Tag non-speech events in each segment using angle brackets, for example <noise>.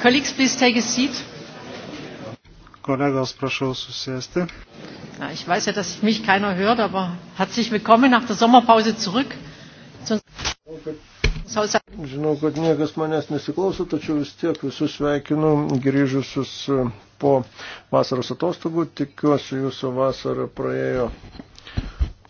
colleagues, please take a seat. Kolegos, prašau susėsti. Ja, ich weiß ja, dass mich keiner hört, aber herzlich willkommen nach der Sommerpause zurück. Žinau, kad niekas manęs nesiklauso, tačiau vis tiek visus sveikinu grįžusius e, po vasaros atostogų. Tikiuosi, jūsų vasara praėjo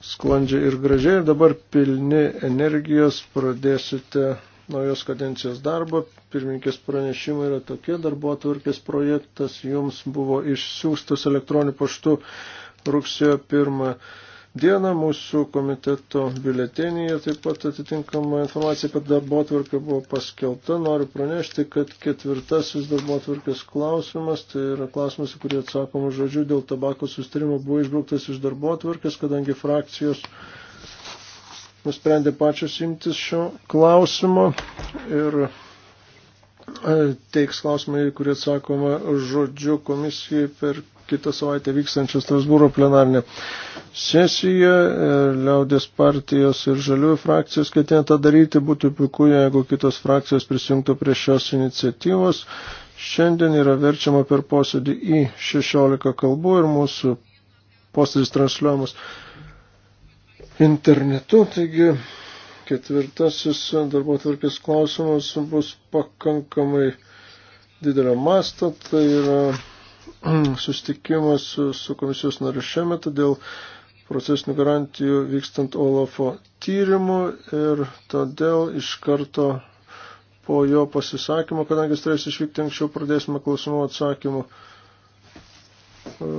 sklandžiai ir gražiai ir dabar pilni energijos pradėsite naujos kadencijos darbo. Pirmininkės pranešimai yra tokie, darbo atvarkės projektas jums buvo išsiųstas elektroniniu paštu rugsėjo 1 dieną. Mūsų komiteto biuletenyje taip pat atitinkama informacija, kad darbo atvarkė buvo paskelta. Noriu pranešti, kad ketvirtasis darbo atvarkės klausimas, tai yra klausimas, kurį atsakomų žodžių dėl tabako sustarimo buvo išbrauktas iš darbo atvarkės, kadangi frakcijos nusprendė pačios imtis šio klausimo ir e, teiks klausimai, kurie atsakoma žodžiu komisijai per kitą savaitę vykstančią Strasbūro plenarinę sesiją. E, Liaudės partijos ir žaliųjų frakcijos ketina tą daryti. Būtų puiku, jeigu kitos frakcijos prisijungtų prie šios iniciatyvos. Šiandien yra verčiama per posėdį į 16 kalbų ir mūsų posėdis transliuojamas internetu. Taigi ketvirtasis darbo tvarkės klausimas bus pakankamai didelio masto. Tai yra <clears throat> sustikimas su, su komisijos nariu šiemet dėl procesinių garantijų vykstant Olafo tyrimu ir todėl iš karto po jo pasisakymo, kadangi jis turės išvykti anksčiau, pradėsime klausimų atsakymų e,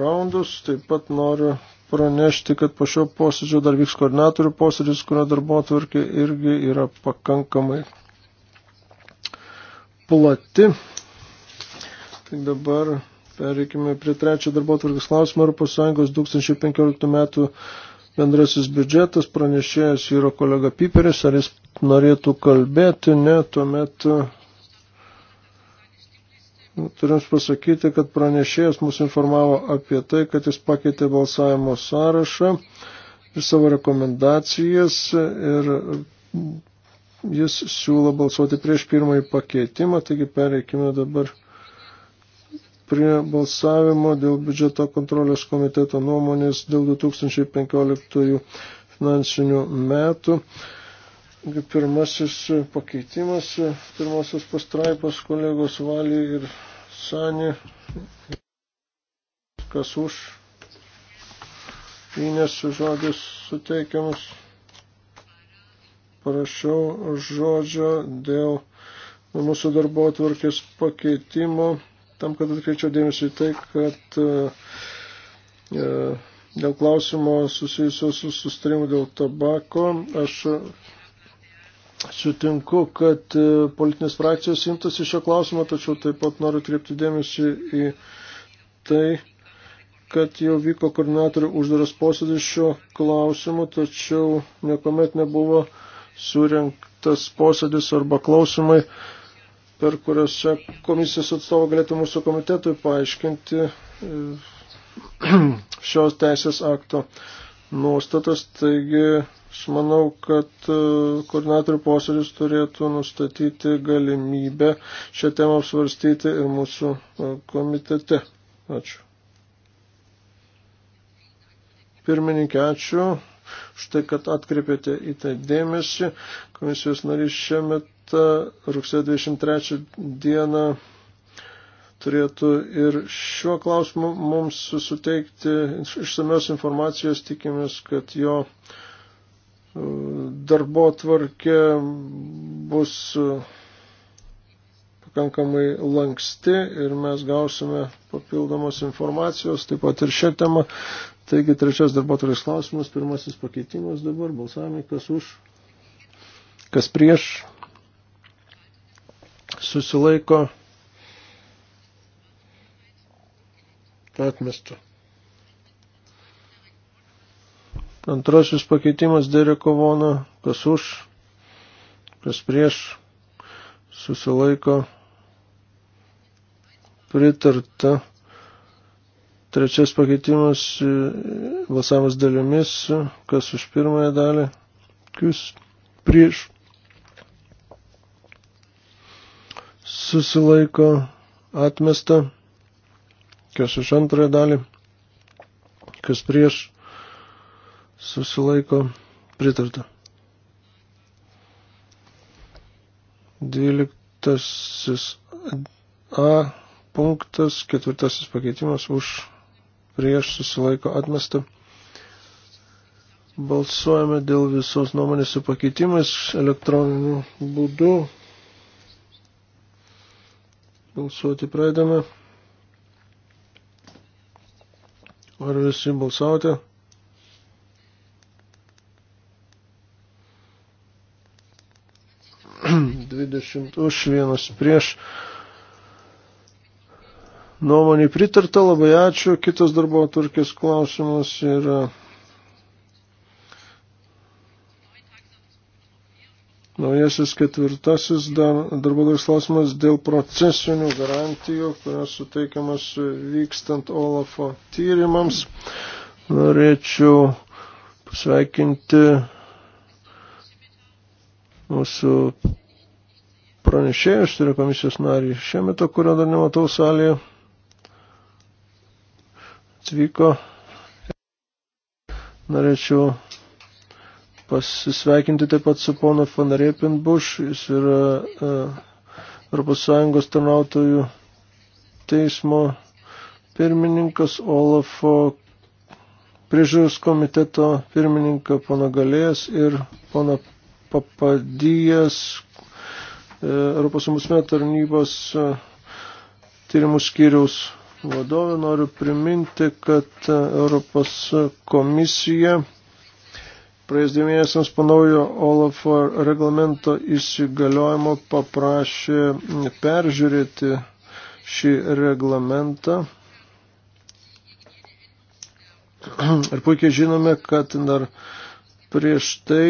raundus. Taip pat noriu pranešti, kad po šio posėdžio dar vyks koordinatorių posėdis, kurio darbo tvarkė irgi yra pakankamai plati. Tai dabar pereikime prie trečio darbo tvarkės klausimo Europos Sąjungos 2015 metų bendrasis biudžetas. Pranešėjas yra kolega Piperis, ar jis norėtų kalbėti, ne, tuomet Nu, Turim pasakyti, kad pranešėjas mus informavo apie tai, kad jis pakeitė balsavimo sąrašą ir savo rekomendacijas ir jis siūlo balsuoti prieš pirmąjį pakeitimą, taigi pereikime dabar prie balsavimo dėl biudžeto kontrolės komiteto nuomonės dėl 2015 finansinių metų. Pirmasis pakeitimas, pirmasis pastraipas kolegos Valį ir Sani. Kas už? Įnes žodis suteikiamas. Parašiau žodžio dėl mūsų darbo atvarkės pakeitimo, tam, kad atkreičiau dėmesį į tai, kad e, dėl klausimo susijusio su sustarimu dėl tabako, aš sutinku, kad e, politinės frakcijos imtasi šio klausimo, tačiau taip pat noriu kreipti dėmesį į tai, kad jau vyko koordinatorių uždaras posėdis šio klausimu, tačiau niekuomet nebuvo surinktas posėdis arba klausimai, per kuriuose komisijos atstovo galėtų mūsų komitetui paaiškinti e, <clears throat> šios teisės akto nuostatas. Taigi Aš manau, kad e, koordinatorių posėdis turėtų nustatyti galimybę šią temą apsvarstyti ir mūsų e, komitete. Ačiū. Pirmininkė, ačiū štai, kad atkreipėte į tai dėmesį. Komisijos narys šiemet e, rugsėjo 23 dieną turėtų ir šiuo klausimu mums suteikti išsamios informacijos, tikimės, kad jo darbo tvarkė bus pakankamai lanksti ir mes gausime papildomos informacijos, taip pat ir šią temą. Taigi, trečias darbo tvarkės klausimas, pirmasis pakeitimas dabar, balsavimai, kas už, kas prieš, susilaiko atmestų. Antrasis pakeitimas Dereko Vono, kas už, kas prieš, susilaiko pritarta. Trečias pakeitimas balsavimas dalimis, kas už pirmąją dalį, kas prieš, susilaiko atmesta, kas už antrąją dalį, kas prieš susilaiko pritarta. 12 A punktas, ketvirtasis pakeitimas už prieš susilaiko atmestą. Balsuojame dėl visos nuomonės su pakeitimais elektroniniu būdu. Balsuoti pradame. Ar visi balsavote? 20 už, vienas prieš. Nuomonį pritarta, labai ačiū. Kitas darbo turkės klausimas yra. Naujasis ketvirtasis darbodavis klausimas dėl procesinių garantijų, kurios suteikiamas vykstant Olafo tyrimams. Norėčiau pasveikinti mūsų pranešėjus, tai yra komisijos narį Šemeto, kurio dar nematau salėje. Atvyko. Norėčiau pasisveikinti taip pat su pono von Repinbuš, jis yra e, Europos Sąjungos tarnautojų teismo pirmininkas Olafo priežiūros komiteto pirmininką pono Galėjas ir pono Papadijas, E, Europos ombudsmeno tarnybos e, tyrimų skyriaus vadovė. Noriu priminti, kad e, Europos komisija praėjus dviem mėnesiams po naujo Olafo reglamento įsigaliojimo paprašė peržiūrėti šį reglamentą. <clears throat> Ir puikiai žinome, kad dar prieš tai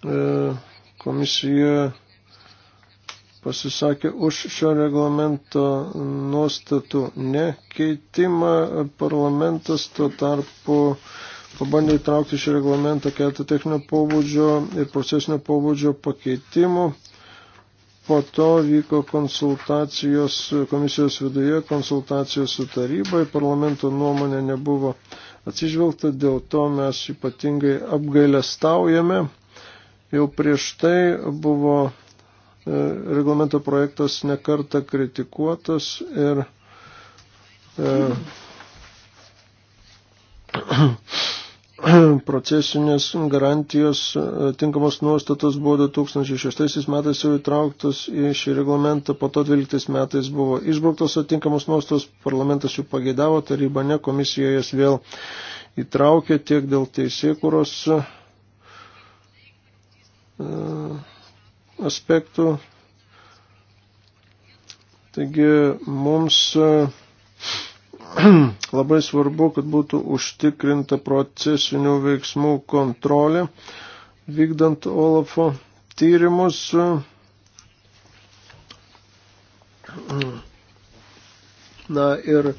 E, komisija pasisakė už šio reglamento nuostatų nekeitimą, parlamentas tuo tarpu pabandė įtraukti šį reglamentą keletą techninio pobūdžio ir procesinio pobūdžio pakeitimų. Po to vyko konsultacijos komisijos viduje, konsultacijos su tarybai, parlamento nuomonė nebuvo atsižvelgta, dėl to mes ypatingai apgailestaujame Jau prieš tai buvo e, reglamento projektas nekarta kritikuotas ir e, <clears throat> procesinės garantijos e, tinkamos nuostatos buvo 2006 metais jau įtrauktos į šį reglamentą, po to 12 metais buvo išbrauktos atinkamos nuostatos, parlamentas jų pageidavo, taryba ne, komisija jas vėl įtraukė tiek dėl teisėkuros E, aspektų. Taigi mums e, <clears throat> labai svarbu, kad būtų užtikrinta procesinių veiksmų kontrolė, vykdant Olafo tyrimus. <clears throat> Na ir e,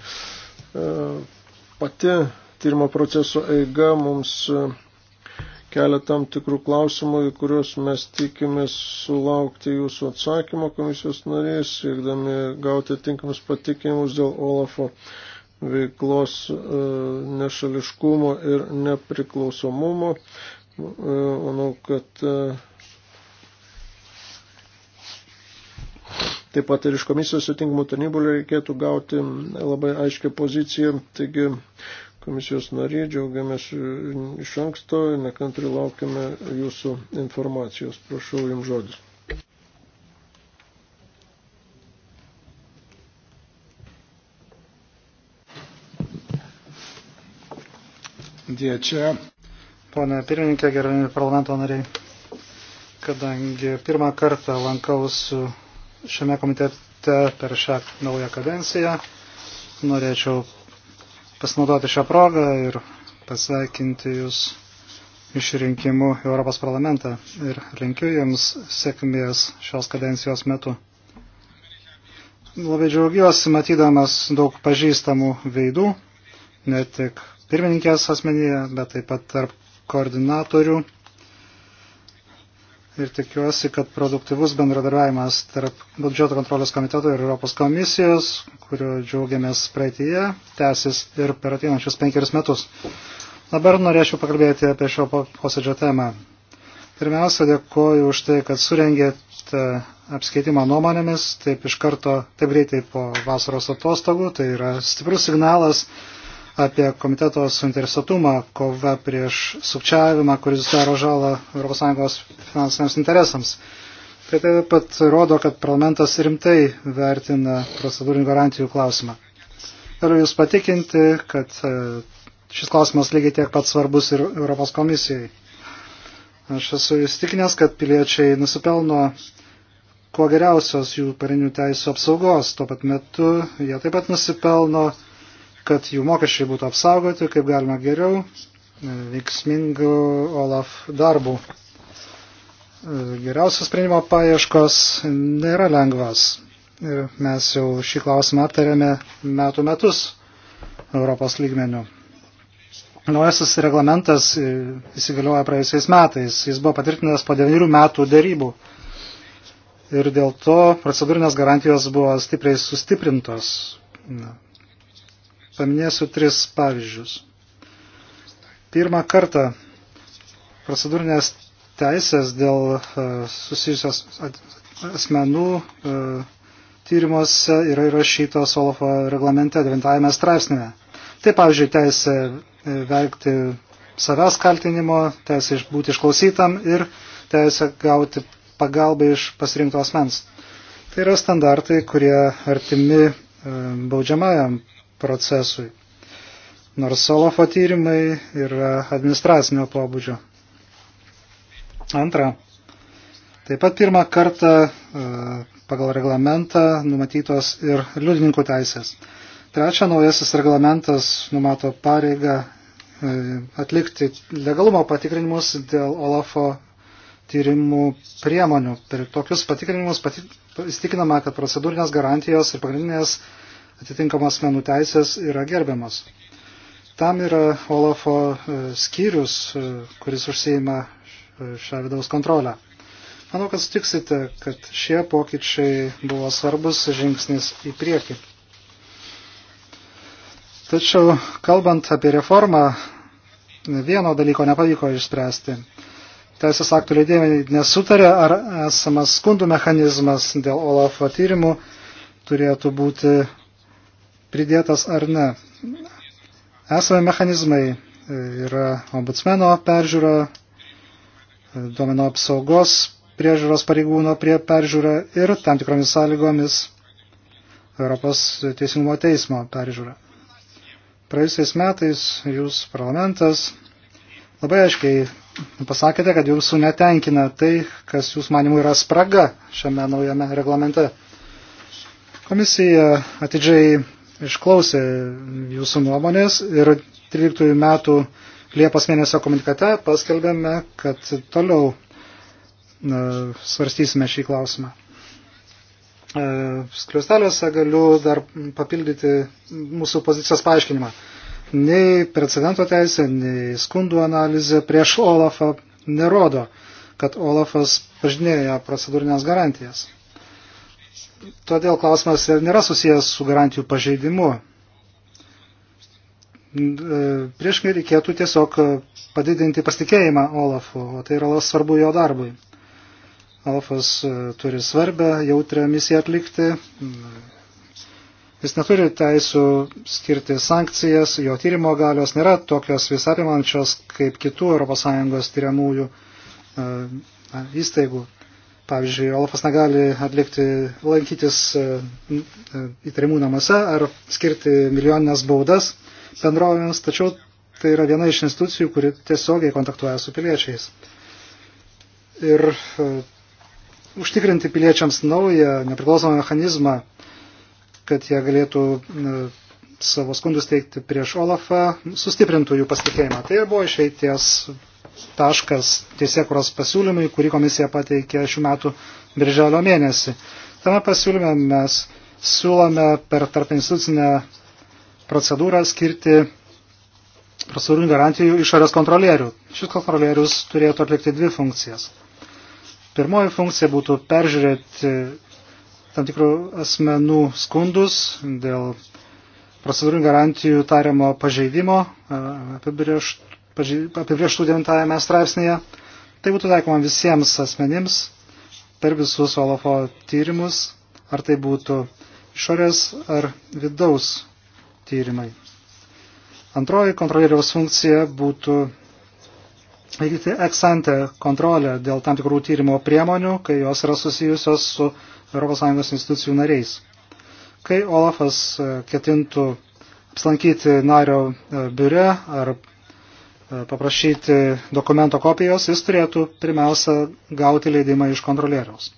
pati tyrimo proceso eiga mums kelia tam tikrų klausimų, į kuriuos mes tikimės sulaukti jūsų atsakymo komisijos nariais, siekdami gauti tinkamus patikinimus dėl Olafo veiklos e, nešališkumo ir nepriklausomumo. E, manau, kad e, taip pat ir iš komisijos sutinkamų tarnybų reikėtų gauti labai aiškę poziciją. Taigi, komisijos nariai, džiaugiamės e, iš anksto, nekantri laukiame jūsų informacijos. Prašau jums žodis. Diečia. Pone pirmininkė, gerbimi parlamento nariai, kadangi pirmą kartą lankausiu šiame komitete per šią naują kadenciją, norėčiau pasinaudoti šią progą ir pasveikinti Jūs išrinkimu Europos parlamentą ir linkiu Jums sėkmės šios kadencijos metu. Labai džiaugiuosi matydamas daug pažįstamų veidų, ne tik pirmininkės asmenyje, bet taip pat tarp koordinatorių ir tikiuosi, kad produktyvus bendradarbiavimas tarp biudžeto kontrolės komiteto ir Europos komisijos, kurio džiaugiamės praeitįje, tęsis ir per ateinančius penkerius metus. Dabar norėčiau pakalbėti apie šio posėdžio temą. Pirmiausia, dėkoju už tai, kad surengėte apskaitimą nuomonėmis taip iš karto, taip greitai po vasaros atostogų. Tai yra stiprus signalas apie komiteto suinteresuotumą kova prieš sukčiavimą, kuris daro žalą ES finansiniams interesams. Tai taip pat rodo, kad parlamentas rimtai vertina procedūrinių garantijų klausimą. Galiu Jūs patikinti, kad e, šis klausimas lygiai tiek pat svarbus ir Europos komisijai. Aš esu įstikinęs, kad piliečiai nusipelno kuo geriausios jų parinių teisų apsaugos. Tuo pat metu jie taip pat nusipelno kad jų mokesčiai būtų apsaugoti, kaip galima geriau, e, veiksmingų OLAF darbų. E, geriausios sprendimo paieškos nėra lengvas. Ir mes jau šį klausimą aptarėme metų metus Europos lygmenių. Naujasis reglamentas e, įsigalioja praėjusiais metais. Jis buvo patvirtintas po devynių metų dėrybų. Ir dėl to procedūrinės garantijos buvo stipriai sustiprintos. Paminėsiu tris pavyzdžius. Pirmą kartą procedūrinės teisės dėl e, susijusios asmenų e, tyrimuose yra įrašytos Olofo reglamente 9 straipsnėje. Tai, pavyzdžiui, teisė e, velgti savęs kaltinimo, teisė būti išklausytam ir teisė gauti pagalbą iš pasirinkto asmens. Tai yra standartai, kurie artimi baudžiamajam procesui. Nors Solofo tyrimai yra administracinio pobūdžio. Antra. Taip pat pirmą kartą e, pagal reglamentą numatytos ir liudininkų teisės. Trečia, naujasis reglamentas numato pareigą e, atlikti legalumo patikrinimus dėl Olafo tyrimų priemonių. Per tokius patikrinimus pati, įstikinama, kad procedūrinės garantijos ir pagrindinės atitinkamas menų teisės yra gerbiamas. Tam yra Olafo e, skyrius, e, kuris užsieima e, šią vidaus kontrolę. Manau, kad sutiksite, kad šie pokyčiai buvo svarbus žingsnis į priekį. Tačiau, kalbant apie reformą, vieno dalyko nepavyko išspręsti. Teisės aktų leidėjai nesutarė, ar esamas skundų mechanizmas dėl Olafo tyrimų turėtų būti pridėtas ar ne. Esame mechanizmai, e, yra ombudsmeno peržiūra, e, duomenų apsaugos priežiūros pareigūno prie peržiūra ir tam tikromis sąlygomis Europos teisingumo teismo peržiūra. Praėjusiais metais jūs parlamentas labai aiškiai pasakėte, kad jūsų netenkina tai, kas jūs manimų yra spraga šiame naujame reglamente. Komisija atidžiai išklausė jūsų nuomonės ir 13 metų Liepos mėnesio komunikate paskelbėme, kad toliau na, svarstysime šį klausimą. E, Skliustelėse galiu dar papildyti mūsų pozicijos paaiškinimą. Nei precedento teisė, nei skundų analizė prieš Olafą nerodo, kad Olafas pažinėja procedūrinės garantijas todėl klausimas nėra susijęs su garantijų pažeidimu. E, Prieškai reikėtų tiesiog padidinti pasitikėjimą Olafu, o tai yra svarbu jo darbui. Olafas e, turi svarbę, jautrę misiją atlikti. Jis neturi teisų skirti sankcijas, jo tyrimo galios nėra tokios visapimančios kaip kitų ES tyriamųjų e, įstaigų. Pavyzdžiui, Olafas negali atlikti, lankytis e, e, įtariamų namuose ar skirti milijoninės baudas bendrovėms, tačiau tai yra viena iš institucijų, kuri tiesiogiai kontaktuoja su piliečiais. Ir e, užtikrinti piliečiams naują nepriklausomą mechanizmą, kad jie galėtų savo skundus teikti prieš Olafą, sustiprintų jų pasitikėjimą. Tai buvo išeities taškas teisėkuros pasiūlymui, kurį komisija pateikė šių metų birželio mėnesį. Tame pasiūlyme mes siūlome per tarpinstitucinę procedūrą skirti procedūrinių garantijų išorės kontrolierių. Šis kontrolierius turėtų atlikti dvi funkcijas. Pirmoji funkcija būtų peržiūrėti tam tikrų asmenų skundus dėl procedūrinių garantijų tariamo pažeidimo, apibriežt, apibrieštų 9 straipsnėje, tai būtų taikoma visiems asmenims per visus Olafo tyrimus, ar tai būtų išorės ar vidaus tyrimai. Antroji kontrolieriaus funkcija būtų vykdyti eksante kontrolę dėl tam tikrų tyrimo priemonių, kai jos yra susijusios su ES institucijų nariais. Kai Olafas e, ketintų apslankyti nario e, biure ar paprašyti dokumento kopijos, jis turėtų pirmiausia gauti leidimą iš kontrolieriaus.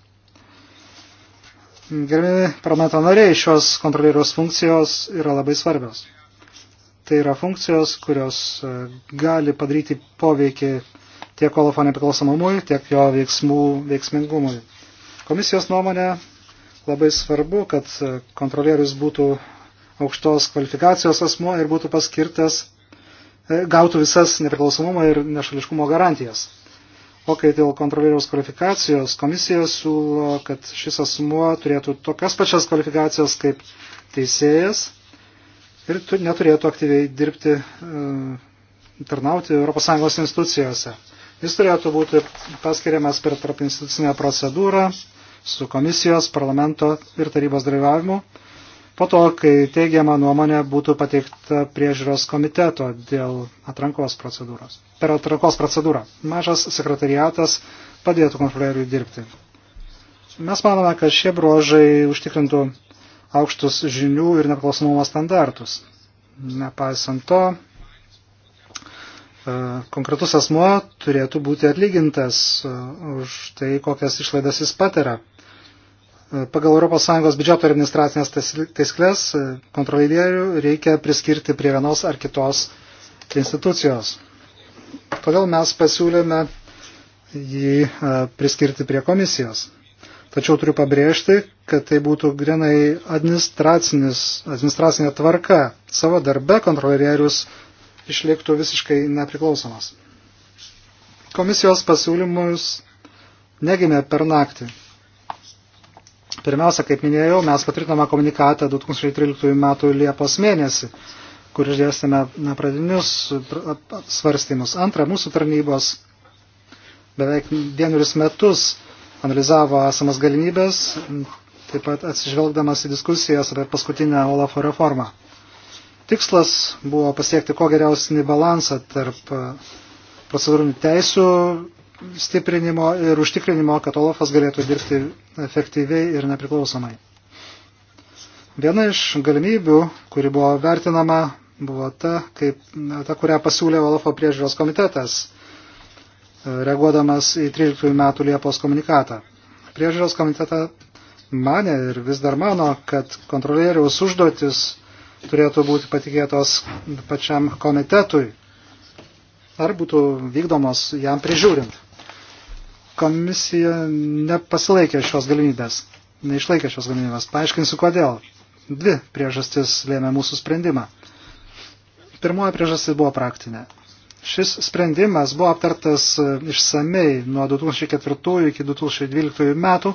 Gerbimi parlamento nariai, šios kontrolieriaus funkcijos yra labai svarbios. Tai yra funkcijos, kurios e, gali padaryti poveikį tiek Olafo nepriklausomumui, tiek jo veiksmų veiksmingumui. Komisijos nuomonė labai svarbu, kad e, kontrolierius būtų aukštos kvalifikacijos asmuo ir būtų paskirtas E, gautų visas nepriklausomumo ir nešališkumo garantijas. O kai dėl kontrolieriaus kvalifikacijos, komisija siūlo, kad šis asmuo turėtų tokias pačias kvalifikacijas kaip teisėjas ir neturėtų aktyviai dirbti, e, tarnauti ES institucijose. Jis turėtų būti paskiriamas per tarp institucinę procedūrą su komisijos, parlamento ir tarybos dalyvavimu po to, kai teigiama nuomonė būtų pateikta priežiūros komiteto dėl atrankos procedūros. Per atrankos procedūrą mažas sekretariatas padėtų kontrolieriui dirbti. Mes manome, kad šie bruožai užtikrintų aukštus žinių ir nepriklausomumo standartus. Nepaisant to, e, konkretus asmuo turėtų būti atlygintas e, už tai, kokias išlaidas jis patiria Pagal ES biudžeto administracinės taisyklės e, kontrolierių reikia priskirti prie vienos ar kitos institucijos. Todėl mes pasiūlėme jį e, priskirti prie komisijos. Tačiau turiu pabrėžti, kad tai būtų grinai administracinė tvarka. Savo darbe kontrolierius išliktų visiškai nepriklausomas. Komisijos pasiūlymus negimė per naktį. Pirmiausia, kaip minėjau, mes patvirtinome komunikatą 2013 m. Liepos mėnesį, kur išdėstėme pradinius svarstymus. Antra, mūsų tarnybos beveik vienerius metus analizavo esamas galimybės, taip pat atsižvelgdamas į diskusijas apie paskutinę Olafo reformą. Tikslas buvo pasiekti kuo geriausinį balansą tarp procedūrinių teisų stiprinimo ir užtikrinimo, kad Olafas galėtų dirbti efektyviai ir nepriklausomai. Viena iš galimybių, kuri buvo vertinama, buvo ta, kaip, ta kurią pasiūlė Olafo priežiūros komitetas, reaguodamas į 13 metų Liepos komunikatą. Priežiūros komitetą mane ir vis dar mano, kad kontrolieriaus užduotis turėtų būti patikėtos pačiam komitetui ar būtų vykdomos jam prižiūrint komisija nepasilaikė šios galimybės, neišlaikė šios galimybės. Paaiškinsiu, kodėl. Dvi priežastis lėmė mūsų sprendimą. Pirmoji priežastis buvo praktinė. Šis sprendimas buvo aptartas e, išsamei nuo 2004 iki 2012 metų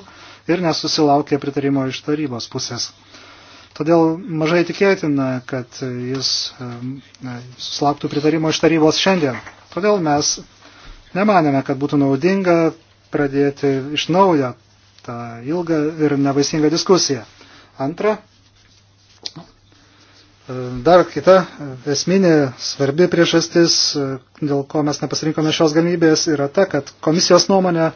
ir nesusilaukė pritarimo iš tarybos pusės. Todėl mažai tikėtina, kad jis e, e, susilauktų pritarimo iš tarybos šiandien. Todėl mes nemanėme, kad būtų naudinga pradėti iš naujo tą ilgą ir nevaisingą diskusiją. Antra, e, dar kita esminė svarbi priežastis, e, dėl ko mes nepasirinkome šios galimybės, yra ta, kad komisijos nuomonė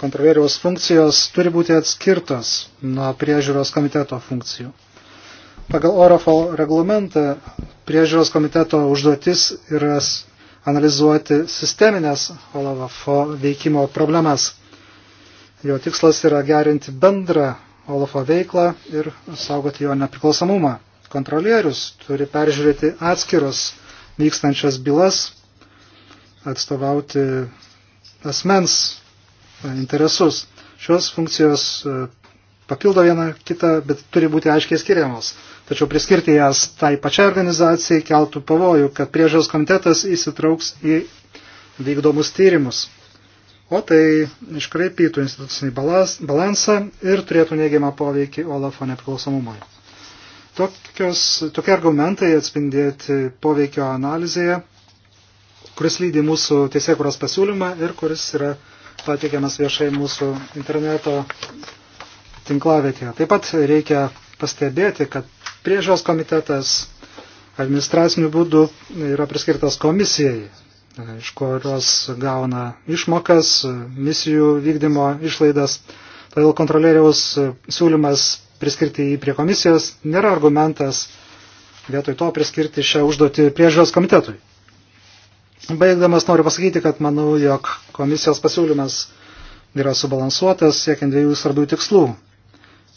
kontrolieriaus funkcijos turi būti atskirtos nuo priežiūros komiteto funkcijų. Pagal Orofo reglamentą priežiūros komiteto užduotis yra analizuoti sisteminės Olafo veikimo problemas. Jo tikslas yra gerinti bendrą Olafo veiklą ir saugoti jo nepriklausomumą. Kontrolierius turi peržiūrėti atskiros vykstančias bylas, atstovauti asmens interesus. Šios funkcijos e, papildo vieną kitą, bet turi būti aiškiai skiriamos. Tačiau priskirti jas tai pačiai organizacijai keltų pavojų, kad priežiūros komitetas įsitrauks į vykdomus tyrimus. O tai iškraipytų institucinį balansą ir turėtų neigiamą poveikį Olafo nepriklausomumui. Tokios, tokie argumentai atspindėti poveikio analizėje, kuris lydi mūsų teisėkuros pasiūlymą ir kuris yra pateikiamas viešai mūsų interneto tinklavietėje. Taip pat reikia pastebėti, kad Priežos komitetas administraciniu būdu yra priskirtas komisijai, iš kurios gauna išmokas, misijų vykdymo išlaidas. Todėl kontrolieriaus siūlymas priskirti jį prie komisijos nėra argumentas vietoj to priskirti šią užduotį priežiūros komitetui. Baigdamas noriu pasakyti, kad manau, jog komisijos pasiūlymas yra subalansuotas siekiant dviejų svarbių tikslų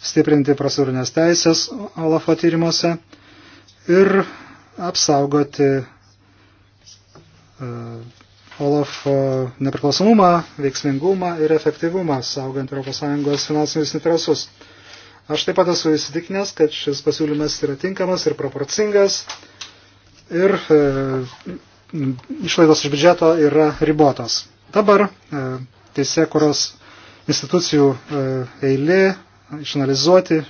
stiprinti prasūrinės teisės Olafo tyrimuose ir apsaugoti e, Olafo nepriklausomumą, veiksmingumą ir efektyvumą, saugant ES finansinius interesus. Aš taip pat esu įsitikinęs, kad šis pasiūlymas yra tinkamas ir proporcingas ir e, išlaidos iš biudžeto yra ribotos. Dabar e, teisėkuros institucijų e, eilė išanalizuoti e,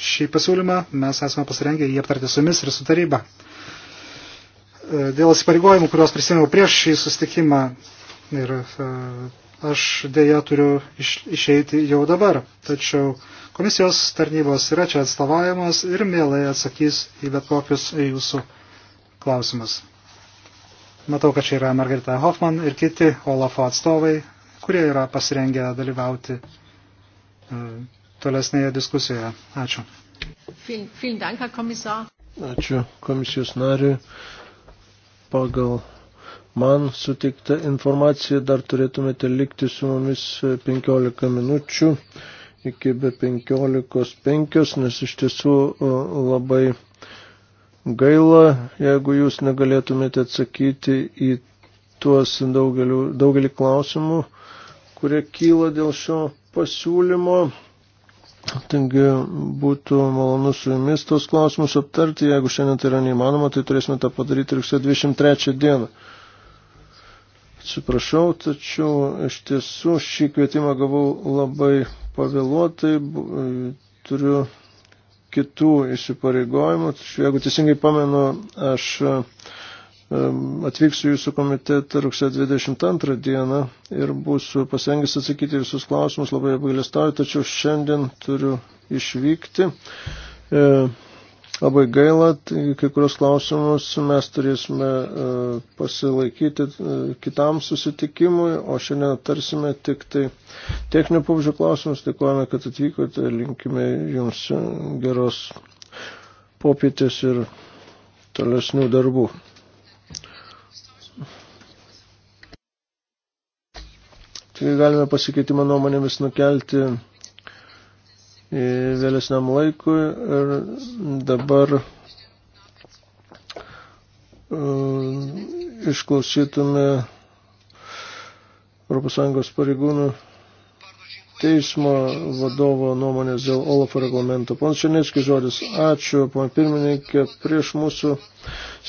šį pasiūlymą, mes esame pasirengę jį aptarti su jumis ir su taryba. E, dėl įsipareigojimų, kuriuos prisėmiau prieš šį sustikimą ir e, aš dėja turiu iš, išeiti jau dabar, tačiau komisijos tarnybos yra čia atstovavimas ir mielai atsakys į bet kokius jūsų klausimus. Matau, kad čia yra Margarita Hoffman ir kiti Olafo atstovai, kurie yra pasirengę dalyvauti tolesnėje diskusijoje. Ačiū. Ačiū komisijos nariui. Pagal man sutikta informacija dar turėtumėte likti su mumis 15 minučių iki be 15.5, nes iš tiesų labai gaila, jeigu jūs negalėtumėte atsakyti į tuos daugelį, daugelį klausimų, kurie kyla dėl šio pasiūlymo. Taigi būtų malonu su jumis tos klausimus aptarti, jeigu šiandien tai yra neįmanoma, tai turėsime tą padaryti rugsėjo 23 dieną. Atsiprašau, tačiau iš tiesų šį kvietimą gavau labai pavėluotai, e, turiu kitų įsipareigojimų, tačiau jeigu teisingai pamenu, aš Atvyksiu jūsų komitetą rugsėjo 22 dieną ir būsiu pasengęs atsakyti visus klausimus, labai apgailestauju, tačiau šiandien turiu išvykti. E, labai gaila, tai kai kurios klausimus mes turėsime e, pasilaikyti e, kitam susitikimui, o šiandien aptarsime tik tai techninio pabudžio klausimus. Dėkojame, kad atvykote, linkime jums geros popietės ir tolesnių darbų. Taigi galime pasikeitimą nuomonėmis nukelti vėlesniam laikui ir dabar uh, išklausytume ES pareigūnų teismo vadovo nuomonės dėl OLAFO reglamento. Pana Černieckis žodis, ačiū, pana pirmininkė, prieš mūsų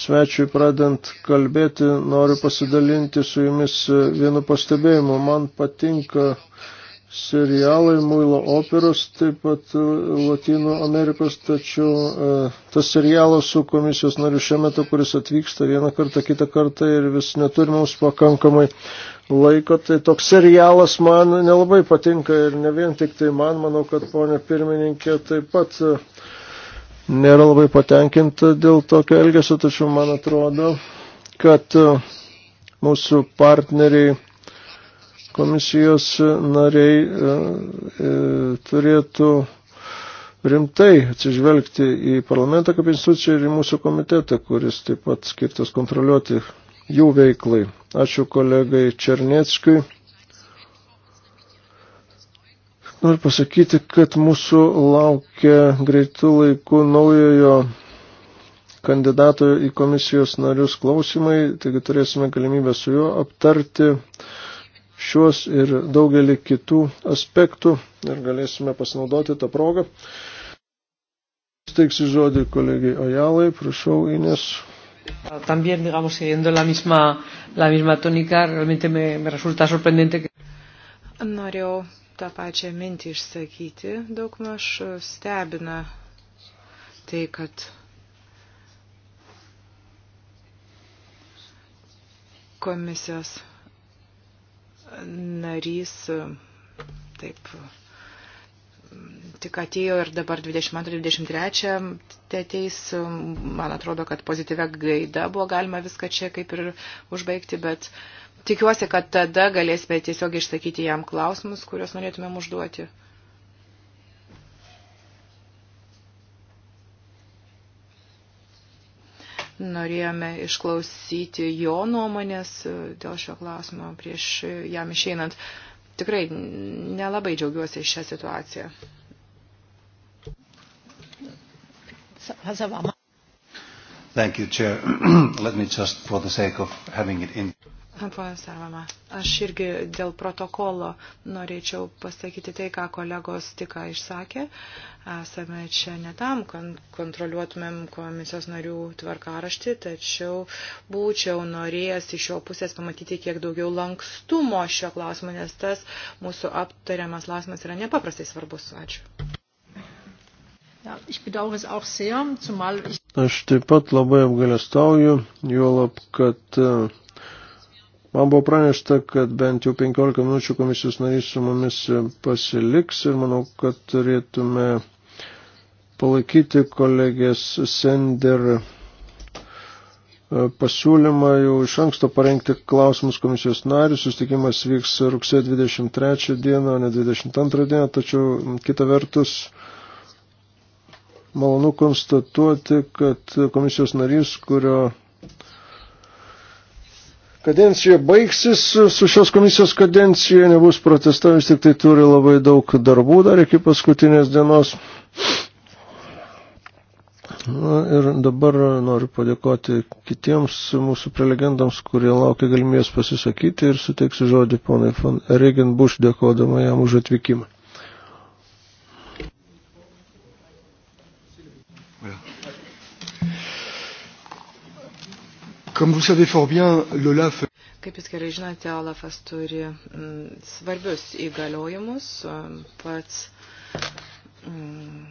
svečiui pradant kalbėti, noriu pasidalinti su jumis vienu pastebėjimu. Man patinka serialai, muilo operos, taip pat Latino Amerikos, tačiau e, tas serialas su komisijos nariu šiuo metu, kuris atvyksta vieną kartą, kitą kartą ir vis neturime mums pakankamai laiko, tai toks serialas man nelabai patinka ir ne vien tik tai man, manau, kad ponė pirmininkė taip pat e, nėra labai patenkinta dėl tokio elgesio, tačiau man atrodo, kad e, mūsų partneriai komisijos nariai e, e, turėtų rimtai atsižvelgti į parlamentą kaip instituciją ir į mūsų komitetą, kuris taip pat skirtas kontroliuoti jų veiklai. Ačiū kolegai Černieckui. Noriu pasakyti, kad mūsų laukia greitų laikų naujojo kandidato į komisijos narius klausimai, taigi turėsime galimybę su juo aptarti šiuos ir daugelį kitų aspektų ir galėsime pasinaudoti tą progą. Steiksiu žodį kolegijai Ojalai, prašau Ines. También, digamos, siguiendo la misma, la misma tónica, realmente me, me resulta sorprendente que. Norėjau tą pačią mintį išsakyti, daug maž e, stebina tai, kad komisijos narys e, taip tik atėjo ir dabar 22-23 ateis. Man atrodo, kad pozityvę gaidą buvo galima viską čia kaip ir užbaigti, bet tikiuosi, kad tada galėsime tiesiog išsakyti jam klausimus, kuriuos norėtumėm užduoti. norėjome išklausyti jo nuomonės e, dėl šio klausimo prieš jam išeinant. Tikrai nelabai džiaugiuosi šią situaciją. Hazavama. Thank you, Chair. <clears throat> Let me just, for the sake of having it in. Pana Sarvama, aš irgi dėl protokolo norėčiau pasakyti tai, ką kolegos tik išsakė. Esame čia ne tam, kad kontroliuotumėm komisijos narių tvarkaraštį, tačiau būčiau norėjęs iš jo pusės pamatyti kiek daugiau lankstumo šio klausimo, nes tas mūsų aptariamas klausimas yra nepaprastai svarbus. Ačiū. Aš taip pat labai apgalėstauju, juolab, kad e, man buvo pranešta, kad bent jau 15 minučių komisijos narys su mumis e, pasiliks ir manau, kad turėtume palaikyti kolegės Sender e, pasiūlymą jau iš anksto parengti klausimus komisijos narių. Sustikimas vyks rugsėjo 23 dieną, o ne 22 dieną, tačiau kita vertus malonu konstatuoti, kad komisijos narys, kurio kadencija baigsis su šios komisijos kadencija, nebus protesta, vis tik tai turi labai daug darbų dar iki paskutinės dienos. Na, ir dabar noriu padėkoti kitiems mūsų prelegentams, kurie laukia galimybės pasisakyti ir suteiksiu žodį ponai von Regenbush, dėkodama jam už atvykimą. Kaip jūs gerai žinote, Olafas turi mm, svarbius įgaliojimus, mm, pats mm,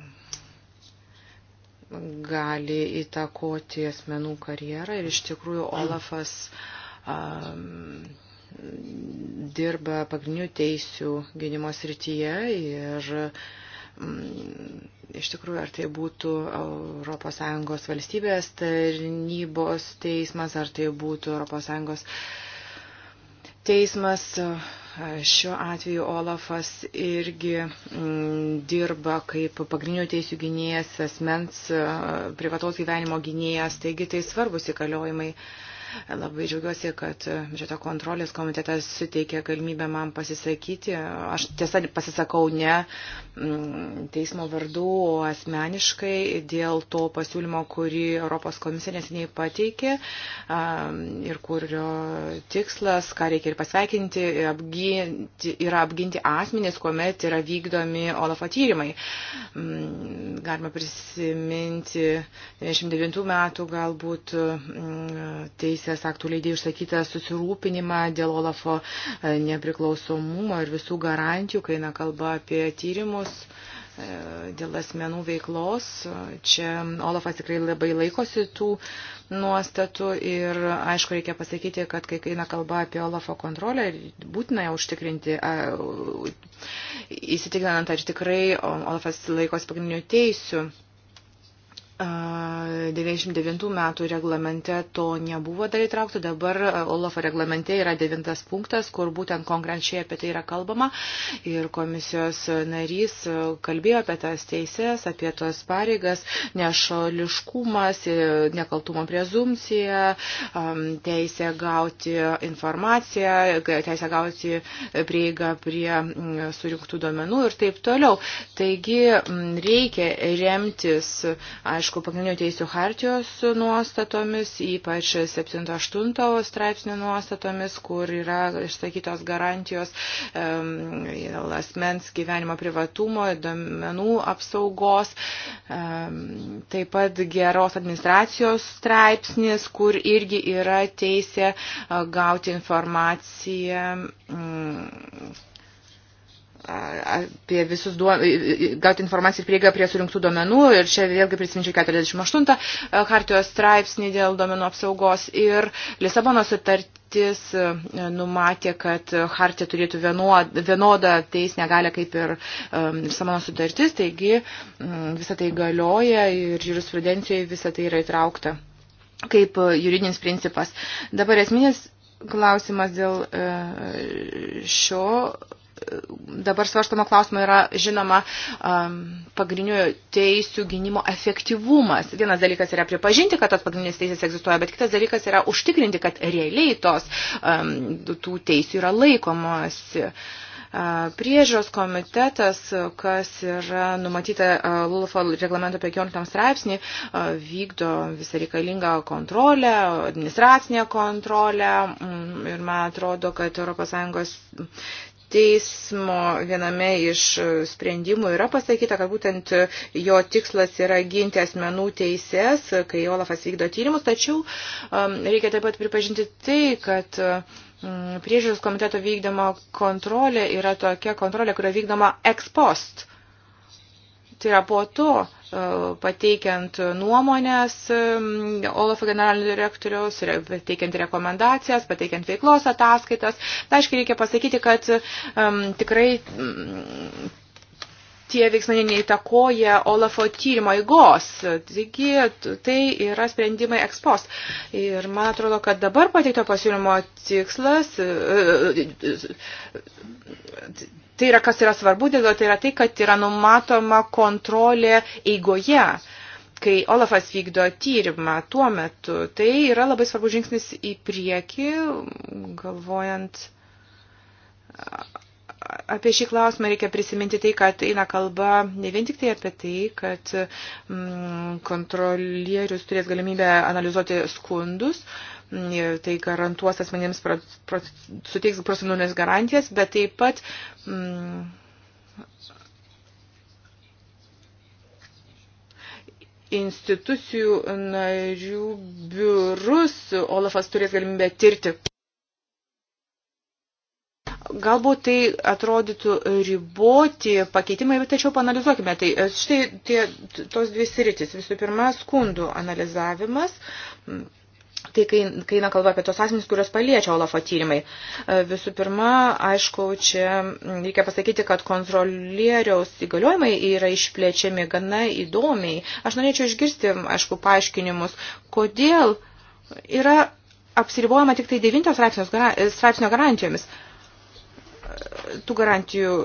gali įtakoti asmenų karjerą ir iš tikrųjų Olafas um, dirba pagrindinių teisių gynimo srityje ir uh, Mm, iš tikrųjų, ar tai būtų ES valstybės tarnybos teismas, ar tai būtų ES teismas, šiuo atveju Olafas irgi mm, dirba kaip pagrindinių teisų gynėjas, asmens privataus gyvenimo gynėjas, taigi tai svarbus įgaliojimai. Uh, Labai džiaugiuosi, kad biudžeto kontrolės komitetas suteikė galimybę man pasisakyti. Aš tiesa pasisakau ne mm, teismo vardu, o asmeniškai dėl to pasiūlymo, kurį Europos komisija nesiniai pateikė ir kurio tikslas, ką reikia ir pasveikinti, apginti, yra apginti asmenys, kuomet yra vykdomi Olafo tyrimai. Mm, galima prisiminti 99 metų galbūt mm, teismo teisės aktų leidėjų išsakytą susirūpinimą dėl Olafo e, nepriklausomumo ir visų garantijų, kai eina kalba apie tyrimus e, dėl asmenų veiklos. Čia Olafas tikrai labai laikosi tų nuostatų ir aišku reikia pasakyti, kad kai eina kalba apie Olafo kontrolę, būtina ją užtikrinti, įsitikinant, ar tikrai Olafas laikosi pagrindinių teisių. 99 metų reglamente to nebuvo dar įtraukta, dabar Olafo reglamente yra devintas punktas, kur būtent konkrečiai apie tai yra kalbama ir komisijos narys kalbėjo apie tas teises, apie tos pareigas, nešališkumas, e, nekaltumo prezumcija, teisė gauti informaciją, teisė gauti prieigą prie surinktų duomenų ir taip toliau. Taigi reikia remtis, aišku, aišku, pagrindinių teisų hartijos nuostatomis, ypač 7-8 straipsnių nuostatomis, kur yra išsakytos garantijos um, asmens gyvenimo privatumo, domenų apsaugos, um, taip pat geros administracijos straipsnis, kur irgi yra teisė gauti informaciją. Um, apie visus duomenys, gauti informaciją ir prieigą prie surinktų duomenų. Ir čia vėlgi prisiminčiau 48 e, hartijos straipsnį dėl duomenų apsaugos. Ir Lisabono sutartis e, numatė, kad hartija turėtų vienodą teisinę galę kaip ir e, Lisabono sutartis. Taigi visą tai galioja ir jurisprudencijoje visą tai yra įtraukta kaip juridinis principas. Dabar esminis klausimas dėl šio dabar svarstama klausimo yra, žinoma, pagrindinių teisių gynimo efektyvumas. Vienas dalykas yra pripažinti, kad tos pagrindinės teisės egzistuoja, bet kitas dalykas yra užtikrinti, kad realiai tos tų teisių yra laikomos priežiūros komitetas, kas yra numatyta LULFO reglamento 15 straipsnį, vykdo visą reikalingą kontrolę, administracinę kontrolę ir man atrodo, kad ES teismo viename iš sprendimų yra pasakyta, kad būtent jo tikslas yra ginti asmenų teises, kai Olafas vykdo tyrimus, tačiau um, reikia taip pat pripažinti tai, kad um, priežiūros komiteto vykdoma kontrolė yra tokia kontrolė, kuria vykdoma ex post. Tai yra po to, pateikiant nuomonės Olafo generalinio direktoriaus, pateikiant rekomendacijas, pateikiant veiklos ataskaitas. Tai aiškiai reikia pasakyti, kad um, tikrai um, tie veiksmai neįtakoja Olafo tyrimo eigos. Taigi tai yra sprendimai ekspos. Ir man atrodo, kad dabar pateikto pasiūlymo tikslas e, e, e, Tai yra, kas yra svarbu, dėl to tai yra tai, kad yra numatoma kontrolė eigoje kai Olafas vykdo tyrimą tuo metu, tai yra labai svarbu žingsnis į priekį, galvojant apie šį klausimą reikia prisiminti tai, kad eina kalba ne vien tik tai apie tai, kad mm, kontrolierius turės galimybę analizuoti skundus, mm, E, tai garantuos asmenėms, suteiks profesionalės garantijas, bet taip pat mm, institucijų narių biurus Olafas turės galimybę tirti. Galbūt tai atrodytų riboti pakeitimai, bet tačiau panalizuokime. Tai štai tie, tos dvi sritis. Visų pirma, skundų analizavimas, Tai kai, kai eina kalba apie tos asmenys, kurios paliečia Olafo tyrimai. E, visų pirma, aišku, čia reikia pasakyti, kad kontrolieriaus įgaliojimai yra išplėčiami gana įdomiai. Aš norėčiau išgirsti, aišku, paaiškinimus, kodėl yra apsiribuojama tik tai 9 straipsnio garantijomis. E, tų garantijų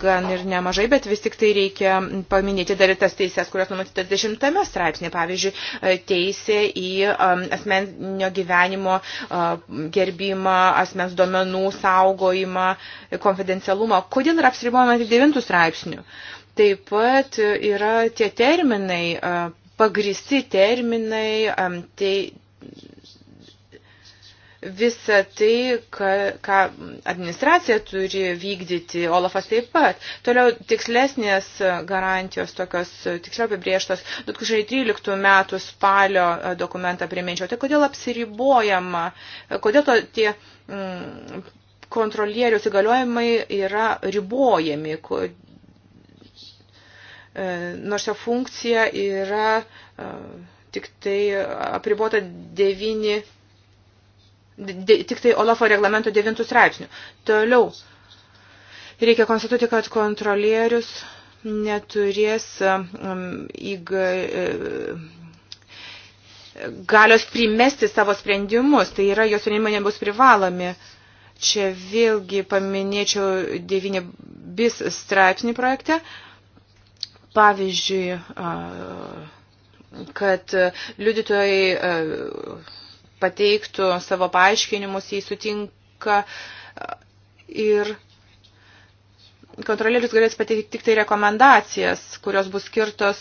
gan ir nemažai, bet vis tik tai reikia paminėti dar ir tas teisės, kurios numatytos dešimtame straipsnė, pavyzdžiui, e, teisė į asmenio gyvenimo gerbimą, asmens duomenų saugojimą, konfidencialumą. Kodėl yra apsiribuojama tik devintų straipsnių? Taip pat yra tie terminai, pagristi terminai, tai visą tai, ką, ką administracija turi vykdyti, Olafas taip pat. Toliau tikslesnės garantijos, tokios tiksliau apibrieštos 2013 metų spalio dokumentą priminčiau. Tai kodėl apsiribojama, kodėl to tie mm, kontrolierius įgaliojimai yra ribojami, kod, e, nors jo funkcija yra e, tik tai apribota 9 tik tai Olafo reglamento 9 straipsnių. Toliau, reikia konstatuoti, kad kontrolierius neturės um, įga, e, galios primesti savo sprendimus, tai yra jos sprendimai nebus privalomi. Čia vėlgi paminėčiau 9 bis straipsnį projekte. Pavyzdžiui, kad liudytojai pateiktų savo paaiškinimus, jei sutinka ir kontrolierius galės pateikti tik tai rekomendacijas, kurios bus skirtos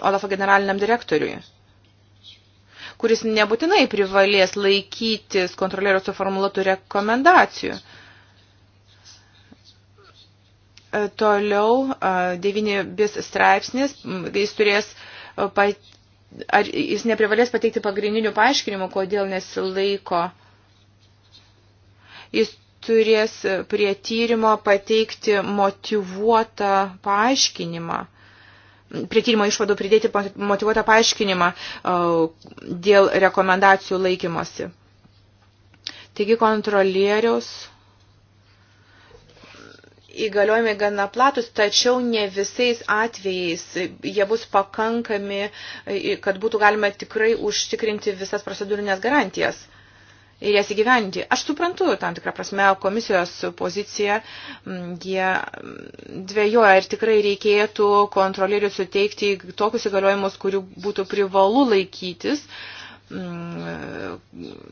Olafo generaliniam direktoriui kuris nebūtinai privalės laikytis kontrolierio suformuluotų rekomendacijų. Toliau 9 bis straipsnis, jis turės ar jis neprivalės pateikti pagrindinių paaiškinimų, kodėl nesilaiko. Jis turės prie tyrimo pateikti motivuotą paaiškinimą. Prie tyrimo išvadų pridėti motivuotą paaiškinimą dėl rekomendacijų laikymosi. Taigi kontrolieriaus įgaliojimai gana platus, tačiau ne visais atvejais jie bus pakankami, kad būtų galima tikrai užtikrinti visas procedūrinės garantijas ir jas įgyventi. Aš suprantu tam tikrą prasme komisijos poziciją, mm, jie mm, dvėjoja ir tikrai reikėtų kontrolierių suteikti tokius įgaliojimus, kurių būtų privalu laikytis. Uh, Mm,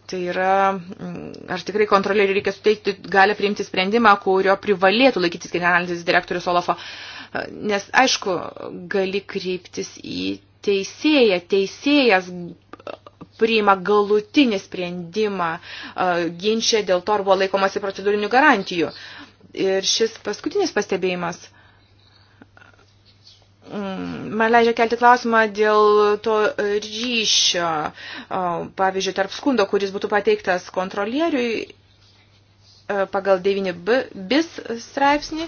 tai yra, mm, ar tikrai kontrolieriui reikia suteikti, gali priimti sprendimą, kurio privalėtų laikytis generalinis direktorius Olafo. Nes, aišku, gali kreiptis į teisėją. Teisėjas priima galutinį sprendimą ginčia dėl to, ar buvo laikomasi procedūrinių garantijų. Ir šis paskutinis pastebėjimas – Mm, man leidžia kelti klausimą dėl to ryšio, pavyzdžiui, tarp skundo, kuris būtų pateiktas kontrolieriui e, pagal 9b bis straipsnį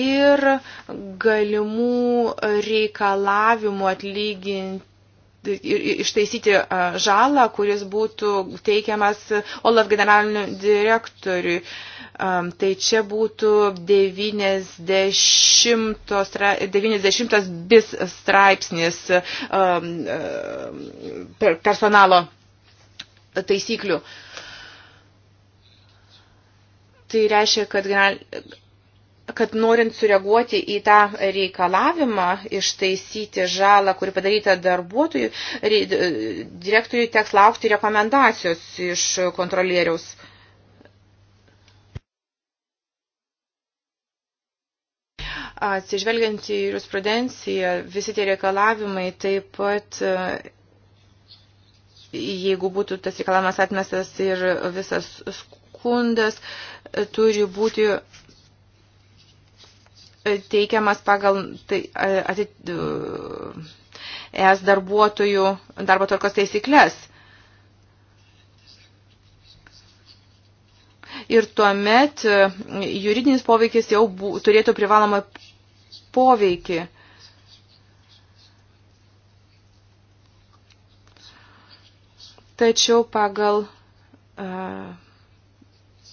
ir galimų reikalavimų atlyginti ištaisyti žalą, kuris būtų teikiamas OLAF generaliniu direktoriui. Tai čia būtų 90, 90 bis straipsnis personalo taisyklių. Tai reiškia, kad kad norint sureaguoti į tą reikalavimą ištaisyti žalą, kuri padaryta darbuotojų, direktoriui teks laukti rekomendacijos iš kontrolieriaus. Atsižvelgiant į jurisprudenciją, visi tie reikalavimai taip pat, jeigu būtų tas reikalavimas atmestas ir visas skundas, turi būti teikiamas pagal tai, atit, es darbuotojų darbo tvarkos taisyklės. Ir tuomet e, juridinis poveikis jau bū, turėtų privalomą poveikį. Tačiau pagal uh,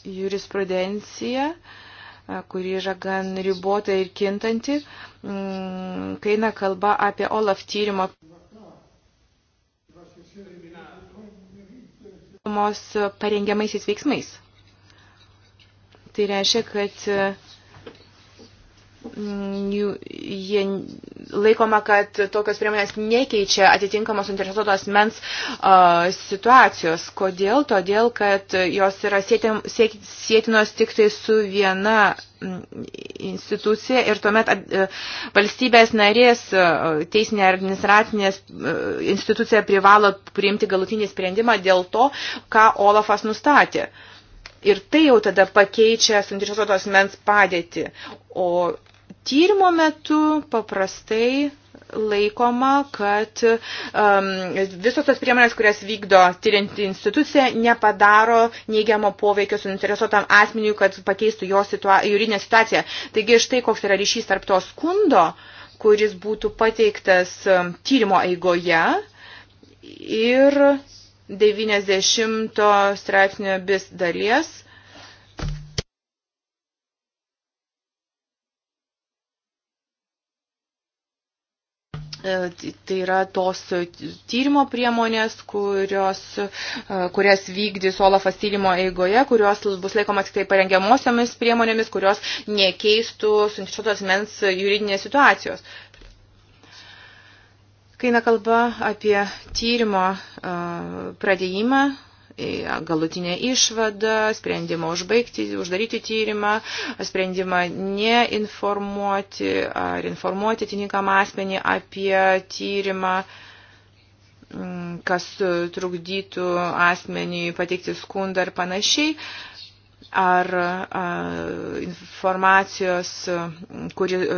jurisprudenciją uh, kuri yra gan ribota ir kintanti, mm, kai eina kalba apie OLAF tyrimo parengiamaisiais veiksmais. Tai reiškia, kad Mm, jie laikoma, kad tokios priemonės nekeičia atitinkamos interesuotos mens uh, situacijos. Kodėl? Todėl, kad jos yra sėtin, sėtinos tik tai su viena mm, institucija ir tuomet e, valstybės narės teisinė ar administracinė e, institucija privalo priimti galutinį sprendimą dėl to, ką Olafas nustatė. Ir tai jau tada pakeičia suinteresuotos mens padėtį. O Tyrimo metu paprastai laikoma, kad um, visos tos priemonės, kurias vykdo tyrinti institucija, nepadaro neigiamo poveikio suinteresuotam asmeniui, kad pakeistų jo situa juridinę situaciją. Taigi štai koks yra ryšys tarp to skundo, kuris būtų pateiktas um, tyrimo eigoje ir 90 straipsnio bis dalies E, tai yra tos tyrimo priemonės, kurios, e, kurias vykdys Olafas tyrimo eigoje, kurios bus laikomas tik tai parengiamosiomis priemonėmis, kurios nekeistų sunčiuotos mens juridinės situacijos. Kai nekalba apie tyrimo e, pradėjimą, galutinę išvadą, sprendimą užbaigti, uždaryti tyrimą, sprendimą neinformuoti ar informuoti atininkamą asmenį apie tyrimą mm, kas trukdytų asmeniui pateikti skundą ir panašiai ar a, informacijos, kuri e,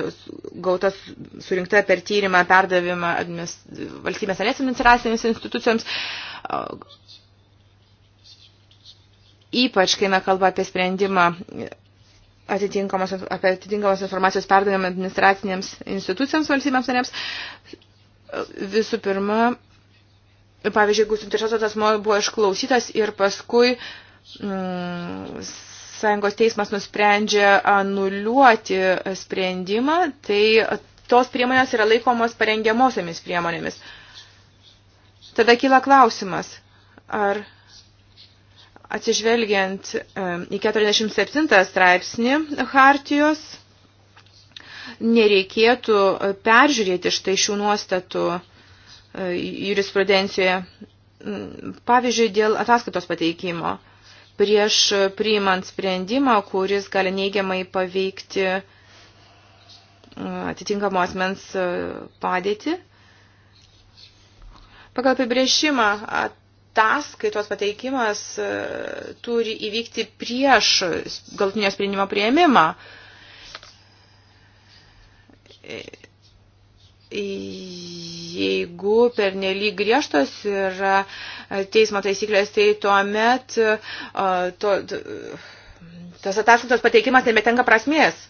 gautas surinkta per tyrimą perdavimą valstybės narės administracinėms institucijoms, a, ypač kai na kalba apie sprendimą atitinkamos, apie atitinkamos informacijos perdavimą administracinėms institucijams valstybėms narėms. Visų pirma, pavyzdžiui, jeigu suinteresuotas asmo buvo išklausytas ir paskui mm, Sąjungos teismas nusprendžia anuliuoti sprendimą, tai tos priemonės yra laikomos parengiamosiamis priemonėmis. Tada kyla klausimas, ar Atsižvelgiant e, į 47 straipsnį Hartijos, nereikėtų e, peržiūrėti štai šių nuostatų e, jurisprudencijoje. Mm, pavyzdžiui, dėl ataskaitos pateikimo. Prieš priimant sprendimą, kuris gali neigiamai paveikti atitinkamo asmens padėtį. Pagal apibrėžimą at ataskaitos pateikimas e, turi įvykti prieš galutinio sprendimo prieimimą. E, jeigu per nelyg griežtos yra teismo taisyklės, tai tuomet e, to, to, tas ataskaitos pateikimas nebetenka prasmės.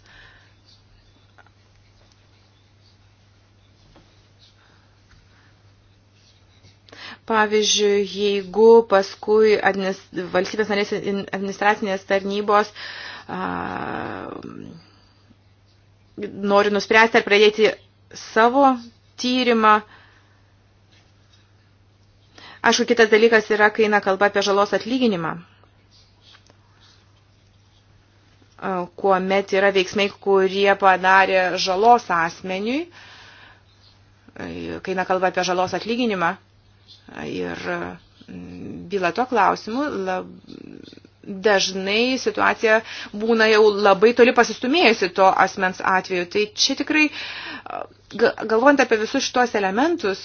Pavyzdžiui, jeigu paskui administ... valstybės narės administracinės tarnybos a, nori nuspręsti ar pradėti savo tyrimą. Aišku, kitas dalykas yra, kai eina kalba apie žalos atlyginimą kuomet yra veiksmai, kurie padarė žalos asmeniui, kai nekalba apie žalos atlyginimą. Ir mm, byla tuo klausimu lab, dažnai situacija būna jau labai toli pasistumėjusi to asmens atveju. Tai čia tikrai, galvojant apie visus šitos elementus,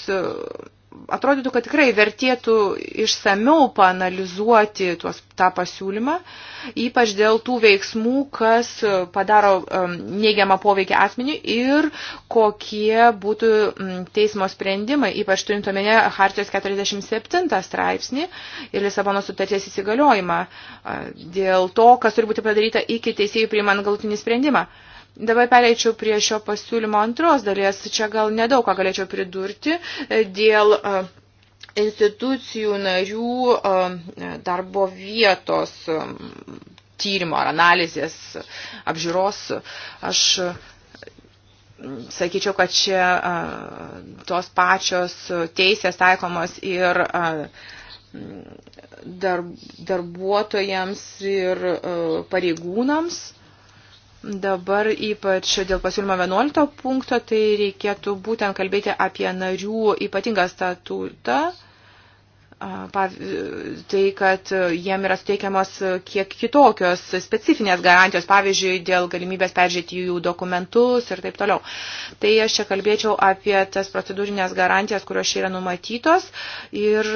atrodytų, kad tikrai vertėtų išsamiau paanalizuoti tuos, tą pasiūlymą, ypač dėl tų veiksmų, kas padaro um, neigiamą poveikį asmeniui ir kokie būtų um, teismo sprendimai, ypač turint omenyje Hartijos 47 straipsnį ir Lisabono sutarties įsigaliojimą uh, dėl to, kas turi būti padaryta iki teisėjų priimant galutinį sprendimą. Dabar pereičiau prie šio pasiūlymo antros dalies. Čia gal nedaug ką galėčiau pridurti e, dėl e, institucijų narių e, darbo vietos tyrimo ar analizės apžiūros. Aš sakyčiau, kad čia tos pačios teisės taikomos ir darbuotojams ir pareigūnams. Dabar ypač dėl pasiūlymo 11 punkto, tai reikėtų būtent kalbėti apie narių ypatingą statutą. Tai, kad jiem yra suteikiamos kiek kitokios specifinės garantijos, pavyzdžiui, dėl galimybės peržiūrėti jų dokumentus ir taip toliau. Tai aš čia kalbėčiau apie tas procedūrinės garantijas, kurios čia yra numatytos ir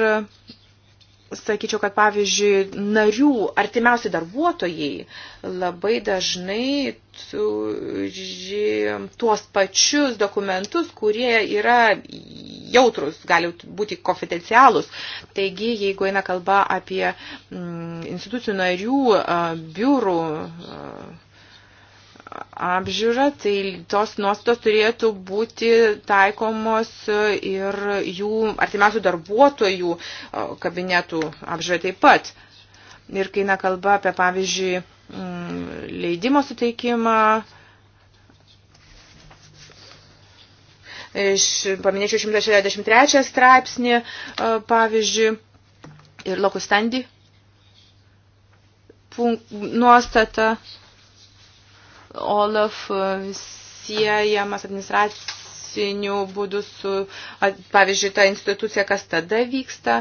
sakyčiau, kad pavyzdžiui, narių artimiausi darbuotojai labai dažnai turi tuos pačius dokumentus, kurie yra jautrus, gali būti konfidencialūs. Taigi, jeigu eina kalba apie mm, institucijų narių biurų apžiūrą, tai tos nuostatos turėtų būti taikomos ir jų artimiausių darbuotojų kabinetų apžiūrą taip pat. Ir kai nekalba apie, pavyzdžiui, mm, leidimo suteikimą, iš, paminėčiau 163 straipsnį, pavyzdžiui, ir lokustandį nuostatą. OLAF e, siejamas administracinių būdų su, pavyzdžiui, ta institucija, kas tada vyksta,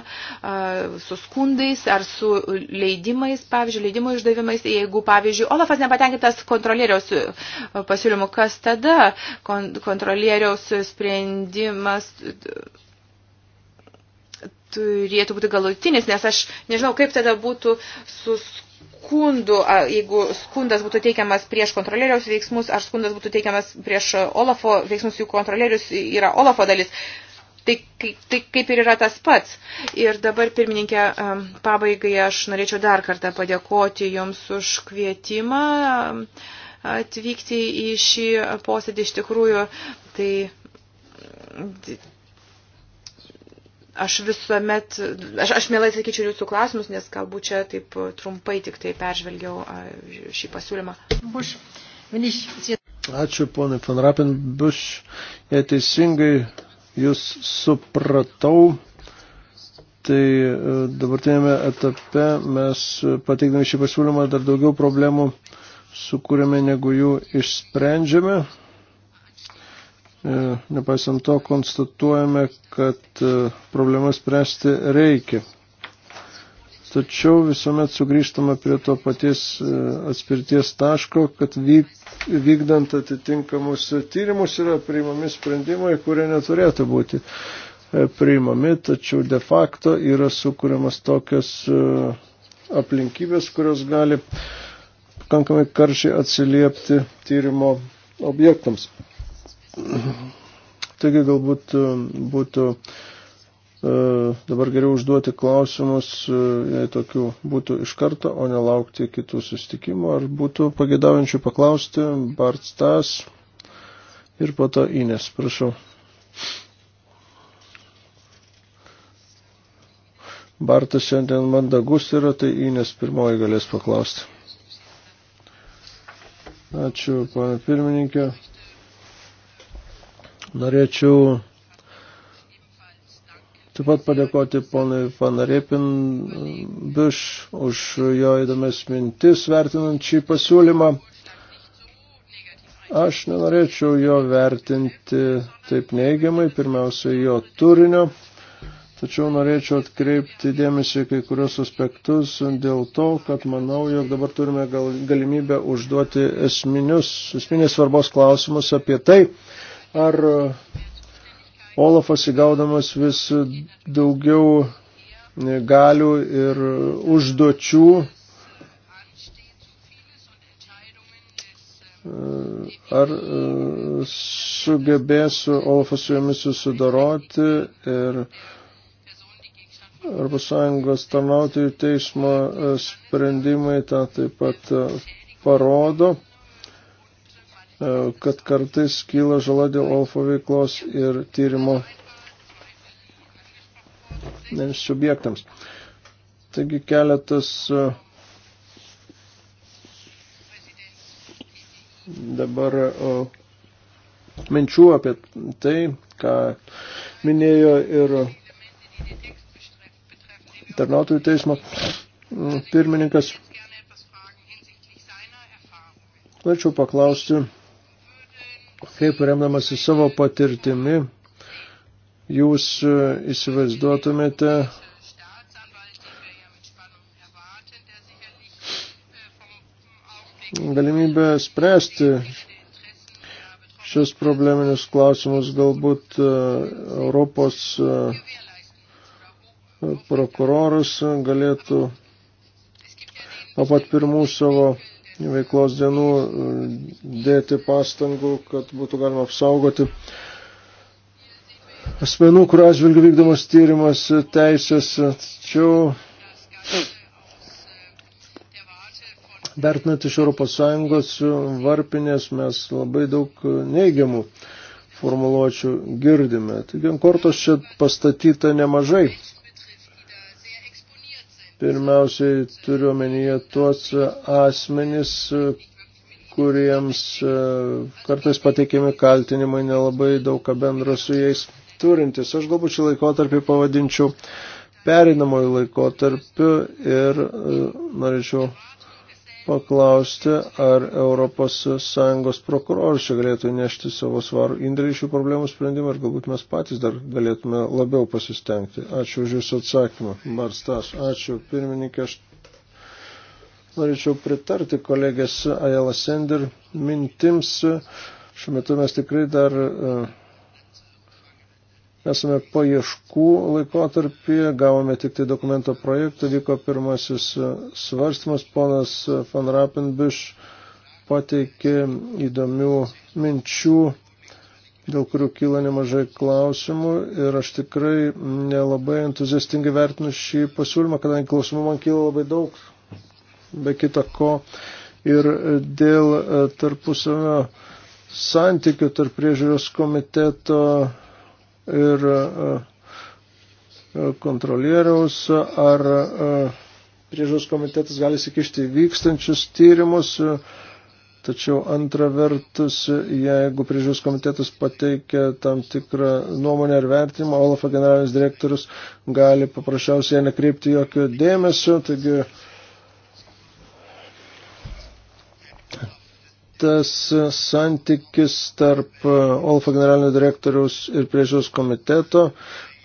su skundais ar su leidimais, pavyzdžiui, leidimo išdavimais. Jeigu, pavyzdžiui, Olafas nepatenkintas kontrolieriaus e, pasiūlymu, kas tada kontrolieriaus sprendimas e, turėtų būti galutinis, nes aš nežinau, kaip tada būtų su skundų, jeigu skundas būtų teikiamas prieš kontrolieriaus veiksmus, ar skundas būtų teikiamas prieš Olafo veiksmus, jų kontrolierius yra Olafo dalis. Tai, tai kaip ir yra tas pats. Ir dabar, pirmininkė, pabaigai aš norėčiau dar kartą padėkoti Jums už kvietimą atvykti į šį posėdį. Iš tikrųjų, tai Aš visuomet, aš, aš mielai sakyčiau jūsų klausimus, nes galbūt čia taip trumpai tik tai peržvelgiau šį pasiūlymą. Buš. Ačiū, ponai Van Rappenbuš. Jei teisingai jūs supratau, tai e, dabartinėme etape mes e, pateikdami šį pasiūlymą dar daugiau problemų sukūrėme, negu jų išsprendžiame. E, nepaisant to, konstatuojame, kad e, problemas spręsti reikia. Tačiau visuomet sugrįžtama prie to paties e, atspirties taško, kad vyk, vykdant atitinkamus tyrimus yra priimami sprendimai, kurie neturėtų būti priimami, tačiau de facto yra sukūriamas tokios aplinkybės, kurios gali pakankamai karšiai atsiliepti tyrimo objektams. Taigi galbūt e, būtų e, dabar geriau užduoti klausimus, e, jei tokių būtų iš karto, o nelaukti kitų sustikimų. Ar būtų pagėdaujančių paklausti Bartstas ir po to Ines, prašau. Bartas šiandien mandagus yra, tai Ines pirmoji galės paklausti. Ačiū, pana pirmininkė. Norėčiau taip pat padėkoti ponui Fanarėpin e, Biš už jo įdomias mintis vertinant šį pasiūlymą. Aš nenorėčiau jo vertinti taip neigiamai, pirmiausia, jo turinio, tačiau norėčiau atkreipti dėmesį kai kurios aspektus dėl to, kad manau, jog dabar turime gal, galimybę užduoti esminius, esminės svarbos klausimus apie tai, Ar Olafas įgaudamas vis daugiau galių ir užduočių ar sugebės Olafas su jomis susidoroti ir Europos Sąjungos tarnautojų teismo sprendimai tą taip pat parodo. E, kad kartais kyla žala dėl Olfo veiklos ir tyrimo subjektams. Taigi keletas e, dabar e, minčių apie tai, ką minėjo ir tarnautojų teismo pirmininkas. Norėčiau paklausti kaip remdamasi savo patirtimi jūs e, įsivaizduotumėte, galimybę spręsti šios probleminius klausimus galbūt e, Europos e, prokuroras galėtų nuo pat pirmų savo veiklos dienų e, dėti pastangų, kad būtų galima apsaugoti asmenų, kur atžvilgių vykdomas tyrimas teisės. Tačiau vertinant iš ES varpinės mes labai daug neigiamų formuluočių girdime. Taigi ant kortos čia pastatyta nemažai Pirmiausiai turiu omenyje tuos asmenys, kuriems e, kartais pateikiami kaltinimai nelabai daug ką bendro su jais turintis. Aš galbūt šį laikotarpį pavadinčiau perinamojo laikotarpiu ir e, norėčiau paklausti, ar ES prokuroras čia galėtų nešti savo svarų indėlį šių problemų sprendimą ir galbūt mes patys dar galėtume labiau pasistengti. Ačiū už Jūsų atsakymą, Barstas. Ačiū, pirmininkė. Aš norėčiau pritarti kolegės Ajala Sender mintims. Šiuo metu mes tikrai dar. Uh, Esame paieškų laikotarpyje, gavome tik tai dokumento projektą, vyko pirmasis e, svarstymas, ponas Van Rappenbiš pateikė įdomių minčių, dėl kurių kyla nemažai klausimų ir aš tikrai nelabai entuziastingai vertinu šį pasiūlymą, kadangi klausimų man kyla labai daug, be kita ko, ir dėl e, tarpusavio santykių tarp priežiūros komiteto ir e, e, kontrolieriaus ar e, priežos komitetas gali sikišti vykstančius tyrimus, tačiau antra vertus, jeigu priežos komitetas pateikia tam tikrą nuomonę ar vertinimą, Olafo generalinis direktorius gali paprasčiausiai nekreipti jokio dėmesio, taigi tas santykis tarp e, OLFA generalinio direktoriaus ir priežiūros komiteto,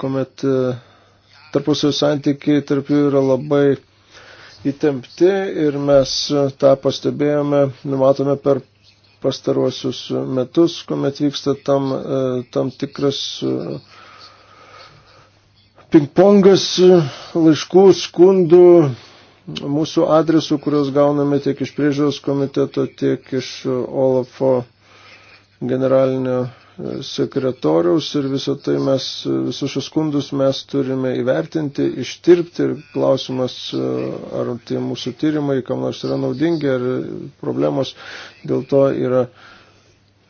kuomet e, tarpusavio santykiai tarp jų yra labai įtempti ir mes e, tą pastebėjome, numatome per pastaruosius metus, kuomet vyksta tam, tam tikras pingpongas laiškų, skundų mūsų adresų, kuriuos gauname tiek iš priežiūros komiteto, tiek iš e, Olafo generalinio e, sekretoriaus ir visą tai mes, e, visus šios skundus mes turime įvertinti, ištirpti ir klausimas, ar tie mūsų tyrimai kam nors yra naudingi, ar problemos dėl to yra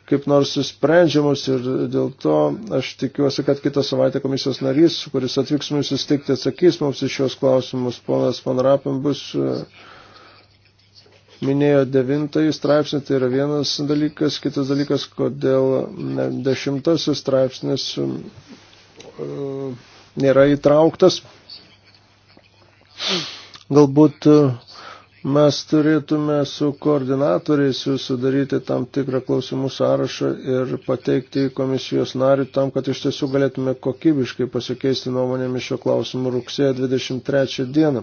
kaip nors sprendžiamus ir dėl to aš tikiuosi, kad kitą savaitę komisijos narys, kuris atvyks mums įstikti, atsakys mums iš šios klausimus. Ponas Van Rapin bus e, minėjo devintąjį straipsnį, tai yra vienas dalykas, kitas dalykas, kodėl dešimtasis straipsnis e, nėra įtrauktas. Galbūt uh, mes turėtume su koordinatoriais jūs sudaryti tam tikrą klausimų sąrašą ir pateikti komisijos narių tam, kad iš tiesų galėtume kokybiškai pasikeisti nuomonėmis šio klausimu rugsėjo 23 dieną.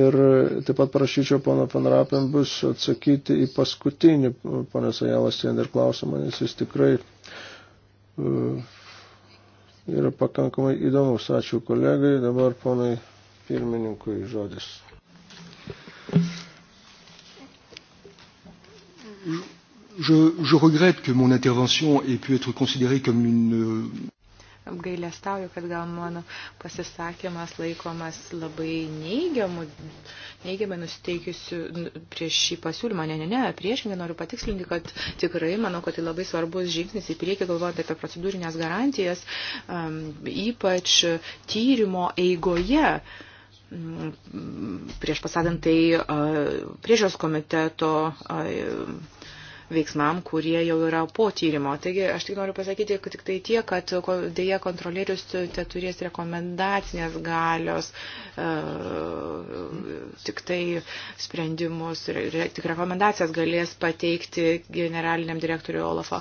Ir taip pat prašyčiau pono Panrapėm bus atsakyti į paskutinį pono Sajalas Sender klausimą, nes jis tikrai uh, yra pakankamai įdomus. Ačiū kolegai, dabar ponai pirmininkui žodis. Je, je regrette que mon intervention ait pu être considérée comme une. Euh, Apgailestauju, kad gal mano pasisakymas laikomas labai neigiamu, neigiamai nusiteikiusiu prieš šį pasiūlymą. Ne, ne, ne, priešingai noriu patikslinti, kad tikrai manau, kad tai labai svarbus žingsnis į priekį, galvojant apie procedūrinės garantijas, um, ypač tyrimo eigoje. Um, prieš pasadant tai priežios komiteto veiksmam, kurie jau yra po tyrimo. Taigi aš tik noriu pasakyti, kad tik tai tie, kad dėja kontrolierius te turės rekomendacinės galios, tik tai sprendimus, tik rekomendacijas galės pateikti generaliniam direktoriui Olafo.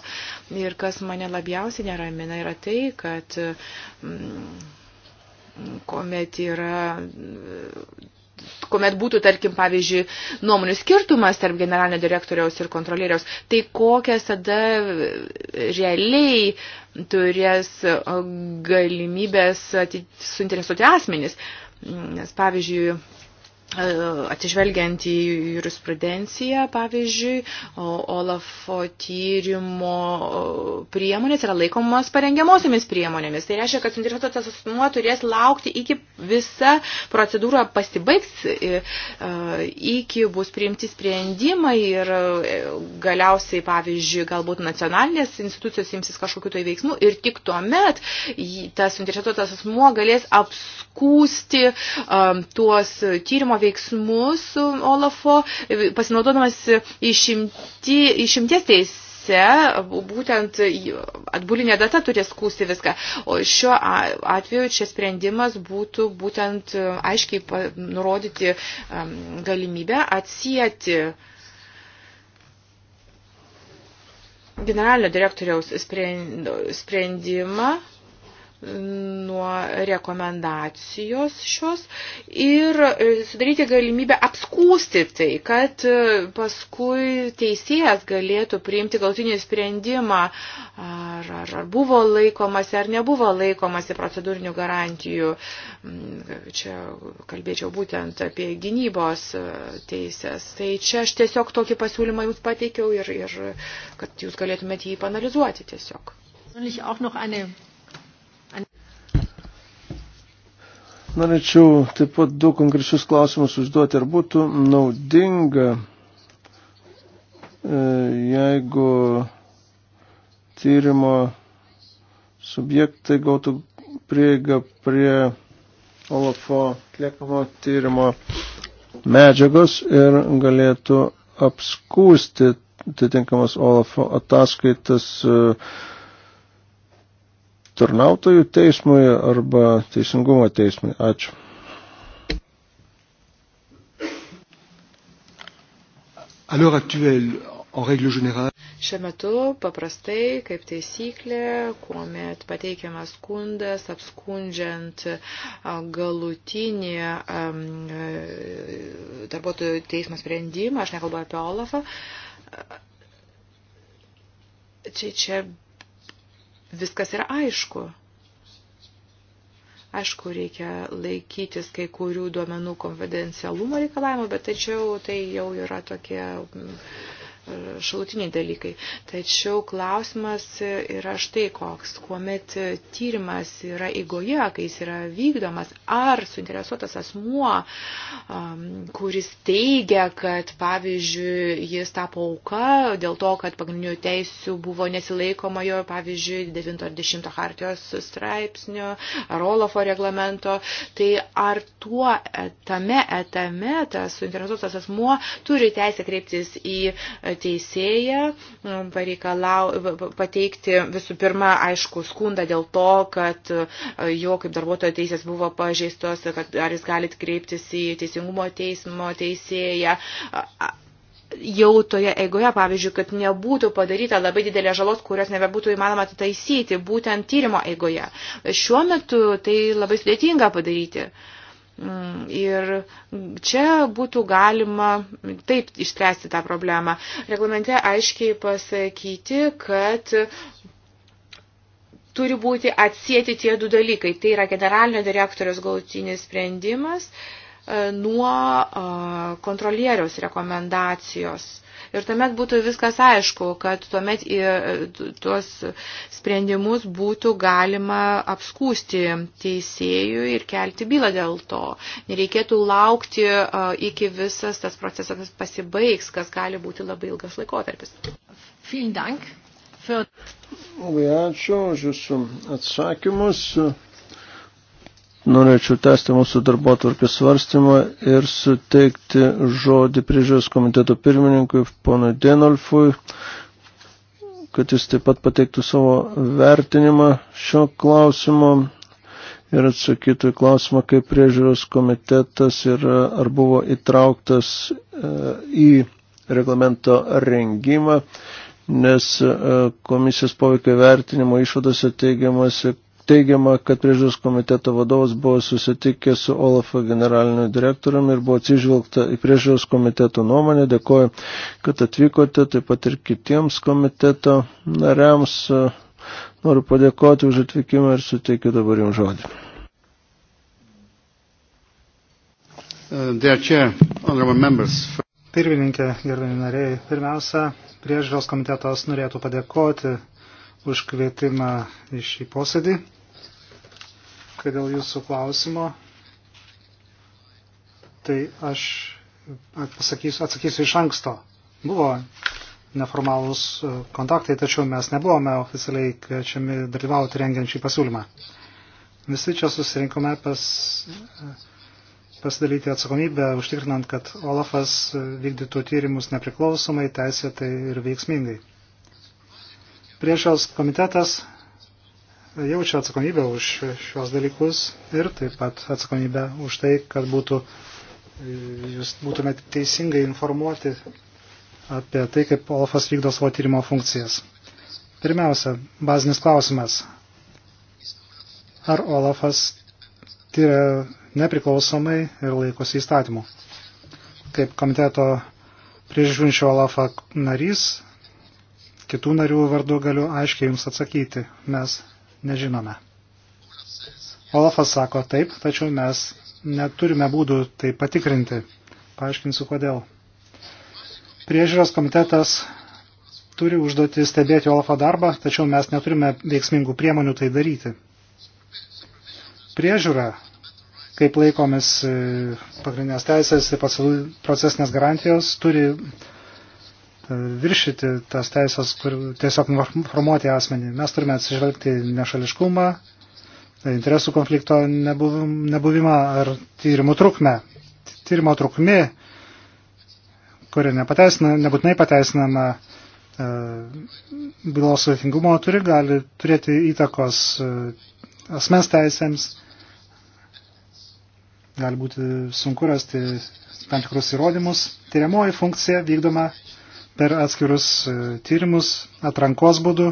Ir kas mane labiausiai neramina yra tai, kad. Mm, kuomet yra kuomet būtų, tarkim, pavyzdžiui, nuomonių skirtumas tarp generalinio direktoriaus ir kontrolieriaus, tai kokias tada realiai turės galimybės suinteresuoti asmenys. Nes, pavyzdžiui, E, atsižvelgiant į jurisprudenciją, pavyzdžiui, Olafo tyrimo priemonės yra laikomas parengiamosiomis priemonėmis. Tai reiškia, kad suinteresuotas asmuo turės laukti iki visa procedūra pasibaigs, e, e, iki bus priimti sprendimai ir galiausiai, pavyzdžiui, galbūt nacionalinės institucijos imsis kažkokiu tai veiksmu ir tik tuomet tas suinteresuotas asmuo galės apskūsti um, tuos tyrimo solidarumo veiksmus su Olafo, pasinaudodamas išimti, išimties teisės teise būtent atbulinė data turės skūsti viską. O šiuo atveju čia sprendimas būtų būtent e, aiškiai nurodyti galimybę atsijėti generalinio direktoriaus sprendimą nuo rekomendacijos šios ir e, sudaryti galimybę apskūsti tai, kad e, paskui teisėjas galėtų priimti galtinį sprendimą, ar, ar, ar buvo laikomasi, ar nebuvo laikomasi procedūrinių garantijų. Mm, čia kalbėčiau būtent apie gynybos e, teisės. Tai čia aš tiesiog tokį pasiūlymą jums pateikiau ir, ir kad jūs galėtumėte jį panalizuoti tiesiog. Norėčiau taip pat du konkrečius klausimus užduoti. Ar būtų naudinga, e, jeigu tyrimo subjektai gautų prieigą prie Olafo atliekamo tyrimo medžiagos ir galėtų apskūsti atitinkamas Olafo ataskaitas e, tarnautojų teismui arba teisingumo teismui. Ačiū. À l'heure actuelle, en règle générale. Šiuo metu paprastai, kaip taisyklė, kuomet pateikiamas skundas apskundžiant galutinį e, darbuotojų teismo sprendimą, aš nekalbu apie Olafą, čia čia viskas yra aišku. Aišku, reikia laikytis kai kurių duomenų konfidencialumo reikalavimo, bet tačiau tai jau yra tokie šalutiniai dalykai. Tačiau klausimas yra štai koks, kuomet tyrimas yra įgoje, kai jis yra vykdomas, ar suinteresuotas asmuo, kuris teigia, kad pavyzdžiui jis tapo auka dėl to, kad pagrindinių teisių buvo nesilaikoma jo, pavyzdžiui, 9 ar 10 hartijos straipsnio ar Olofo reglamento, tai ar tuo e-, tame etame tas suinteresuotas asmuo turi teisę kreiptis į teisėją pareikalau pateikti visų pirma, aišku, skundą dėl to, kad e, jo kaip darbuotojo teisės buvo pažeistos, kad ar jis galit kreiptis į teisingumo teismo teisėją jau toje eigoje, pavyzdžiui, kad nebūtų padaryta labai didelė žalos, kurios nebebūtų įmanoma atitaisyti būtent tyrimo eigoje. Šiuo metu tai labai sudėtinga padaryti. Uh, Mm, ir čia būtų galima taip išspręsti tą problemą. Reglamente aiškiai pasakyti, kad turi būti atsėti tie du dalykai. Tai yra generalinio direktorius galutinis sprendimas e, nuo e, kontrolieriaus rekomendacijos Ir tuomet būtų viskas aišku, kad tuomet į tuos sprendimus būtų galima apskūsti teisėjui ir kelti bylą dėl to. Nereikėtų laukti iki visas tas procesas pasibaigs, kas gali būti labai ilgas laikotarpis. Vielen Dank. Labai ačiū už Jūsų atsakymus. Norėčiau tęsti mūsų darbo atvarkės svarstymą ir suteikti žodį priežiūros komiteto pirmininkui, ponui Denolfui, kad jis taip pat pateiktų savo vertinimą šio klausimo ir atsakytų į klausimą, kaip priežiūros komitetas yra, ar buvo įtrauktas e, į reglamento rengimą nes e, komisijos poveikio vertinimo išvadose teigiamasi, Teigiama, kad priežiūros komiteto vadovas buvo susitikęs su Olafo generaliniu direktoriumi ir buvo atsižvelgta į priežiūros komiteto nuomonę. Dėkoju, kad atvykote, taip pat ir kitiems komiteto nariams. Noriu padėkoti už atvykimą ir suteikiu dabar jums žodį. Uh, Pirmininkė, gerbėjai nariai, pirmiausia, priežiūros komitetos norėtų padėkoti už kvietimą į šį posėdį. Kai dėl jūsų klausimo, tai aš atsakysiu, atsakysiu iš anksto. Buvo neformalūs e, kontaktai, tačiau mes nebuvome oficialiai kviečiami dalyvauti rengiant šį pasiūlymą. Visi čia susirinkome pas, e, pasidalyti atsakomybę, užtikrinant, kad Olafas vykdytų tyrimus nepriklausomai, teisėtai ir veiksmingai. Priešios komitetas jaučia atsakomybę už šios dalykus ir taip pat atsakomybę už tai, kad būtų, jūs būtumėte teisingai informuoti apie tai, kaip Olafas vykdo savo tyrimo funkcijas. Pirmiausia, bazinis klausimas. Ar Olafas tyria nepriklausomai ir laikosi įstatymų? Kaip komiteto priežiūrinčio Olafą narys, kitų narių vardu galiu aiškiai jums atsakyti, mes nežinome. Olafas sako taip, tačiau mes neturime būdų tai patikrinti. Paaiškinsiu kodėl. Priežiūros komitetas turi užduoti stebėti Olafo darbą, tačiau mes neturime veiksmingų priemonių tai daryti. Priežiūra, kaip laikomis e, pagrindinės teisės ir procesinės garantijos, turi viršyti tas teisės, kur tiesiog formuoti asmenį. Mes turime atsižvelgti nešališkumą, interesų konflikto nebuvimą ar tyrimų trukmę. Tyrimo trukmė, kuri nepateisina, nebūtinai pateisinama e, bylos sudėtingumo, turi, gali turėti įtakos e, asmens teisėms. Gali būti sunku rasti tam tikrus įrodymus. Tyriamoji funkcija vykdoma per atskirus e, tyrimus atrankos būdu,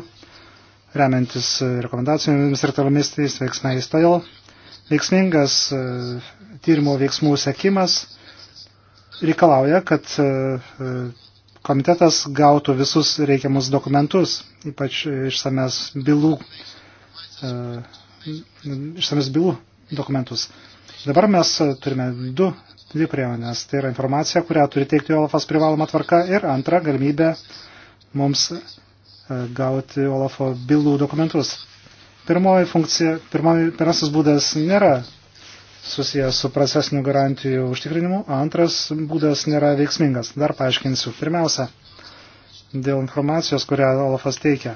remiantis e, rekomendacijomis ir tolomis tais veiksmais. Todėl veiksmingas e, tyrimo veiksmų sekimas reikalauja, kad komitetas gautų visus reikiamus dokumentus, ypač išsames bylų, išsames bylų dokumentus. Dabar mes turime du dvi priemonės. Tai yra informacija, kurią turi teikti Olafas privaloma tvarka ir antra galimybė mums e, gauti Olafo bylų dokumentus. Pirmoji funkcija, pirmoji, pirmasis būdas nėra susijęs su procesinių garantijų užtikrinimu, antras būdas nėra veiksmingas. Dar paaiškinsiu. Pirmiausia, dėl informacijos, kurią Olafas teikia.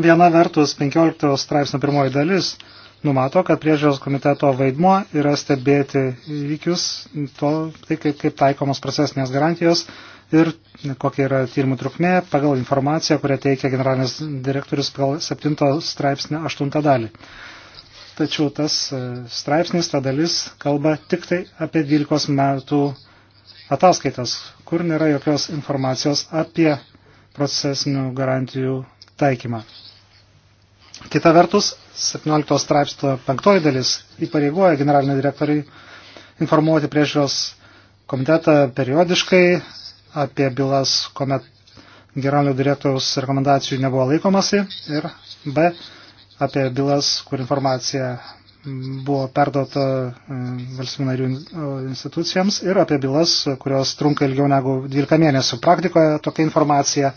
Viena vertus, 15 straipsnio pirmoji dalis numato, kad priežiūros komiteto vaidmuo yra stebėti įvykius, to, tai kaip, kaip taikomos procesinės garantijos ir kokia yra tyrimų trukmė pagal informaciją, kurią teikia generalinis direktorius pagal 7 straipsnio 8 dalį. Tačiau tas e, straipsnis, ta dalis kalba tik tai apie 12 metų ataskaitas, kur nėra jokios informacijos apie procesinių garantijų taikymą. Kita vertus, 17 straipsnio 5 dalis įpareigoja generalinį direktorių informuoti priežiūros komitetą periodiškai apie bylas, kuomet generalinio direktoriaus rekomendacijų nebuvo laikomasi ir B apie bylas, kur informacija buvo perduota e, valstybių narių institucijoms ir apie bylas, kurios trunka ilgiau negu 12 mėnesių. Praktikoje tokia informacija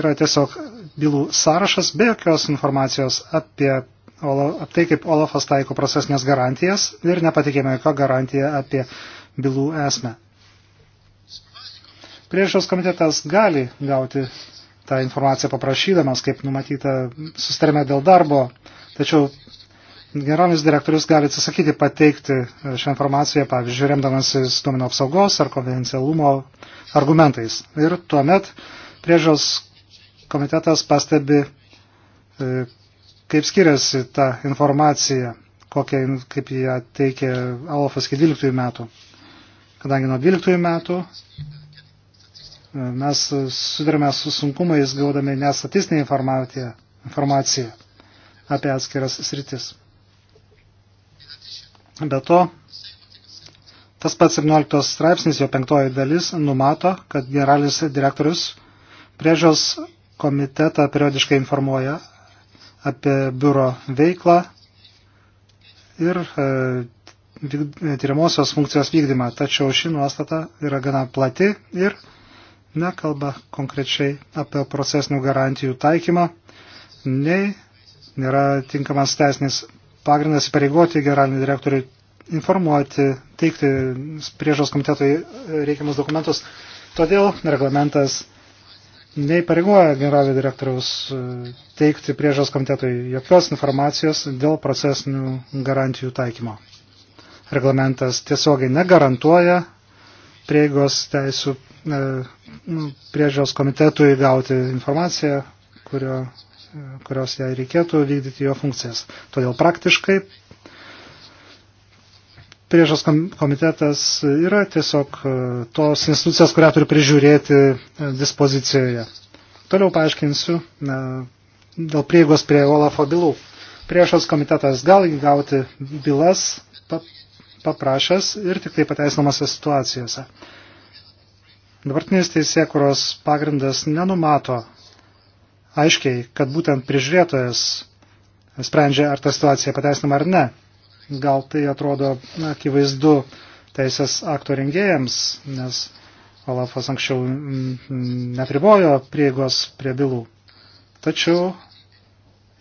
yra tiesiog bylų sąrašas be jokios informacijos apie tai, kaip Olafas taiko procesinės garantijas ir nepatikėme jokio garantiją apie bylų esmę. Priežiūros komitetas gali gauti tą informaciją paprašydamas, kaip numatyta sustarime dėl darbo, tačiau generalinis direktorius gali atsisakyti pateikti šią informaciją, pavyzdžiui, remdamasis duomenų apsaugos ar konfidencialumo argumentais. Ir tuomet priežiūros komitetas pastebi, e, kaip skiriasi ta informacija, kokia, kaip ją teikė Alofas iki 12 metų. Kadangi nuo 12 metų e, mes sudarėme su sunkumais gaudami nesatistinę informaciją, informaciją apie atskiras sritis. Be to, tas pats 17 straipsnis, jo penktoji dalis, numato, kad generalinis direktorius priežios komitetą periodiškai informuoja apie biuro veiklą ir e, e, tyriamosios funkcijos vykdymą, tačiau ši nuostata yra gana plati ir nekalba konkrečiai apie procesinių garantijų taikymą, nei nėra tinkamas teisinis pagrindas įpareigoti generalinį direktorių informuoti, teikti priežos komitetui reikiamus dokumentus. Todėl reglamentas neįpareigoja generalinio direktoriaus e, teikti priežos komitetui jokios informacijos dėl procesinių garantijų taikymo. Reglamentas tiesiogiai negarantuoja prieigos teisų e, nu, priežiūros komitetui gauti informaciją, kurio, e, kurios jai reikėtų vykdyti jo funkcijas. Todėl praktiškai priežas komitetas yra tiesiog e, tos institucijos, kurią turi prižiūrėti e, dispozicijoje. Toliau paaiškinsiu e, dėl prieigos prie Olafo bylų. Priešos komitetas gali gauti bylas paprašęs ir tik tai pateisinamose situacijose. Dabartinis teisėkuros pagrindas nenumato aiškiai, kad būtent prižiūrėtojas sprendžia, ar ta situacija pateisinama ar ne. Gal tai atrodo akivaizdu teisės akto rengėjams, nes Olafas anksčiau nepribojo prieigos prie bylų. Tačiau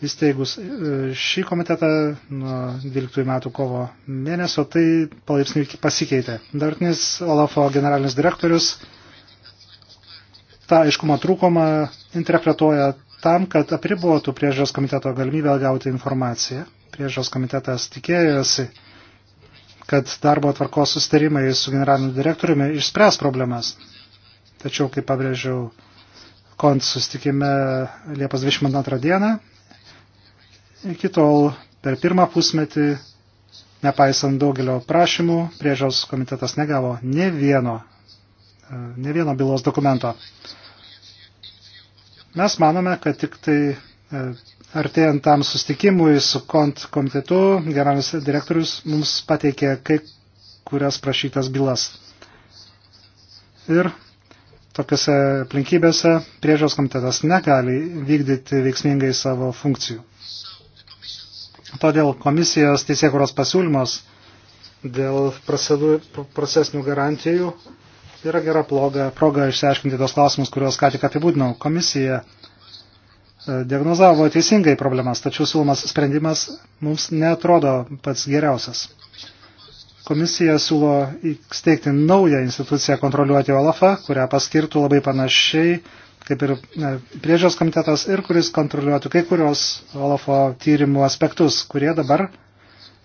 įsteigus e, šį komitetą nuo 12 metų kovo mėnesio, tai palaipsniui pasikeitė. Dabartinis Olafo generalinis direktorius tą aiškumą trūkumą interpretuoja tam, kad apribuotų priežiūros komiteto galimybę gauti informaciją. Priežiūros komitetas tikėjosi, kad darbo tvarkos sustarimai su generaliniu direktoriumi išspręs problemas. Tačiau, kaip pabrėžiau, kont sustikime Liepos 22 dieną, iki tol per pirmą pusmetį, nepaisant daugelio prašymų, priežiūros komitetas negavo ne vieno, ne vieno bylos dokumento. Mes manome, kad tik tai e, artėjant tam sustikimui su kont komitetu, generalinis direktorius mums pateikė kai kurias prašytas bylas. Ir tokiuose aplinkybėse priežios komitetas negali vykdyti veiksmingai savo funkcijų. Todėl komisijos teisėkuros pasiūlymas dėl procesinių garantijų yra gera ploga, proga išsiaiškinti tos klausimus, kuriuos ką tik apibūdinau. Komisija e, diagnozavo teisingai problemas, tačiau siūlomas sprendimas mums netrodo pats geriausias. Komisija siūlo įsteigti naują instituciją kontroliuoti Olafą, kurią paskirtų labai panašiai kaip ir e, priežios komitetas ir kuris kontroliuotų kai kurios Olafo tyrimų aspektus, kurie dabar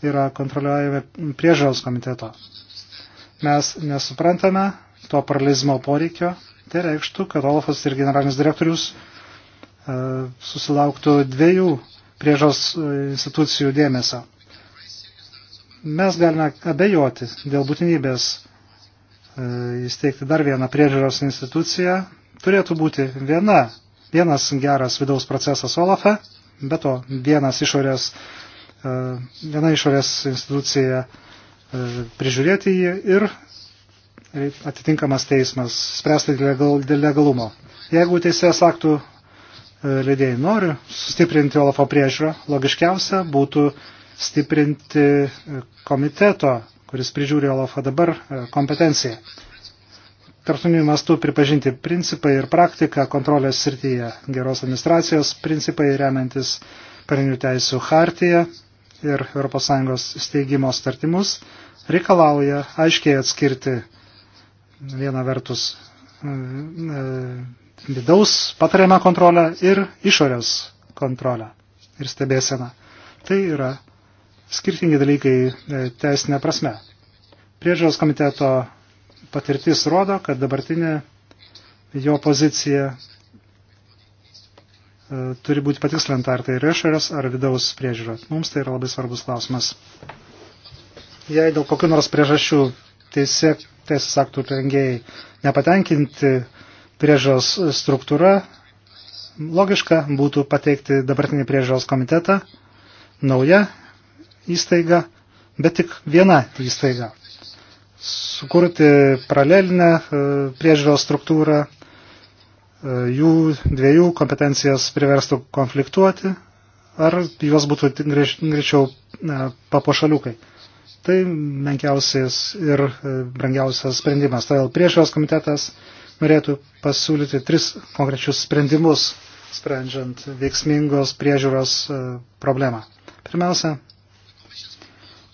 yra kontroliuojami priežios komiteto. Mes nesuprantame, to paralizmo poreikio, tai reikštų, kad Olafas ir generalinis direktorius e, susilauktų dviejų priežos e, institucijų dėmesio. Mes galime abejoti dėl būtinybės e, įsteigti dar vieną priežiūros instituciją. Turėtų būti viena, vienas geras vidaus procesas Olafe, be to vienas išorės, viena išorės institucija prižiūrėti jį ir atitinkamas teismas spręsti dėl legalumo. Jeigu teisės aktų e, leidėjai nori sustiprinti Olafo priežiūrą, logiškiausia būtų stiprinti e, komiteto, kuris prižiūri Olafą dabar, e, kompetenciją. Tartunių mastų pripažinti principai ir praktika kontrolės srityje, geros administracijos principai remiantis parinių teisų hartiją ir ES steigimo startimus reikalauja aiškiai atskirti viena vertus e, e, vidaus patariamą kontrolę ir išorės kontrolę ir stebėseną. Tai yra skirtingi dalykai e, teisinė prasme. Priežiūros komiteto patirtis rodo, kad dabartinė jo pozicija turi būti patikslinta, ar tai yra išorės ar vidaus priežiūra. Mums tai yra labai svarbus klausimas. Jei dėl kokių nors priežasčių teisė teisės aktų rengėjai nepatenkinti priežos struktūra, logiška būtų pateikti dabartinį priežos komitetą, nauja įstaiga, bet tik viena įstaiga. Sukurti paralelinę e, priežiūros struktūrą, e, jų dviejų kompetencijas priverstų konfliktuoti, ar juos būtų greičiau e, papošaliukai. Tai menkiausias ir e, brangiausias sprendimas. Todėl priežiūros komitetas norėtų pasiūlyti tris konkrečius sprendimus, sprendžiant veiksmingos priežiūros e, problemą. Pirmiausia,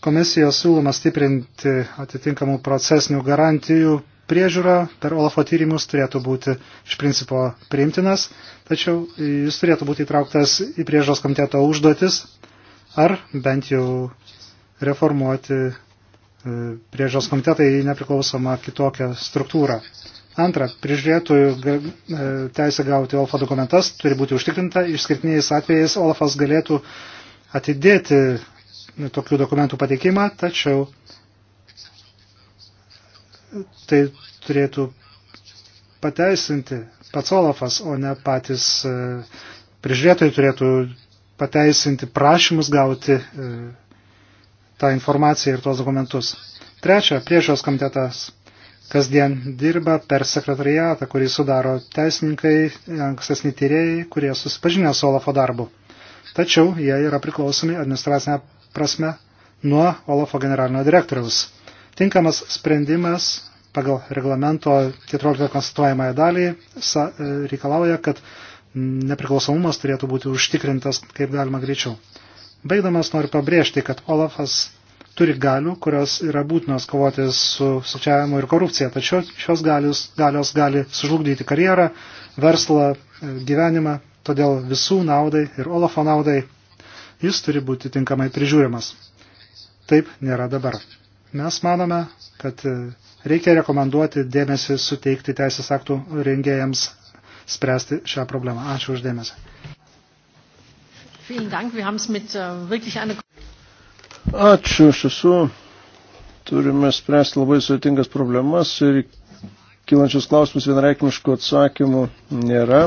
komisijos siūloma stiprinti atitinkamų procesinių garantijų priežiūra per Olafo tyrimus turėtų būti iš principo priimtinas, tačiau jis turėtų būti įtrauktas į priežos komiteto užduotis ar bent jau reformuoti e, priežiūros komitetai į nepriklausomą kitokią struktūrą. Antra, prižiūrėtojų e, teisė gauti OLFA dokumentas turi būti užtikrinta. Išskirtiniais atvejais OLFAS galėtų atidėti tokių dokumentų pateikimą, tačiau tai turėtų pateisinti pats OLAFas, o ne patys e, prižiūrėtojai turėtų pateisinti prašymus gauti tą informaciją ir tuos dokumentus. Trečia, priežios komitetas kasdien dirba per sekretariatą, kurį sudaro teisininkai, ankstesni tyrėjai, kurie susipažinę su Olafo darbu. Tačiau jie yra priklausomi administracinę prasme nuo Olafo generalinio direktoriaus. Tinkamas sprendimas pagal reglamento 14 konstatuojamąją dalį e, reikalauja, kad nepriklausomumas turėtų būti užtikrintas kaip galima greičiau. Baigdamas noriu pabrėžti, kad Olafas turi galių, kurios yra būtinos kovoti su sučiavimu ir korupcija, tačiau šios galius, galios gali sužlugdyti karjerą, verslą, gyvenimą, todėl visų naudai ir Olafo naudai jis turi būti tinkamai prižiūrimas. Taip nėra dabar. Mes manome, kad e, reikia rekomenduoti dėmesį suteikti teisės aktų rengėjams spręsti šią problemą. Ačiū uždėmesį. Vielen Dank, wir haben es mit uh, wirklich einer. Ačiū, iš tiesų turime spręsti labai sudėtingas problemas ir kylančius klausimus vienreikmiškų atsakymų nėra.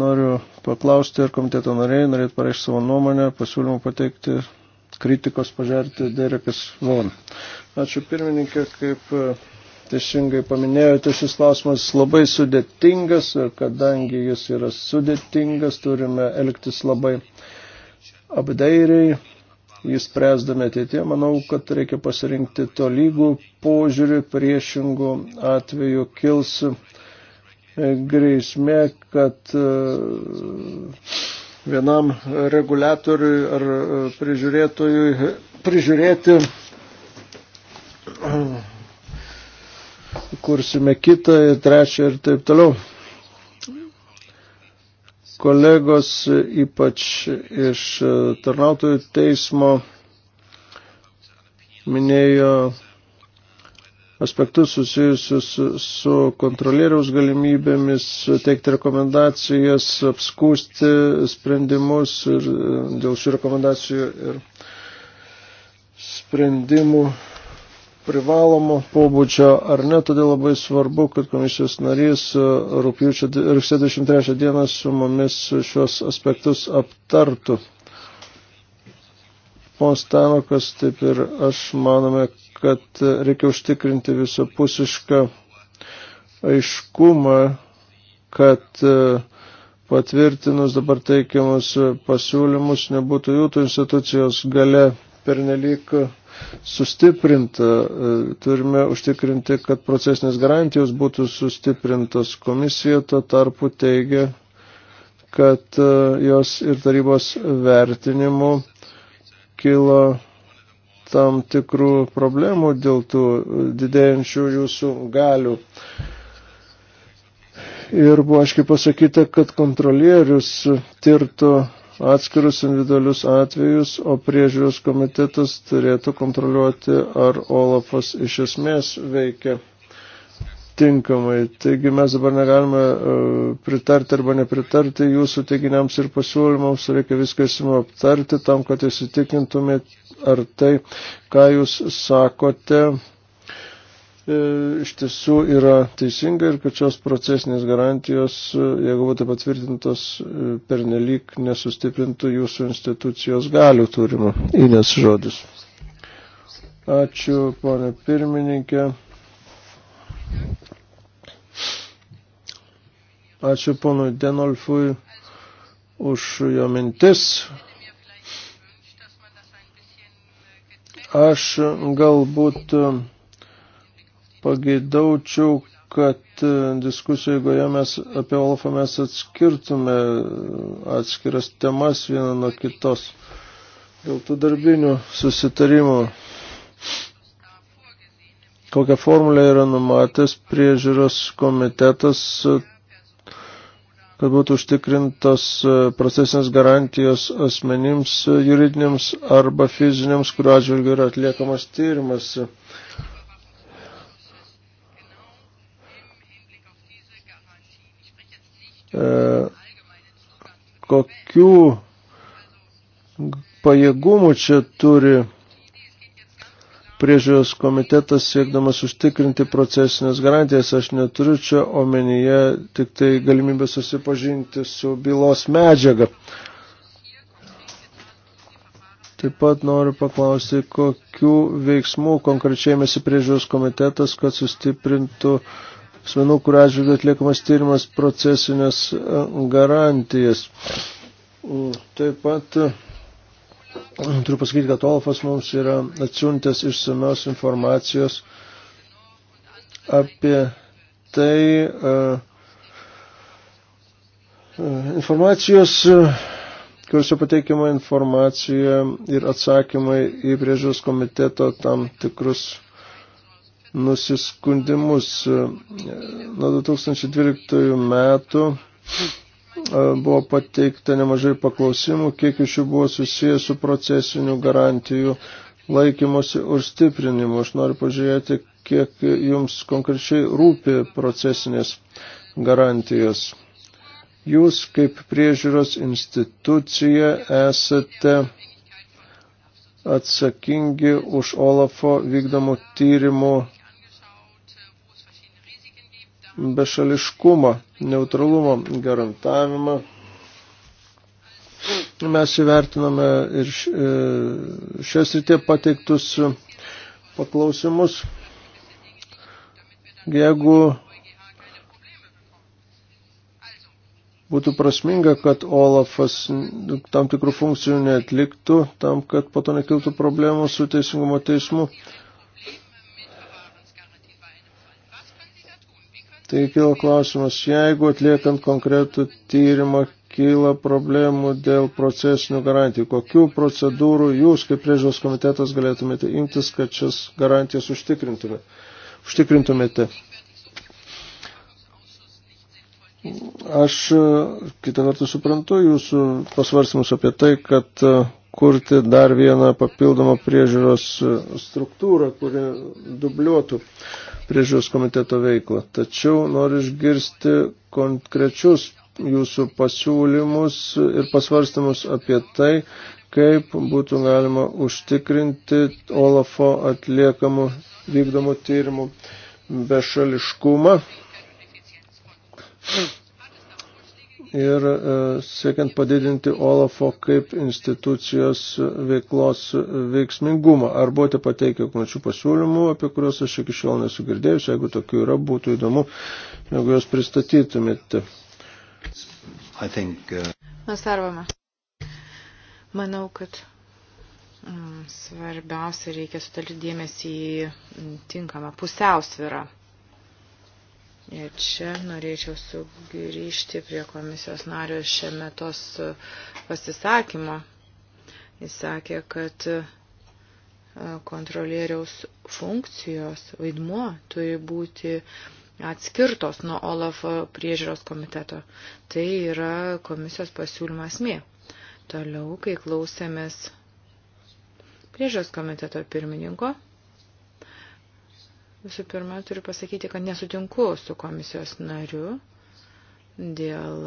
Noriu paklausti, ar komiteto nariai norėtų pareikšti savo nuomonę, pasiūlymų pateikti kritikos pažerti Derekas Von. Ačiū pirmininkė, kaip teisingai paminėjote, šis klausimas labai sudėtingas ir kadangi jis yra sudėtingas, turime elgtis labai apdairiai, jis presdami ateitie, manau, kad reikia pasirinkti tolygų požiūrį, priešingų atveju kils e, grėsmė, kad e, vienam reguliatoriui ar e, prižiūrėtojui prižiūrėti kursime kitą, trečią ir taip toliau. Kolegos, ypač iš e, tarnautojų teismo, minėjo aspektus susijusius su, su kontrolieriaus galimybėmis, teikti rekomendacijas, apskūsti sprendimus ir e, dėl šių rekomendacijų ir sprendimų privalomo pobūdžio ar ne, todėl labai svarbu, kad komisijos narys e, rūpjūčio 23 dieną su mumis šios aspektus aptartų. Pons Tanokas, taip ir aš manome, kad reikia užtikrinti visapusišką aiškumą, kad e, patvirtinus dabar teikiamus pasiūlymus nebūtų jūtų institucijos gale pernelyg sustiprinta. E, turime užtikrinti, kad procesinės garantijos būtų sustiprintos. Komisija to tarpu teigia, kad e, jos ir tarybos vertinimu kilo tam tikrų problemų dėl tų didėjančių jūsų galių. Ir buvo aiškiai pasakyta, kad kontrolierius tirtų atskirus individualius atvejus, o priežiūros komitetas turėtų kontroliuoti, ar Olafas iš esmės veikia tinkamai. Taigi mes dabar negalime e, pritarti arba nepritarti jūsų teiginiams ir pasiūlymams, reikia viską įsimiau aptarti tam, kad įsitikintumėte, ar tai, ką jūs sakote, E, iš tiesų yra teisinga ir kad šios procesinės garantijos, e, jeigu būtų patvirtintos, e, pernelyg nesustiprintų jūsų institucijos galių turimų. Ines žodis. Ačiū, ponė pirmininkė. Ačiū ponui Denolfui už jo mintis. Aš galbūt pagėdaučiau, kad e, diskusijų eigoje mes apie Olafą mes atskirtume e, atskiras temas vieną nuo kitos dėl tų darbinių susitarimų. Kokią formulę yra numatęs priežiūros komitetas, e, kad būtų užtikrintos procesinės garantijos asmenims juridiniams arba fiziniams, kurio atžvilgiu yra atliekamas tyrimas. E, kokių pajėgumų čia turi priežiūros komitetas siekdamas užtikrinti procesinės garantijas. Aš neturiu čia omenyje tik tai galimybę susipažinti su bylos medžiaga. Taip pat noriu paklausti, kokių veiksmų konkrečiai mėsi priežiūros komitetas, kad sustiprintų uh, asmenų, kur atžvilgiu atliekamas tyrimas procesinės e, garantijas. Mm, taip pat e, turiu pasakyti, kad Olfas mums yra atsiuntęs išsamios informacijos apie tai e, informacijos kuriuose pateikiama informacija ir atsakymai į priežiūros komiteto tam tikrus nusiskundimus. Nuo 2012 metų e, buvo pateikta nemažai paklausimų, kiek iš jų buvo susijęs su procesinių garantijų laikymosi užstiprinimu. Aš noriu pažiūrėti, kiek jums konkrečiai rūpi procesinės garantijos. Jūs kaip priežiūros institucija esate atsakingi už Olafo vykdomų tyrimų bešališkumo, neutralumo garantavimą. Mes įvertiname ir e, šias rytė pateiktus paklausimus. Jeigu būtų prasminga, kad Olafas tam tikrų funkcijų neatliktų, tam, kad po to nekiltų problemų su teisingumo teismu, Tai kilo klausimas, jeigu atliekant konkretų tyrimą kyla problemų dėl procesinių garantijų, kokių procedūrų jūs kaip priežiūros komitetas galėtumėte imtis, kad šias garantijas užtikrintumėte? užtikrintumėte. Aš kitą kartą suprantu jūsų pasvarsimus apie tai, kad e, kurti dar vieną papildomą priežiūros e, struktūrą, kuri dubliuotų priežiūros komiteto veiklą. Tačiau noriu išgirsti konkrečius jūsų pasiūlymus ir pasvarstymus apie tai, kaip būtų galima užtikrinti Olafo atliekamų vykdomų tyrimų bešališkumą ir e, siekiant padidinti Olafo kaip institucijos veiklos veiksmingumą. Ar buvote pateikę kokių pasiūlymų, apie kuriuos aš iki šiol nesu girdėjus, jeigu tokių yra, būtų įdomu, jeigu juos pristatytumėte. Think, uh... Mes arvame. Manau, kad mm, svarbiausia reikia sutelkti dėmesį į mm, tinkamą pusiausvyrą Čia norėčiau sugrįžti prie komisijos nario šiame tos e, pasisakymo. Jis sakė, kad e, kontrolieriaus funkcijos vaidmuo turi būti atskirtos nuo OLAF priežiūros komiteto. Tai yra komisijos pasiūlymas mė. Toliau, kai klausėmės priežiūros komiteto pirmininko, Visų pirma, turiu pasakyti, kad nesutinku su komisijos nariu dėl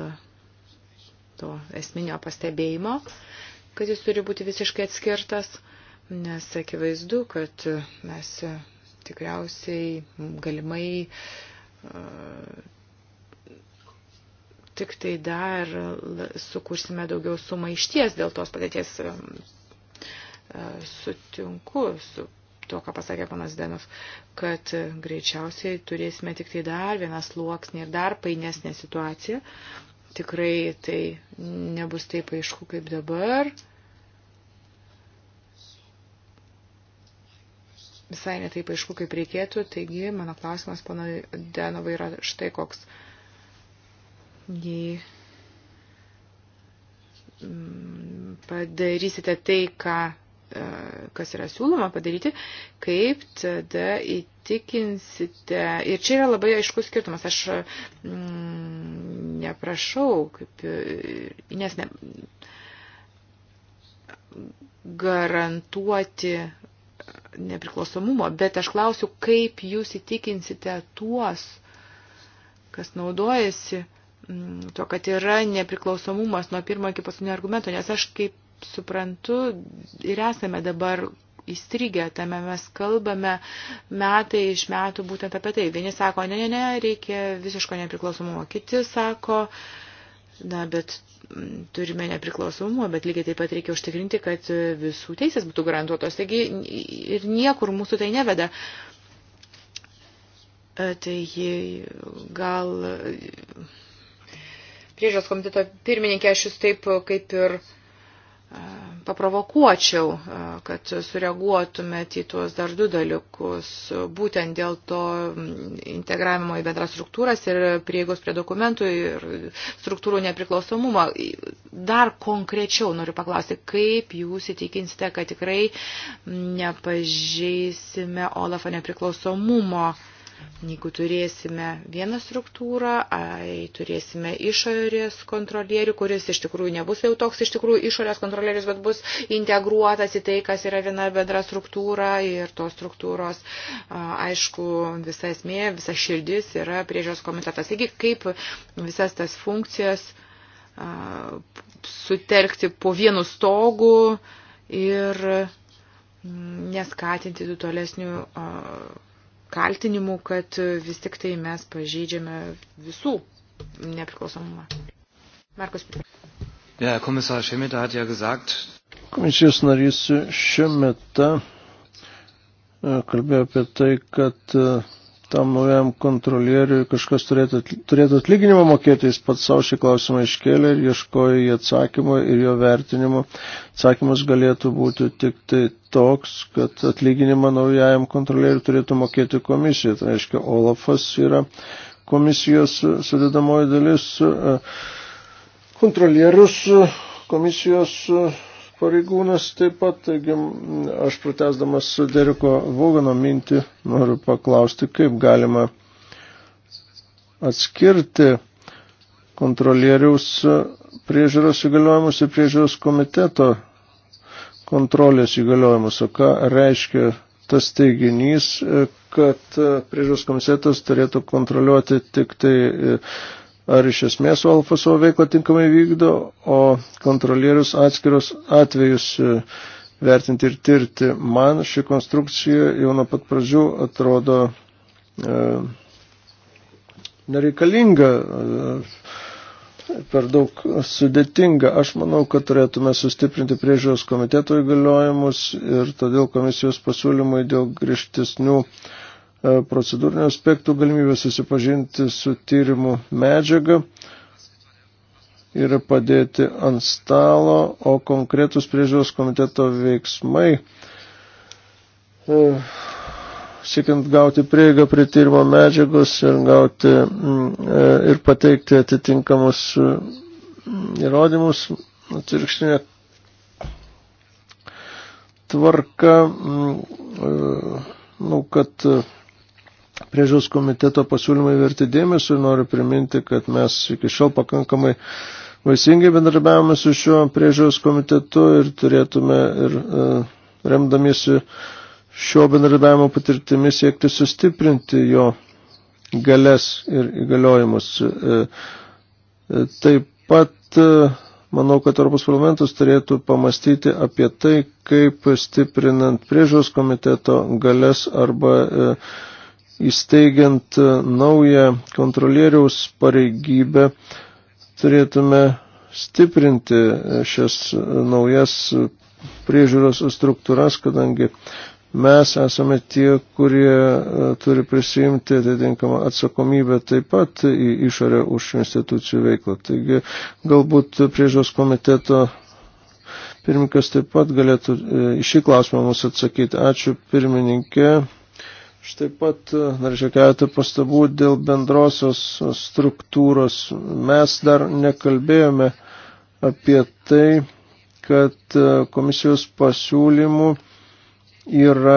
to esminio pastebėjimo, kad jis turi būti visiškai atskirtas, nes akivaizdu, kad mes tikriausiai galimai e, tik tai dar sukursime daugiau sumaišties dėl tos padėties e, sutinku su to, ką pasakė panas Denov, kad greičiausiai turėsime tik tai dar vieną sluoksnį ir dar painesnę situaciją. Tikrai tai nebus taip aišku kaip dabar. Visai netaip aišku, kaip reikėtų. Taigi, mano klausimas, pana Denovai, yra štai koks. Jei mm, padarysite tai, ką kas yra siūloma padaryti, kaip tada įtikinsite. Ir čia yra labai aiškus skirtumas. Aš mm, neprašau, kaip, nes ne, garantuoti nepriklausomumo, bet aš klausiu, kaip jūs įtikinsite tuos, kas naudojasi mm, tuo, kad yra nepriklausomumas nuo pirmo iki paskutinio argumento, nes aš kaip suprantu ir esame dabar įstrigę tame, mes kalbame metai iš metų būtent apie tai. Vieni sako, ne, ne, ne, reikia visiško nepriklausomumo, kiti sako, na, bet mm, turime nepriklausomumo, bet lygiai taip pat reikia užtikrinti, kad visų teisės būtų garantuotos. Taigi ir niekur mūsų tai neveda. E, tai gal priežios komiteto pirmininkė, aš jūs taip e, kaip ir paprovokuočiau, kad sureaguotumėt į tuos dar du dalykus, būtent dėl to integravimo į bendras struktūras ir prieigos prie dokumentų ir struktūrų nepriklausomumą. Dar konkrečiau noriu paklausti, kaip jūs įtikinsite, kad tikrai nepažeisime Olafą nepriklausomumo Jeigu turėsime vieną struktūrą, ai, turėsime išorės kontrolierių, kuris iš tikrųjų nebus jau toks iš tikrųjų išorės kontrolierius, bet bus integruotas į tai, kas yra viena bendra struktūra ir tos struktūros, aišku, visa esmė, visa širdis yra priežios komitetas. Taigi, kaip visas tas funkcijas sutelkti po vienu stogu ir mm, neskatinti tų tolesnių kaltinimų, kad vis tik tai mes pažeidžiame visų nepriklausomumą. Markus Piper. Ja, Kommissar Šemeta hat ja gesagt. Komisijos narys Šemeta kalbėjo apie tai, kad e, tam naujam kontrolieriui kažkas turėtų, turėtų atlyginimą mokėti, jis pats savo šį klausimą iškėlė ir ieškojo į atsakymą ir jo vertinimo. Atsakymas galėtų būti tik tai toks, kad atlyginimą naujajam kontrolieriui turėtų mokėti komisija. Tai reiškia, Olafas yra komisijos sudėdamoji dalis, kontrolierius komisijos pareigūnas taip pat, taigi mm, aš pratesdamas su Deriko Vaugano mintį noriu paklausti, kaip galima atskirti kontrolieriaus priežiūros įgaliojimus ir priežiūros komiteto kontrolės įgaliojimus. O ką reiškia tas teiginys, kad priežiūros komitetas turėtų kontroliuoti tik tai ar iš esmės Alfa savo veiklą tinkamai vykdo, o kontrolierius atskiros atvejus e, vertinti ir tirti. Man ši konstrukcija jau nuo pat pradžių atrodo e, nereikalinga, e, per daug sudėtinga. Aš manau, kad turėtume sustiprinti priežiūros komiteto įgaliojimus ir todėl komisijos pasiūlymai dėl griežtesnių e, E, procedūrinio aspektų galimybę susipažinti su tyrimų medžiaga yra padėti ant stalo, o konkretus priežiūros komiteto veiksmai e, siekiant gauti prieigą prie tyrimo medžiagos ir, gauti, mm, e, ir pateikti atitinkamus mm, įrodymus atvirkštinė tvarka, manau, mm, kad priežiūros komiteto pasiūlymai verti dėmesio ir noriu priminti, kad mes iki šiol pakankamai vaisingai bendrabiavome su šiuo priežiūros komitetu ir turėtume ir e, remdamiesi šio bendradarbiavimo patirtimi siekti sustiprinti jo galės ir įgaliojimus. E, e, taip pat manau, kad Europos parlamentas turėtų pamastyti apie tai, kaip stiprinant priežos komiteto galės arba įsteigiant e, naują kontrolieriaus pareigybę, turėtume stiprinti e, šias e, naujas priežiūros struktūras, kadangi mes esame tie, kurie turi prisijimti atitinkamą atsakomybę taip pat į išorę už institucijų veiklą. Taigi galbūt priežiūros komiteto pirmininkas taip pat galėtų į šį klausimą mums atsakyti. Ačiū pirmininkė. Aš taip pat e, norėčiau keletą pastabų dėl bendrosios struktūros. Mes dar nekalbėjome apie tai, kad e, komisijos pasiūlymų yra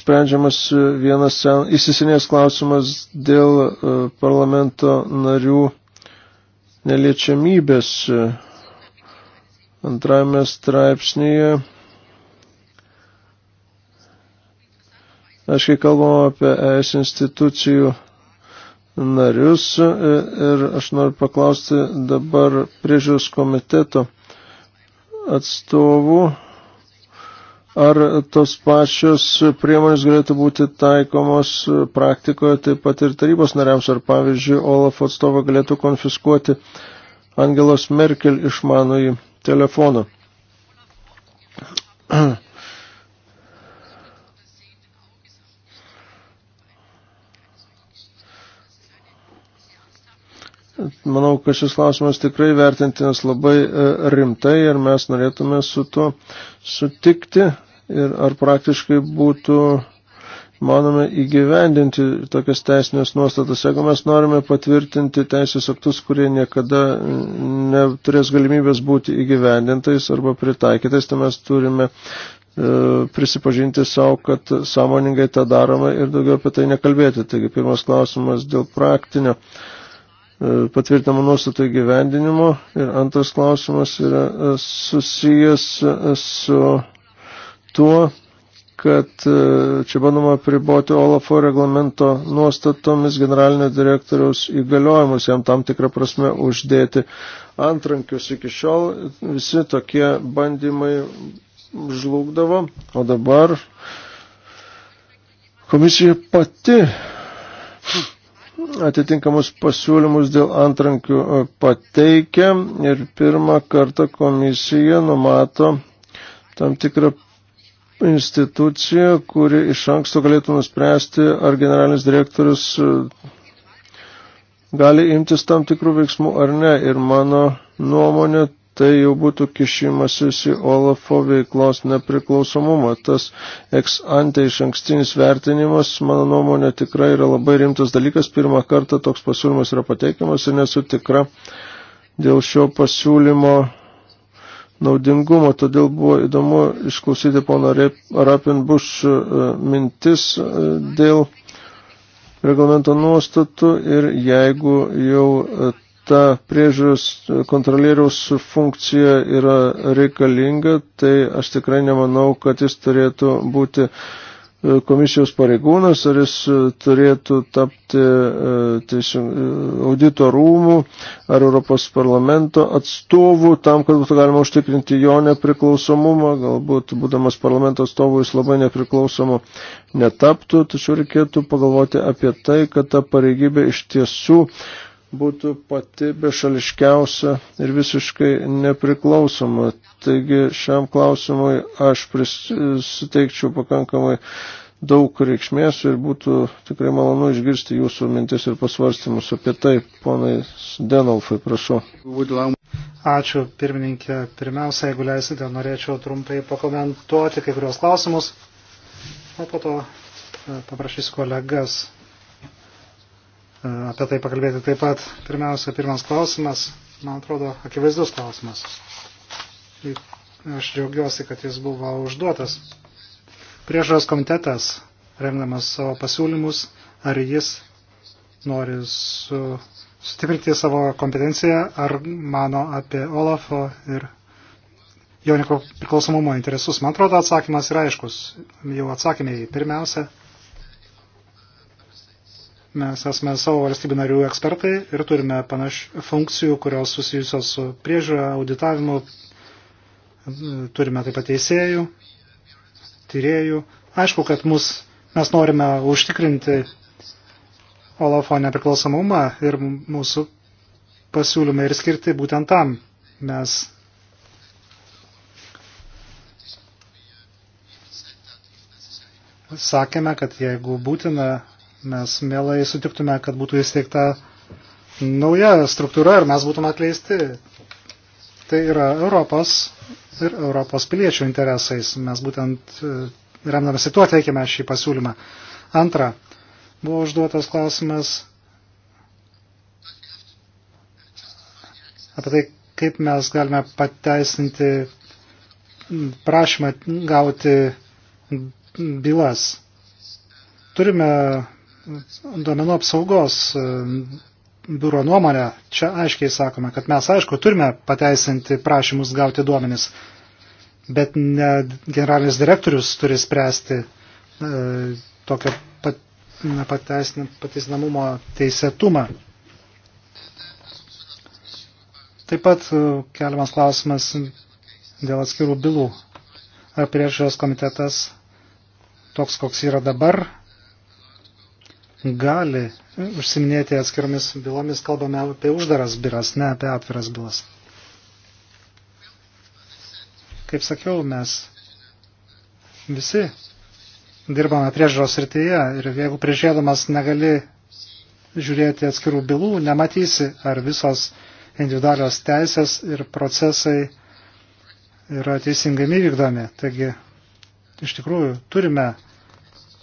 sprendžiamas vienas įsisinės klausimas dėl e, parlamento narių neliečiamybės. Antrajame straipsnėje Aš kai kalbam apie ES institucijų narius e, ir aš noriu paklausti dabar priežiūros komiteto atstovų, ar tos pačios priemonės galėtų būti taikomos praktikoje taip pat ir tarybos nariams, ar pavyzdžiui, Olaf atstovą galėtų konfiskuoti Angelos Merkel išmanųjį telefoną. <clears throat> Manau, kad šis klausimas tikrai vertintinas labai e, rimtai ir mes norėtume su to sutikti ir ar praktiškai būtų manome įgyvendinti tokias teisinės nuostatas. Jeigu mes norime patvirtinti teisės aktus, kurie niekada mm, neturės galimybės būti įgyvendintais arba pritaikytais, tai mes turime e, prisipažinti savo, kad sąmoningai tą darome ir daugiau apie tai nekalbėti. Taigi pirmas klausimas dėl praktinio E, patvirtinamų nuostatų įgyvendinimo. Ir antras klausimas yra e, susijęs e, su tuo, kad čia bandoma priboti Olafo reglamento nuostatomis generalinio direktoriaus įgaliojimus, jam tam tikrą prasme uždėti antrankius. Iki šiol visi tokie bandymai žlugdavo, o dabar komisija pati atitinkamus pasiūlymus dėl antrankių e, pateikia ir pirmą kartą komisija numato tam tikrą instituciją, kuri iš anksto galėtų nuspręsti, ar generalinis direktorius e, gali imtis tam tikrų veiksmų ar ne. Ir mano nuomonė tai jau būtų kišimasis į Olafo veiklos nepriklausomumą. Tas ex ante iš ankstinis vertinimas, mano nuomonė, tikrai yra labai rimtas dalykas. Pirmą kartą toks pasiūlymas yra pateikiamas ir nesu tikra dėl šio pasiūlymo naudingumo. Todėl buvo įdomu išklausyti pono Rapinbuš e, mintis e, dėl reglamento nuostatų ir jeigu jau e, ta priežiūros kontrolieriaus funkcija yra reikalinga, tai aš tikrai nemanau, kad jis turėtų būti e, komisijos pareigūnas, ar jis e, turėtų tapti e, tiesiog, audito rūmų ar Europos parlamento atstovų tam, kad būtų galima užtikrinti jo nepriklausomumą. Galbūt, būdamas parlamento atstovu, jis labai nepriklausomu netaptų, tačiau reikėtų pagalvoti apie tai, kad ta pareigybė iš tiesų būtų pati bešališkiausia ir visiškai nepriklausoma. Taigi šiam klausimui aš pris, suteikčiau pakankamai daug reikšmės ir būtų tikrai malonu išgirsti jūsų mintis ir pasvarstymus apie tai. Ponai Denolfai, prašau. Ačiū, pirmininkė. Pirmiausia, jeigu leisite, norėčiau trumpai pakomentuoti kai kurios klausimus, o po to e, paprašysiu kolegas E, apie tai pakalbėti taip pat. Pirmiausia, pirmas klausimas, man atrodo, akivaizdus klausimas. Aš džiaugiuosi, kad jis buvo užduotas. Priežaros komitetas, remdamas savo pasiūlymus, ar jis nori su, sustiprinti savo kompetenciją, ar mano apie Olafo ir jo nepriklausomumo interesus. Man atrodo, atsakymas yra aiškus. Jau atsakymė į pirmiausia Mes esame savo valstybių narių ekspertai ir turime panaš funkcijų, kurios susijusios su priežiūra, auditavimu. Turime taip pat teisėjų, tyriejų. Aišku, kad mus, mes norime užtikrinti Olafo nepriklausomumą ir mūsų pasiūlymai ir skirti būtent tam. Mes sakėme, kad jeigu būtina, Mes mielai sutiktume, kad būtų įsteigta nauja struktūra ir mes būtume atleisti. Tai yra Europos ir Europos piliečių interesais. Mes būtent e, remdamasi tuo teikėme šį pasiūlymą. Antra, buvo užduotas klausimas apie tai, kaip mes galime pateisinti prašymą gauti bylas. Turime duomenų apsaugos e, biuro nuomonę, čia aiškiai sakome, kad mes aišku turime pateisinti prašymus gauti duomenis, bet ne generalinis direktorius turi spręsti e, tokio pat, pateisinamumo teisėtumą. Taip pat e, keliamas klausimas dėl atskirų bylų. Ar priežiūros komitetas toks, koks yra dabar, gali užsiminėti atskiromis bylomis, kalbame apie uždaras bylas, ne apie atviras bylas. Kaip sakiau, mes visi dirbame priežiūros rytyje ir jeigu prižiūrėdamas negali žiūrėti atskirų bylų, nematysi, ar visos individualios teisės ir procesai yra teisingai vykdomi. Taigi, iš tikrųjų, turime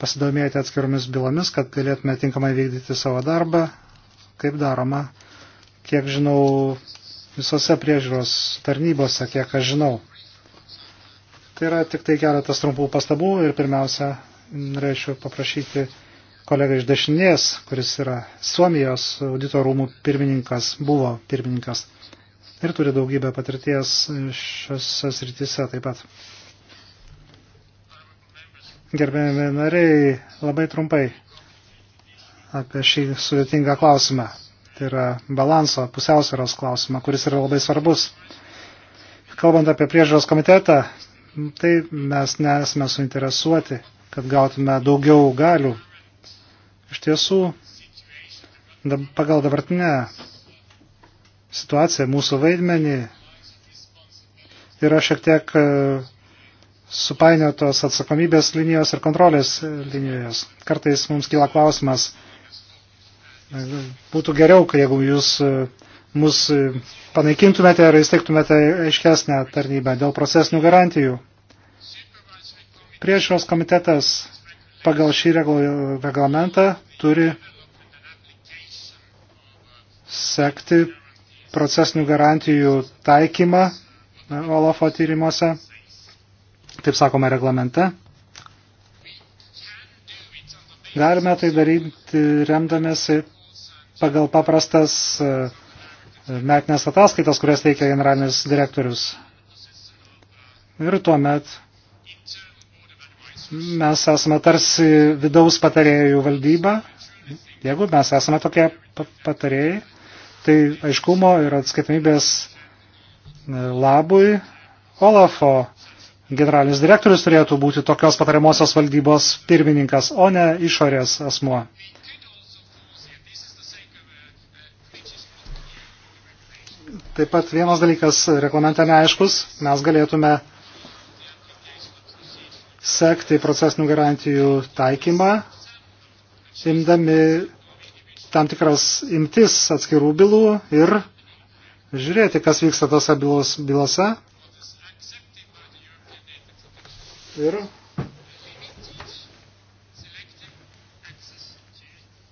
pasidomėti atskiromis bylomis, kad galėtume tinkamai vykdyti savo darbą, kaip daroma, kiek žinau, visose priežiūros tarnybose, kiek aš žinau. Tai yra tik tai keletas trumpų pastabų ir pirmiausia, norėčiau paprašyti kolegą iš dešinės, kuris yra Suomijos audito rūmų pirmininkas, buvo pirmininkas ir turi daugybę patirties šiose srityse taip pat. Gerbėjami nariai, labai trumpai apie šį sudėtingą klausimą. Tai yra balanso, pusiausvėros klausimą, kuris yra labai svarbus. Kalbant apie priežiūros komitetą, tai mes nesame suinteresuoti, kad gautume daugiau galių. Iš tiesų, pagal dabartinę situaciją, mūsų vaidmenį yra šiek tiek supainiotos atsakomybės linijos ir kontrolės linijos. Kartais mums kyla klausimas, būtų geriau, jeigu jūs e, mus e, panaikintumėte ar įsteigtumėte aiškesnę tarnybę dėl procesinių garantijų. Priežiūros komitetas pagal šį reglamentą turi sekti procesinių garantijų taikymą e, Olafo tyrimuose taip sakoma reglamente. Galime tai daryti remdamėsi pagal paprastas e, metinės ataskaitas, kurias teikia generalinis direktorius. Ir tuomet mes esame tarsi vidaus patarėjų valdyba. Jeigu mes esame tokie patarėjai, tai aiškumo ir atskaitomybės e, labui Olafo generalinis direktorius turėtų būti tokios patariamosios valdybos pirmininkas, o ne išorės asmuo. Taip pat vienas dalykas reglamente neaiškus, mes galėtume sekti procesinių garantijų taikymą, imdami tam tikras imtis atskirų bylų ir žiūrėti, kas vyksta tose bylos, bylose, ir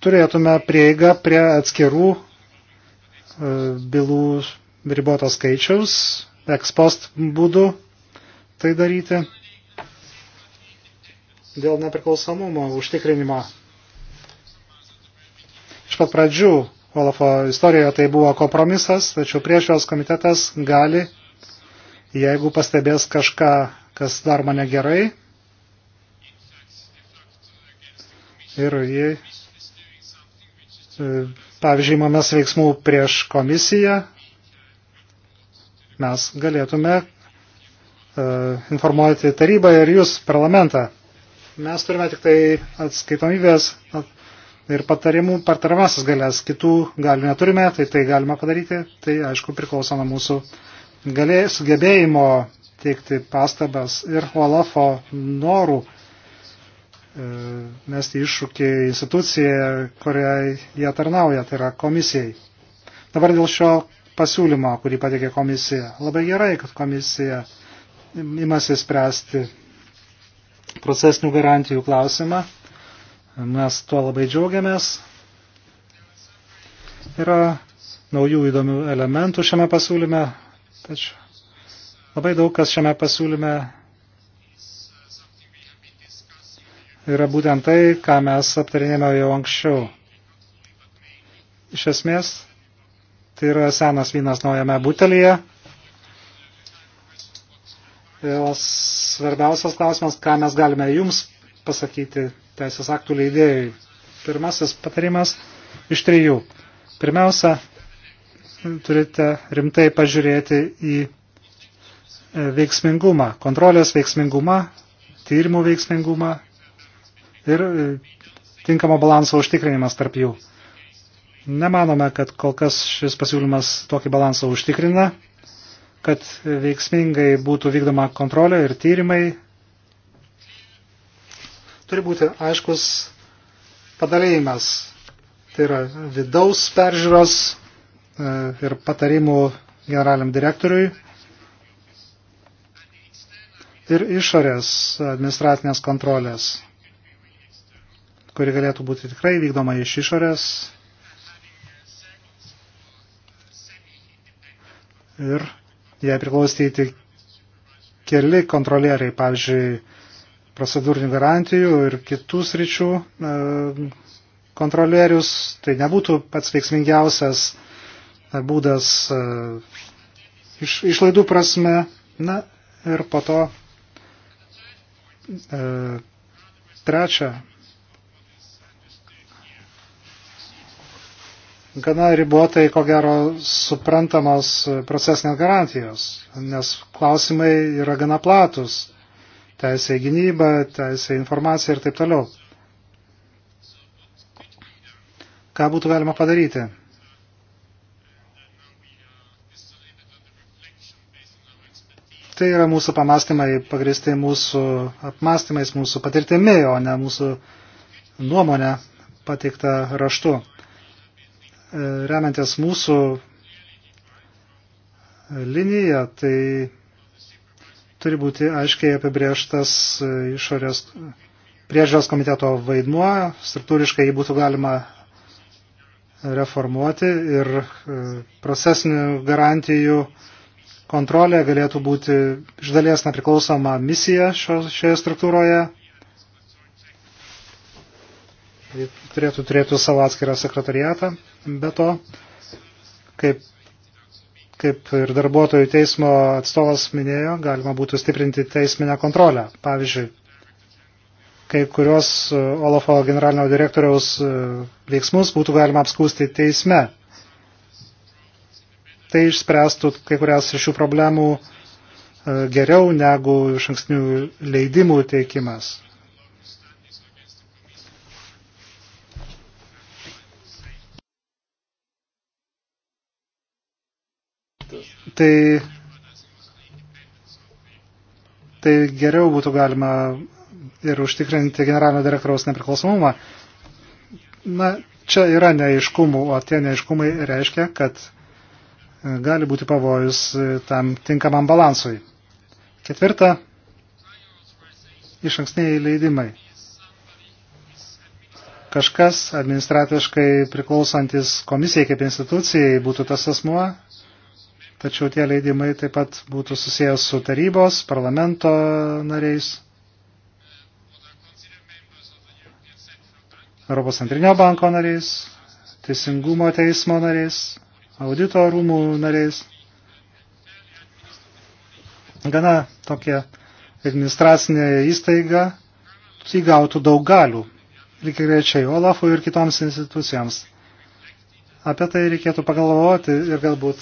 turėtume prieigą prie atskirų e, bylų ribotos skaičiaus, ekspost būdu tai daryti dėl nepriklausomumo užtikrinimo. Iš pat pradžių Olafo istorijoje tai buvo kompromisas, tačiau priešios komitetas gali, jeigu pastebės kažką kas daroma negerai. Ir jei, e, pavyzdžiui, mamės veiksmų prieš komisiją, mes galėtume e, informuoti tarybą ir jūs parlamentą. Mes turime tik tai atskaitomybės ir patarimų partaramasis galės, kitų galių neturime, tai tai galima padaryti, tai aišku priklauso nuo mūsų galė, sugebėjimo teikti pastabas ir Olafo norų e, mesti iššūkį institucijai, kuriai jie tarnauja, tai yra komisijai. Dabar dėl šio pasiūlymo, kurį pateikė komisija. Labai gerai, kad komisija imasi spręsti procesinių garantijų klausimą. Mes tuo labai džiaugiamės. Yra naujų įdomių elementų šiame pasiūlyme, tačiau Labai daug kas šiame pasiūlyme yra būtent tai, ką mes aptarinėjome jau anksčiau. Iš esmės, tai yra senas vynas naujame butelyje. Ir svarbiausias klausimas, ką mes galime jums pasakyti teisės aktų leidėjui. Pirmasis patarimas iš trijų. Pirmiausia, turite rimtai pažiūrėti į E, veiksmingumą, kontrolės veiksmingumą, tyrimų veiksmingumą ir e, tinkamo balanso užtikrinimas tarp jų. Nemanome, kad kol kas šis pasiūlymas tokį balansą užtikrina, kad veiksmingai būtų vykdoma kontrolė ir tyrimai. Turi būti aiškus padalėjimas. Tai yra vidaus peržiūros e, ir patarimų generaliniam direktoriui ir išorės administratinės kontrolės, kuri galėtų būti tikrai vykdoma iš išorės ir jai priklausyti keli kontrolieriai, pavyzdžiui, procedūrinių garantijų ir kitus ryčių e, kontrolierius, tai nebūtų pats veiksmingiausias e, būdas e, iš, išlaidų prasme. Na ir po to E, trečia, gana ribotai, ko gero, suprantamos procesinės garantijos, nes klausimai yra gana platus. Teisė į gynybą, teisė į informaciją ir taip toliau. Ką būtų galima padaryti? Tai yra mūsų pamastymai pagristi mūsų apmastymais, mūsų patirtimi, o ne mūsų nuomonė pateikta raštu. E, remiantis mūsų liniją, tai turi būti aiškiai apibrieštas išorės priežiūros komiteto vaidmuo, struktūriškai jį būtų galima reformuoti ir e, procesinių garantijų kontrolė galėtų būti iš dalies nepriklausoma misija šio, šioje struktūroje. Ji turėtų turėti savo atskirą sekretariatą. Be to, kaip, kaip ir darbuotojų teismo atstovas minėjo, galima būtų stiprinti teisminę kontrolę. Pavyzdžiui, kai kurios Olafo generalinio direktoriaus e, veiksmus būtų galima apskūsti teisme tai išspręstų kai kurias iš šių problemų e, geriau negu iš ankstinių leidimų teikimas. Tai, tai geriau būtų galima ir užtikrinti generalinio direktoriaus nepriklausomumą. Na, čia yra neaiškumų, o tie neaiškumai reiškia, kad gali būti pavojus e, tam tinkamam balansui. Ketvirta, iš ankstiniai leidimai. Kažkas administratiškai priklausantis komisijai kaip institucijai būtų tas asmuo, tačiau tie leidimai taip pat būtų susijęs su tarybos, parlamento nariais, Europos centrinio banko nariais, teisingumo teismo nariais, audito rūmų nariais. Gana tokia administracinė įstaiga įgautų daug galių, lygiai greičiai Olafui ir kitoms institucijams. Apie tai reikėtų pagalvoti ir galbūt,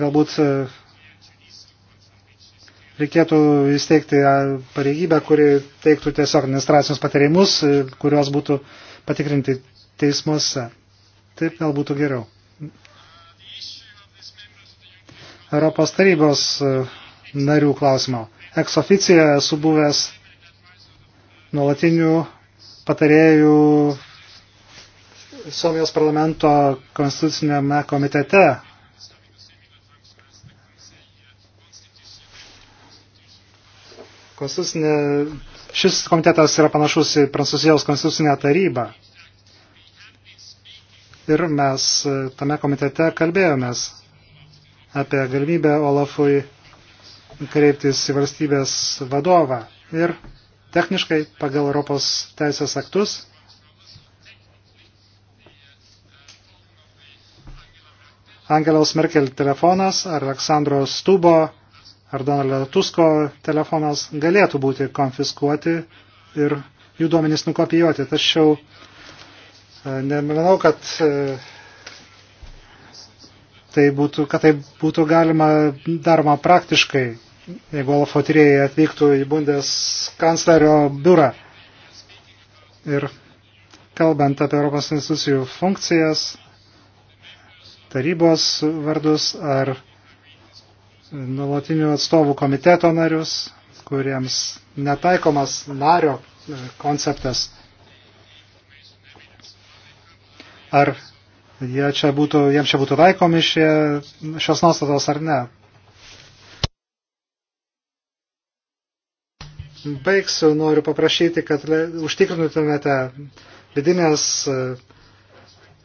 galbūt e, reikėtų įsteigti e, pareigybę, kuri teiktų tiesiog administracinius patarimus, e, kurios būtų patikrinti teismuose. Taip gal būtų geriau. Europos tarybos e, narių klausimo. Eksoficija esu buvęs nuolatinių patarėjų Suomijos parlamento konstitucinėme komitete konstitucinė, šis komitetas yra panašus į Prancūzijos konstitucinę tarybą ir mes e, tame komitete kalbėjomės apie galimybę Olafui kreiptis į valstybės vadovą. Ir techniškai pagal Europos teisės aktus Angelos Merkel telefonas ar Aleksandro Stubo ar Donaldo Tusko telefonas galėtų būti konfiskuoti ir jų duomenys nukopijuoti. Tačiau E, nemanau, kad e, tai būtų, kad tai būtų galima daroma praktiškai, jeigu Olafo tyrėjai atvyktų į Bundes kanclerio biurą. Ir kalbant apie Europos institucijų funkcijas, tarybos vardus ar nulatinių atstovų komiteto narius, kuriems netaikomas nario e, konceptas. ar čia būtų, jiems čia būtų taikomi šie, šios nuostatos ar ne. Baigsiu, noriu paprašyti, kad užtikrintumėte vidinės e,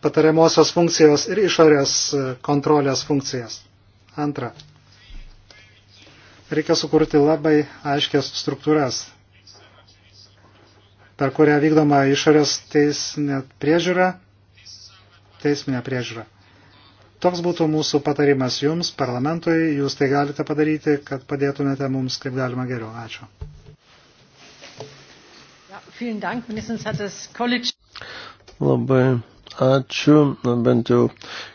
patariamosios funkcijos ir išorės e, kontrolės funkcijas. Antra. Reikia sukurti labai aiškias struktūras, per kurią vykdoma išorės teisinė priežiūra teisminę priežiūrą. Toks būtų mūsų patarimas jums, parlamentui, jūs tai galite padaryti, kad padėtumėte mums kaip galima geriau. Ačiū. Labai ačiū, na bent jau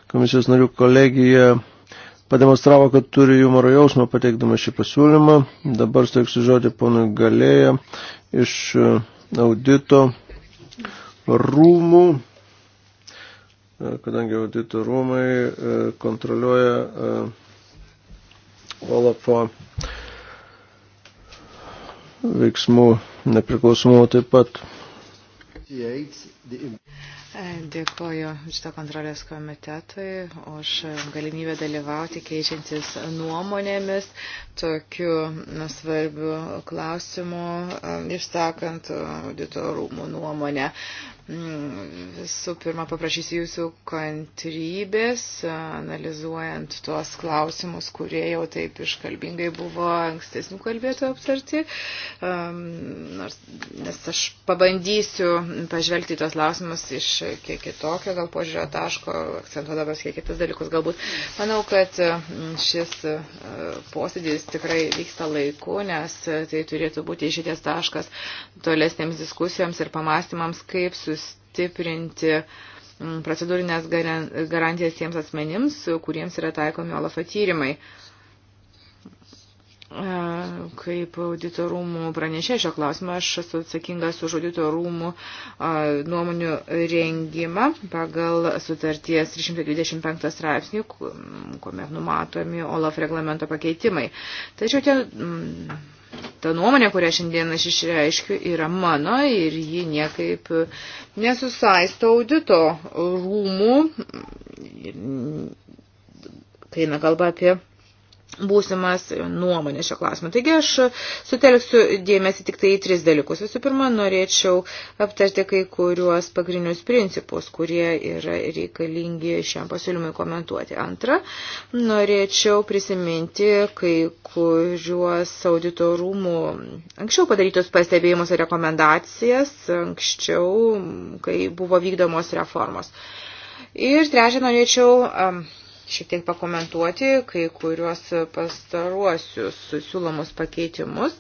komisijos narių kolegija pademonstravo, kad turi humoro jausmą pateikdama šį pasiūlymą. Dabar steiksiu žodį ponui Galėja iš e, audito rūmų. E, kadangi audito rūmai e, kontroliuoja e, Olafo veiksmų nepriklausomumo taip pat. Dėkoju šito kontrolės komitetui už galimybę dalyvauti keičiantis nuomonėmis tokiu svarbiu klausimu, išsakant auditorumų nuomonę. Su pirma paprašysiu jūsų kantrybės, analizuojant tuos klausimus, kurie jau taip iškalbingai buvo ankstesnių kalbėtojų aptarti. Nors, nes aš pabandysiu pažvelgti tuos klausimus iš kiek kitokio, gal požiūrio taško, akcentuodamas kiek kitas dalykus galbūt. Manau, kad šis posėdis tikrai vyksta laiku, nes tai turėtų būti išėties taškas tolesnėms diskusijoms ir pamastymams, kaip su stiprinti mm, procedūrinės garantijas tiems asmenims, kuriems yra taikomi Olafo tyrimai. E, kaip auditorumų pranešė šio klausimą, aš esu atsakingas už auditorumų e, nuomonių rengimą pagal sutarties 325 straipsnį, kuomet numatomi OLAF reglamento pakeitimai. Tačiau tie mm, ta nuomonė, kurią šiandien aš išreiškiu, yra mano ir ji niekaip nesusaisto audito rūmų, kai eina kalba apie būsimas nuomonė šio klausimu. Taigi aš sutelksiu dėmesį tik tai į tris dalykus. Visų pirma, norėčiau aptarti kai kuriuos pagrindinius principus, kurie yra reikalingi šiam pasiūlymui komentuoti. Antra, norėčiau prisiminti kai kuriuos auditorumų anksčiau padarytus pastebėjimus ir rekomendacijas, anksčiau, kai buvo vykdomos reformos. Ir trečia, norėčiau um, šiek tiek pakomentuoti kai kuriuos pastaruosius siūlomus pakeitimus,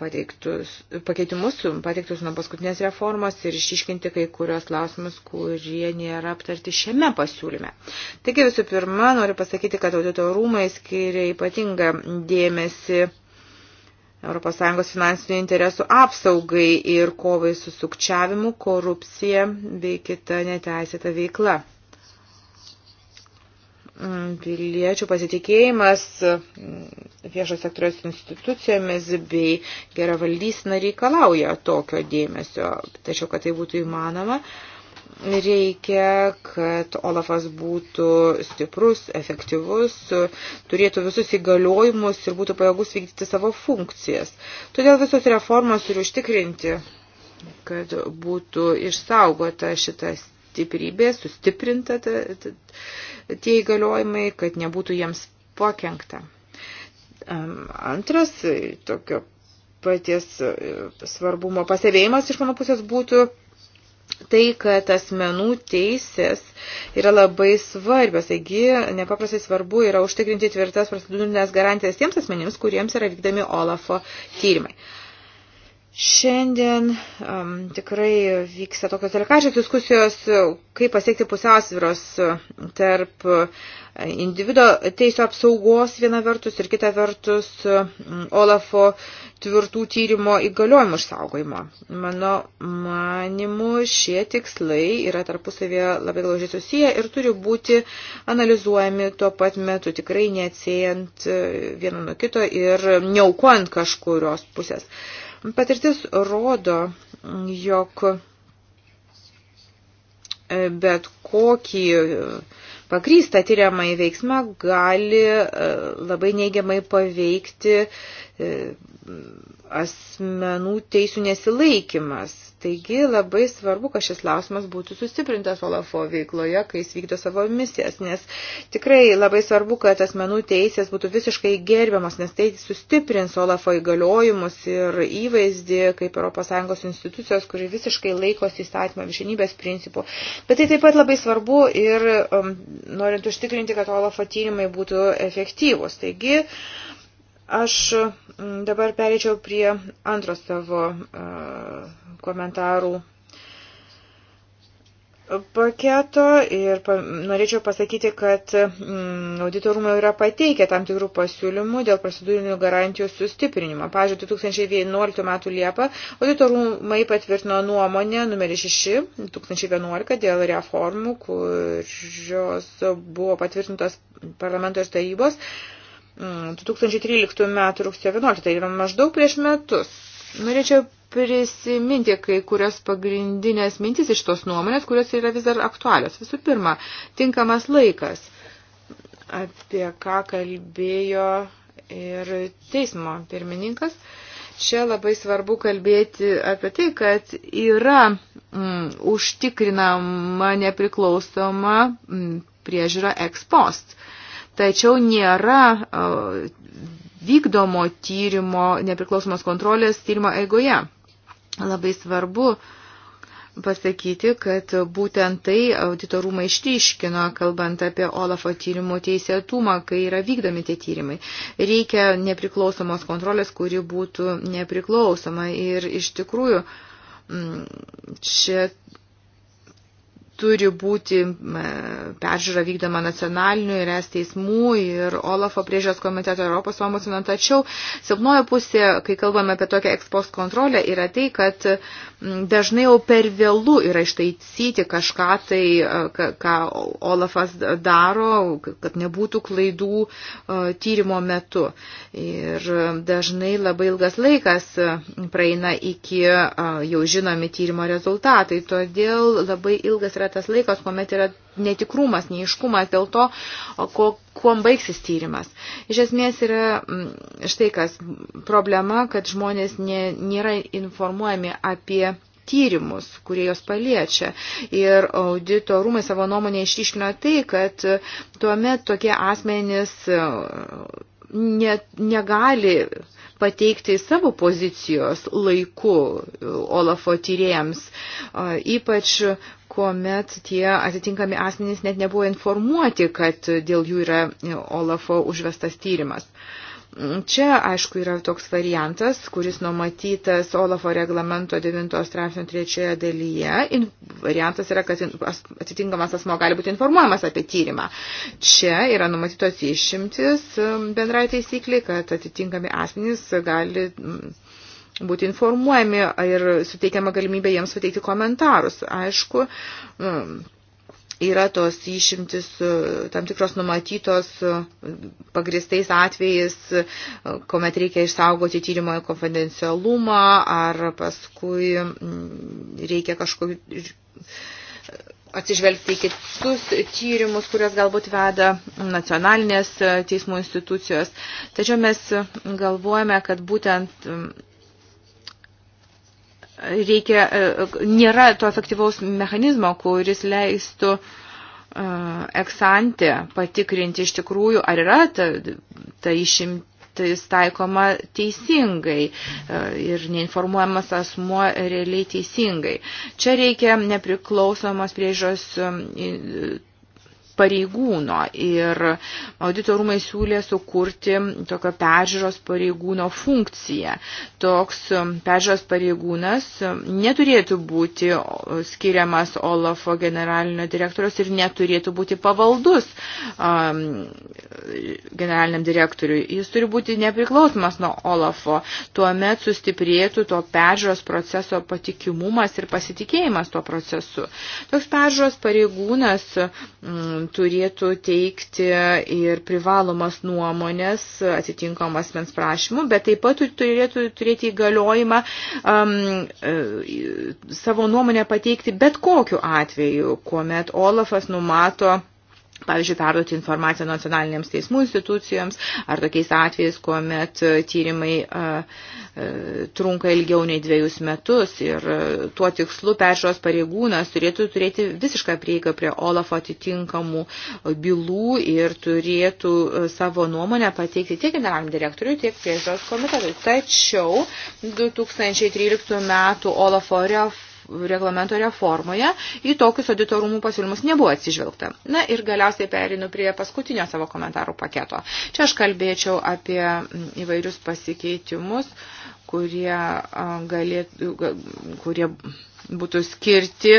pateiktus, pakeitimus pateiktus nuo paskutinės reformos ir išiškinti kai kuriuos klausimus, kurie nėra aptarti šiame pasiūlyme. Taigi visų pirma, noriu pasakyti, kad audito rūmai skiria ypatingą dėmesį ES finansinių interesų apsaugai ir kovai su sukčiavimu, korupcija bei kita neteisėta veikla piliečių pasitikėjimas viešo sektoriaus institucijomis bei gera valdysena reikalauja tokio dėmesio. Tačiau, kad tai būtų įmanoma, reikia, kad Olafas būtų stiprus, efektyvus, turėtų visus įgaliojimus ir būtų pajėgus vykdyti savo funkcijas. Todėl visos reformos turi užtikrinti kad būtų išsaugota šitas stiprybė, sustiprinta tie įgaliojimai, kad nebūtų jiems pakengta. Antras tokio paties e, svarbumo pasėvėjimas iš mano pusės būtų tai, kad asmenų teisės yra labai svarbios. Taigi, nepaprastai svarbu yra užtikrinti tvirtas procedūrinės garantijas tiems asmenims, kuriems yra vykdami Olafo tyrimai. Uh, Šiandien um, tikrai vyksta tokios delikačios diskusijos, kaip pasiekti pusiausvyros tarp individo teisų apsaugos viena vertus ir kita vertus um, Olafo tvirtų tyrimo įgaliojimų išsaugojimo. Mano manimu, šie tikslai yra tarpusavėje labai glaužiai susiję ir turi būti analizuojami tuo pat metu, tikrai neatsėjant uh, vieno nuo kito ir neaukojant kažkurios pusės. Uh, Patirtis rodo, jog e, bet kokį pakrystą tyriamą į veiksmą gali e, labai neigiamai paveikti e, asmenų teisų nesilaikimas. Taigi labai svarbu, kad šis klausimas būtų sustiprintas Olafo veikloje, kai jis vykdo savo misijas, nes tikrai labai svarbu, kad asmenų teisės būtų visiškai gerbiamas, nes tai sustiprins Olafo įgaliojimus ir įvaizdį kaip ES institucijos, kuri visiškai laikosi įstatymą viršinybės principų. Bet tai taip pat labai svarbu ir um, norint užtikrinti, kad Olafo tyrimai būtų efektyvus. Taigi, uh, Aš mm, dabar perėčiau prie antro savo e, komentarų paketo ir pa, norėčiau pasakyti, kad mm, auditorumai yra pateikę tam tikrų pasiūlymų dėl procedūrinių garantijų sustiprinimo. Pavyzdžiui, 2011 m. Liepą auditorumai patvirtino nuomonę numeris 6 2011 dėl reformų, kurios buvo patvirtintos parlamento ir tarybos. Mm, 2013 mm, m. rugsėjo 11, tai yra maždaug prieš metus. Norėčiau prisiminti kai kurias pagrindinės mintis iš tos nuomonės, kurios yra vis dar aktualios. Visų pirma, tinkamas laikas, apie ką kalbėjo ir teismo pirmininkas. Čia labai svarbu kalbėti apie tai, kad yra mm, užtikrinama nepriklausoma mm, priežiūra ex post. Mm, tačiau nėra vykdomo tyrimo, nepriklausomos kontrolės tyrimo eigoje. Labai svarbu pasakyti, kad būtent tai auditorumai išryškino, kalbant apie Olafo tyrimų teisėtumą, kai yra vykdomi tie tyrimai. Reikia nepriklausomos kontrolės, kuri būtų nepriklausoma. Ir iš tikrųjų, čia turi būti peržiūra vykdoma nacionalinių ir es teismų ir Olafo priežios komiteto Europos ombudsmeno. Tačiau silpnoja pusė, kai kalbame apie tokią ekspos kontrolę, yra tai, kad uh, dažnai jau per vėlų yra ištaisyti kažką tai, ką Olafas daro, kad nebūtų klaidų tyrimo metu. Ir dažnai labai ilgas laikas praeina iki jau žinomi tyrimo rezultatai. Todėl labai ilgas yra tas laikas, kuomet yra netikrumas, neiškumas dėl to, kokia kuom baigsis tyrimas. Iš esmės yra mm, štai kas problema, kad žmonės nė, nėra informuojami apie tyrimus, kurie jos paliečia. Ir audito rūmai savo nuomonę išryškino tai, kad tuomet tokie asmenys e, ne, negali uh, pateikti savo pozicijos laiku Olafo tyrėjams, ypač kuomet tie atitinkami asmenys net nebuvo informuoti, kad dėl jų yra Olafo užvestas tyrimas. Uh, Čia, aišku, yra toks variantas, kuris numatytas Olafo reglamento 9 straipsnio 3 dalyje. In, variantas yra, kad atitinkamas asmo gali būti informuojamas apie tyrimą. Čia yra numatytos išimtis um, bendrai taisyklį, kad atitinkami asmenys gali mm, būti informuojami ir suteikiama galimybė jiems pateikti komentarus. Aišku, mm, yra tos išimtis e, tam tikros numatytos e, pagristais atvejais, e, kuomet reikia išsaugoti tyrimo konfidencialumą ar paskui mm, reikia kažkokiu atsižvelgti į kitus tyrimus, kurias galbūt veda nacionalinės teismų institucijos. Tačiau mes galvojame, kad būtent reikia, e, nėra to efektyvaus mechanizmo, kuris leistų e, eksantė patikrinti iš tikrųjų, ar yra ta, ta išimti jis taikoma teisingai e, ir neinformuojamas asmuo realiai teisingai. Čia reikia nepriklausomos priežos pareigūno ir auditorumai siūlė sukurti tokio peržiūros pareigūno funkciją. Toks um, peržiūros pareigūnas um, neturėtų būti skiriamas Olafo generalinio direktorius ir neturėtų būti pavaldus um, generaliniam direktoriui. Jis turi būti nepriklausomas nuo Olafo. Tuomet sustiprėtų to peržiūros proceso patikimumas ir pasitikėjimas tuo procesu. Toks peržiūros pareigūnas mm, turėtų teikti ir privalomas nuomonės atitinkamas mens prašymų, bet taip pat turėtų turėti įgaliojimą um, e, savo nuomonę pateikti bet kokiu atveju, kuomet Olafas numato pavyzdžiui, perduoti informaciją nacionalinėms teismų institucijoms ar tokiais atvejais, kuomet e, tyrimai a, e, a, e, trunka ilgiau nei dviejus metus ir a, tuo tikslu peržiūros pareigūnas turėtų turėti visišką prieigą prie Olafo atitinkamų bylų ir turėtų savo nuomonę pateikti tiek generaliniam direktoriui, tiek priežiūros komitetui. Tačiau 2013 metų Olafo reforma reglamento reformoje į tokius auditorumų pasiūlymus nebuvo atsižvelgta. Na ir galiausiai perinu prie paskutinio savo komentarų paketo. Čia aš kalbėčiau apie įvairius pasikeitimus, kurie, galėtų, kurie būtų skirti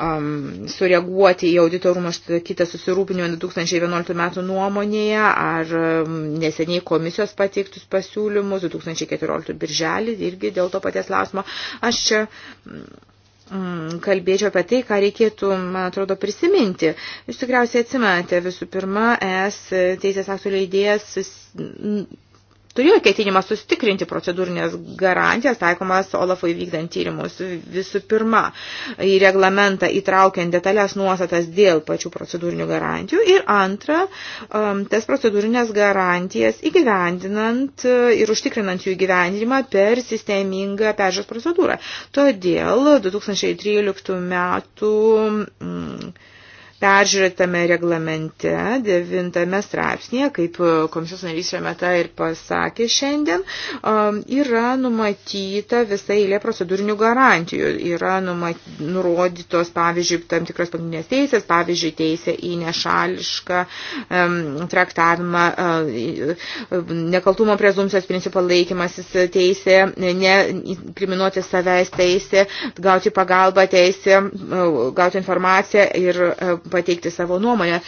um, sureaguoti į auditorumą kitą susirūpinimą 2011 metų nuomonėje ar um, neseniai komisijos pateiktus pasiūlymus 2014 birželį irgi dėl to paties lausmo. Aš čia. Um, Mm, kalbėčiau apie tai, ką reikėtų, man atrodo, prisiminti. Jūs tikriausiai atsimenate visų pirma, es teisės aktų leidėjas turėjo ketinimą sustikrinti procedūrinės garantijas taikomas Olafui vykdant tyrimus. Visų pirma, į reglamentą įtraukiant detalės nuostatas dėl pačių procedūrinių garantijų ir antra, um, tas procedūrinės garantijas įgyvendinant uh, ir užtikrinant jų įgyvendinimą per sistemingą peržiūros procedūrą. Todėl 2013 metų mm, peržiūrėtame reglamente, devintame straipsnėje, kaip e, komisijos narys Remeta ir pasakė šiandien, e, yra numatyta visa eilė procedūrinių garantijų. Yra numat, nurodytos, pavyzdžiui, tam tikros pagrindinės teisės, pavyzdžiui, teisė į nešališką um, traktavimą, um, nekaltumo prezumcijos principą laikymasis teisė, nekriminuoti savęs teisė, gauti pagalbą teisė, gauti informaciją ir pateikti savo nuomonę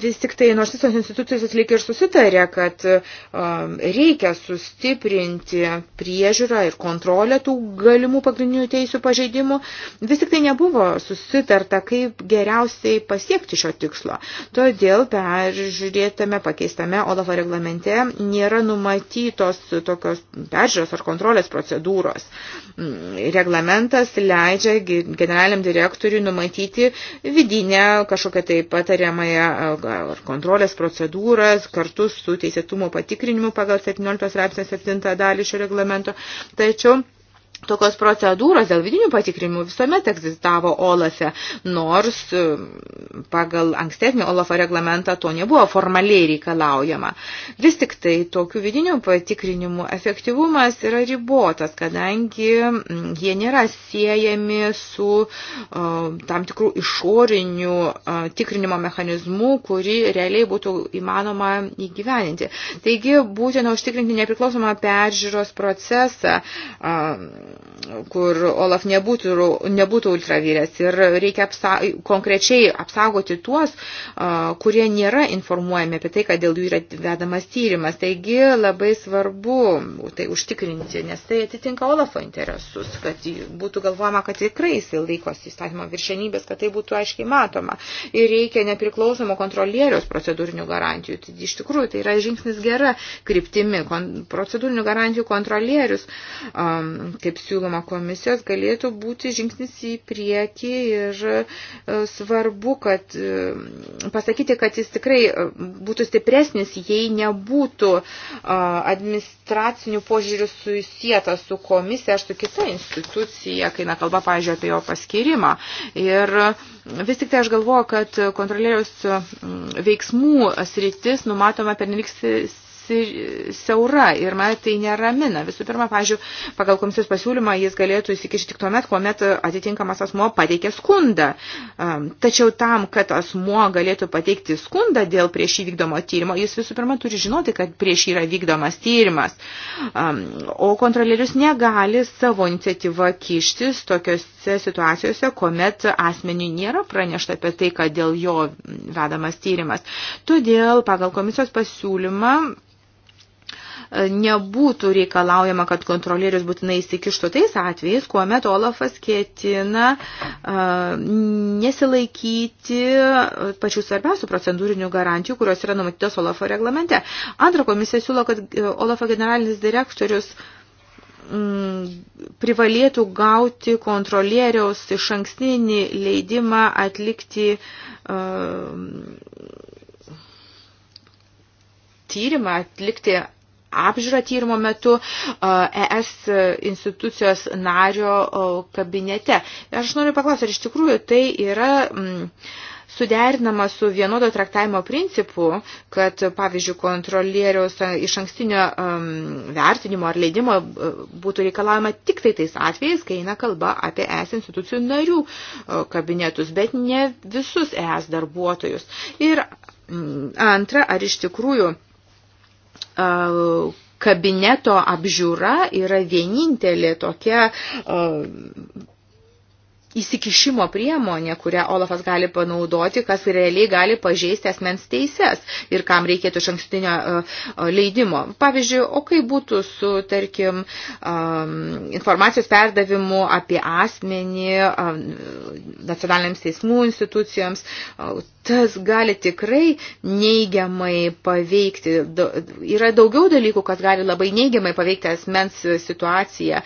vis tik tai nors visos institucijos lyg ir susitarė, kad um, reikia sustiprinti priežiūrą ir kontrolę tų galimų pagrindinių teisų pažeidimų, vis tik tai nebuvo susitarta, kaip geriausiai pasiekti šio tikslo. Todėl peržiūrėtame, pakeistame Olafo reglamente nėra numatytos tokios peržiūros ar kontrolės procedūros. Reglamentas leidžia generaliniam direktoriui numatyti vidinę kažkokią tai patariamą vykdomąją e, ar kontrolės procedūras kartu su teisėtumo patikrinimu pagal 17 straipsnio 7 dalį šio reglamento. Tačiau Tokios procedūros dėl vidinių patikrimų visuomet egzistavo Olafe, nors e, pagal ankstesnį Olafo reglamentą to nebuvo formaliai reikalaujama. Vis tik tai tokių vidinių patikrinimų efektyvumas yra ribotas, kadangi jie nėra siejami su uh, tam tikrų išorinių uh, tikrinimo mechanizmų, kurį realiai būtų įmanoma įgyveninti. Taigi būtina užtikrinti nepriklausomą peržiūros procesą. Uh, kur Olaf nebūtų, nebūtų ultravyrės ir reikia apsa konkrečiai apsaugoti tuos, kurie nėra informuojami apie tai, kad dėl jų yra vedamas tyrimas. Taigi labai svarbu tai užtikrinti, nes tai atitinka Olafo interesus, kad būtų galvojama, kad tikrai jisai laikosi įstatymo viršenybės, kad tai būtų aiškiai matoma. Ir reikia nepriklausomo kontrolieriaus procedūrinių garantijų. Tai iš tikrųjų tai yra žingsnis gera kryptimi. Kon procedūrinių garantijų kontrolierius, um, kaip siūloma komisijos, galėtų būti žingsnis į priekį ir e, svarbu, kad e, pasakyti, kad jis tikrai e, būtų stipresnis, jei nebūtų administracinių požiūrių susijęta su komisija ar su kita institucija, kai na kalba, pažiūrėjau, apie jo paskirimą. Ir vis tik tai aš galvoju, kad kontrolieriaus veiksmų sritis numatoma per neliks Tai siaura ir mane tai neramina. Visų pirma, pažiūrėjau, pagal komisijos pasiūlymą jis galėtų įsikišti tik tuomet, kuomet atitinkamas asmo pateikė skundą. Tačiau tam, kad asmo galėtų pateikti skundą dėl prieš įvykdomo tyrimo, jis visų pirma turi žinoti, kad prieš yra vykdomas tyrimas. O kontrolierius negali savo iniciatyvą kištis tokiuose situacijose, kuomet asmeniui nėra pranešta apie tai, kad dėl jo vedamas tyrimas. Todėl pagal komisijos pasiūlymą nebūtų reikalaujama, kad kontrolierius būtinai įsikištų tais atvejais, kuomet Olafas ketina uh, nesilaikyti pačių svarbiausių procedūrinių garantijų, kurios yra numatytos Olafo reglamente. Antra komisija siūlo, kad e, Olafo generalinis direktorius mm, privalėtų gauti kontrolieriaus iš ankstinį leidimą atlikti uh, tyrimą, atlikti apžiūrą tyrimo metu ES institucijos nario kabinete. Aš noriu paklausti, ar iš tikrųjų tai yra. Mm, suderinama su vienodo traktavimo principu, kad, pavyzdžiui, kontrolieriaus iš ankstinio um, vertinimo ar leidimo būtų reikalavima tik tai tais atvejais, kai eina kalba apie ES institucijų narių kabinetus, bet ne visus ES darbuotojus. Ir antra, ar iš tikrųjų kabineto apžiūra yra vienintelė tokia įsikišimo priemonė, kurią Olafas gali panaudoti, kas realiai gali pažeisti asmens teises ir kam reikėtų iš ankstinio e, e, leidimo. Pavyzdžiui, o kaip būtų su, tarkim, informacijos perdavimu apie asmenį nacionaliniams teismų institucijoms, e, tas gali tikrai neigiamai paveikti. Yra daugiau dalykų, kas gali labai neigiamai paveikti asmens situaciją,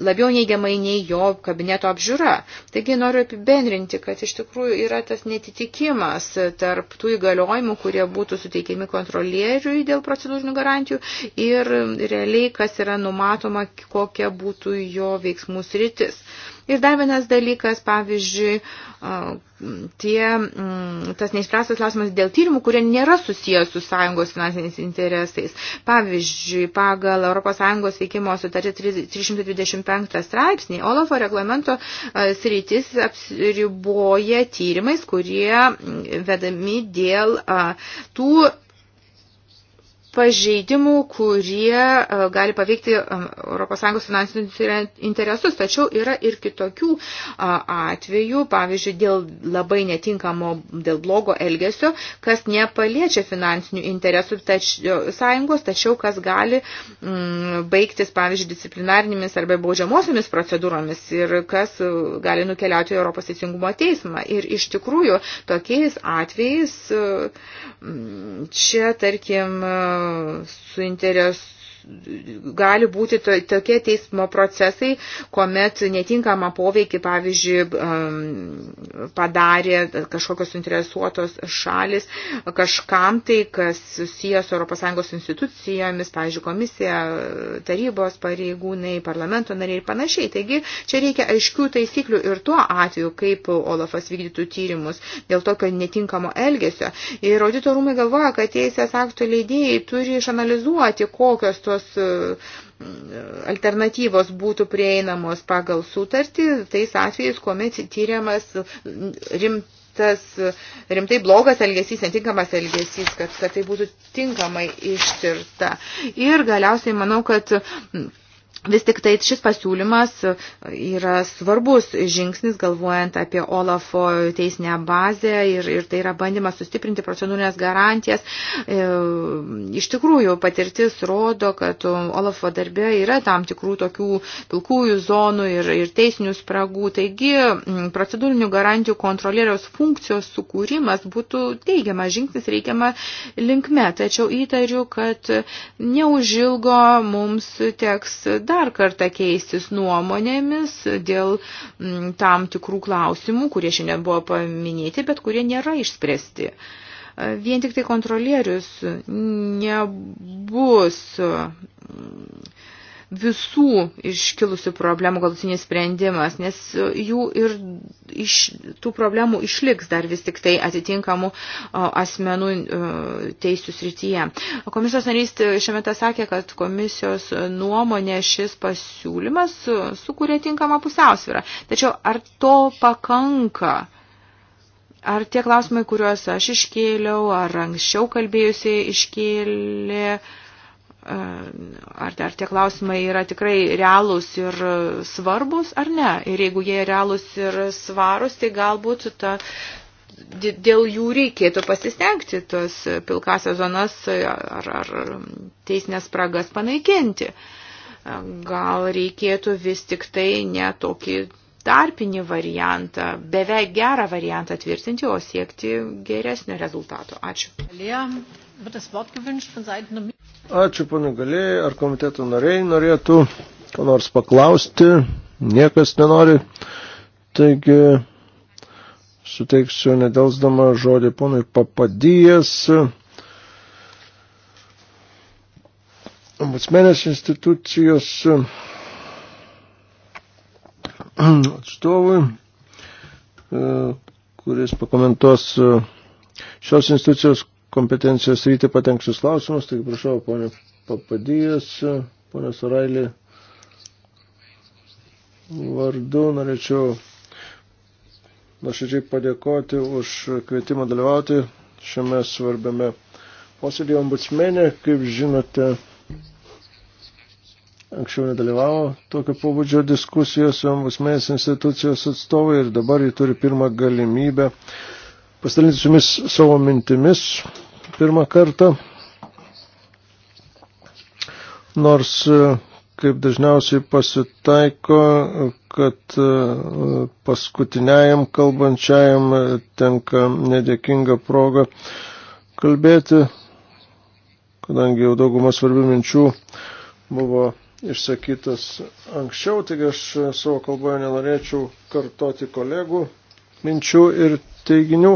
labiau neigiamai nei jo kabineto apžiūra. Taigi noriu apibendrinti, kad iš tikrųjų yra tas netitikimas tarp tų įgaliojimų, kurie būtų suteikiami kontrolieriui dėl procedūrinių garantijų ir realiai, kas yra numatoma, kokia būtų jo veiksmų sritis. Ir dar vienas dalykas, pavyzdžiui, tie, mm, tas neįspręstas klausimas dėl tyrimų, kurie nėra susijęs su sąjungos finansiniais interesais. Pavyzdžiui, pagal ES veikimo sutartį 325 straipsnį Olafo reglamento sritis apsiriboja tyrimais, kurie mm, vedami dėl tų pažeidimų, kurie e, gali paveikti ES finansinius interesus. Tačiau yra ir kitokių atvejų, pavyzdžiui, dėl labai netinkamo, dėl blogo elgesio, kas nepaliečia finansinių interesų tač, sąjungos, tačiau kas gali m, mm, baigtis, pavyzdžiui, disciplinarinėmis arba baudžiamosiomis procedūromis ir kas e, gali nukeliauti į Europos teisingumo teismą. Ir iš tikrųjų tokiais atvejais e, čia, tarkim, suinteres, gali būti to, tokie teismo procesai, kuomet netinkamą poveikį, pavyzdžiui, um, padarė kažkokios interesuotos šalis kažkam tai, kas susijęs su ES institucijomis, pavyzdžiui, komisija, tarybos pareigūnai, parlamento nariai ir panašiai. Taigi čia reikia aiškių taisyklių ir tuo atveju, kaip Olafas vykdytų tyrimus dėl tokio netinkamo elgesio. Ir auditorumai galvoja, kad teisės aktų leidėjai turi išanalizuoti, kokios to kokios e, alternatyvos būtų prieinamos pagal sutartį, tais atvejais, kuomet tyriamas rimtas tas rimtai blogas elgesys, netinkamas elgesys, kad, kad tai būtų tinkamai ištirta. Ir galiausiai manau, kad Vis tik tai šis pasiūlymas yra svarbus žingsnis, galvojant apie Olafo teisinę bazę ir, ir tai yra bandymas sustiprinti procedūrinės garantijas. E, iš tikrųjų, patirtis rodo, kad Olafo darbė yra tam tikrų tokių pilkųjų zonų ir, ir teisinių spragų. Taigi, procedūrinių garantijų kontrolieriaus funkcijos sukūrimas būtų teigiamas žingsnis reikiama linkme. Tačiau įtariu, kad neužilgo mums teks dar dar kartą keistis nuomonėmis dėl mm, tam tikrų klausimų, kurie šiandien buvo paminėti, bet kurie nėra išspręsti. Vien tik tai kontrolierius nebus mm, visų iškilusių problemų galutinis sprendimas, nes jų ir iš tų problemų išliks dar vis tik tai atitinkamų asmenų teisų srityje. Komisijos narys šiame tą sakė, kad komisijos nuomonė šis pasiūlymas sukūrė tinkamą pusiausvyrą. Tačiau ar to pakanka? Ar tie klausimai, kuriuos aš iškėliau, ar anksčiau kalbėjusiai iškėlė, uh, ar, ar tie klausimai yra tikrai realūs ir svarbus ar ne. Ir jeigu jie realūs ir svarus, tai galbūt ta, dėl jų reikėtų pasistengti tas pilkasias zonas ar, ar teisinės spragas panaikinti. Gal reikėtų vis tik tai ne tokį tarpinį variantą, beveik gerą variantą tvirtinti, o siekti geresnio rezultato. Ačiū. Ačiū, pana Galėjai. Ar komiteto nariai norėtų ko nors paklausti? Niekas nenori. Taigi, suteiksiu nedelsdama žodį ponui Papadijas. Ombudsmenės institucijos atstovui, kuris pakomentuos šios institucijos kompetencijos rytį patenksius klausimus, taigi prašau, ponė Papadijas, ponė Sarailė, vardu norėčiau nuoširdžiai padėkoti už kvietimą dalyvauti šiame svarbiame posėdėje ombudsmenė, kaip žinote, anksčiau nedalyvavo tokio pobūdžio diskusijose ombudsmenės institucijos atstovai ir dabar jį turi pirmą galimybę pasidalinti su jumis savo mintimis pirmą kartą. Nors, e, kaip dažniausiai pasitaiko, kad e, paskutiniajam kalbančiajam e, tenka nedėkinga proga kalbėti, kadangi jau dauguma svarbių minčių buvo išsakytas anksčiau, taigi aš savo kalboje nenorėčiau kartoti kolegų minčių ir teiginių.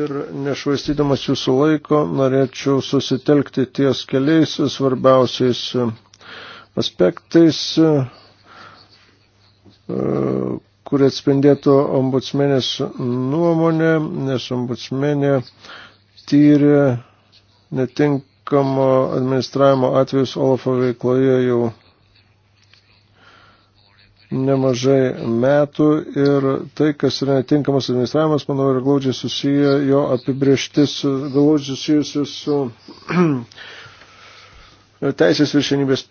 Ir nešvaistydamas jūsų laiko norėčiau susitelkti ties keliais svarbiausiais e, aspektais, e, e, kurie atspindėtų ombudsmenės nuomonę, nes ombudsmenė tyrė netinkamo administravimo atvejus Olafo veikloje jau nemažai metų ir tai, kas yra netinkamas administravimas, manau, yra glaudžiai susiję, jo apibrieštis glaudžiai susijusi su <clears throat> teisės viršenybės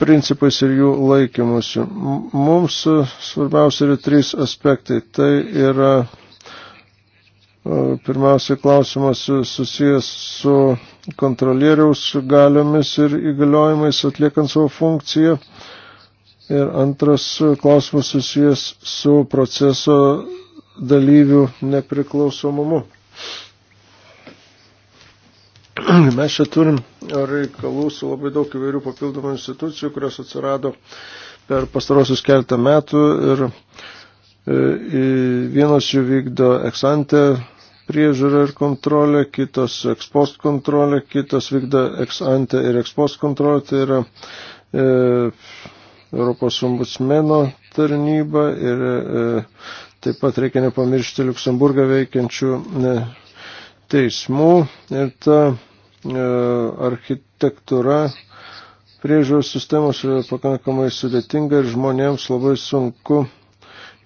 principais ir jų laikymusi. Mums svarbiausia yra trys aspektai. Tai yra e, pirmiausia klausimas susijęs su kontrolieriaus galiomis ir įgaliojimais atliekant savo funkciją. Ir antras klausimas susijęs su proceso dalyvių nepriklausomumu. Mes čia turim reikalų su labai daug įvairių papildomų institucijų, kurios atsirado per pastarosius keletą metų ir e, vienos jų vykdo eksantę priežiūrą ir kontrolę, kitos ekspost kontrolę, kitos vykdo eksantę ir ekspost kontrolę, tai yra e, Europos ombudsmeno tarnybą ir e, taip pat reikia nepamiršti Luksemburgą veikiančių e, teismų ir ta e, architektūra priežiūros sistemos yra pakankamai sudėtinga ir žmonėms labai sunku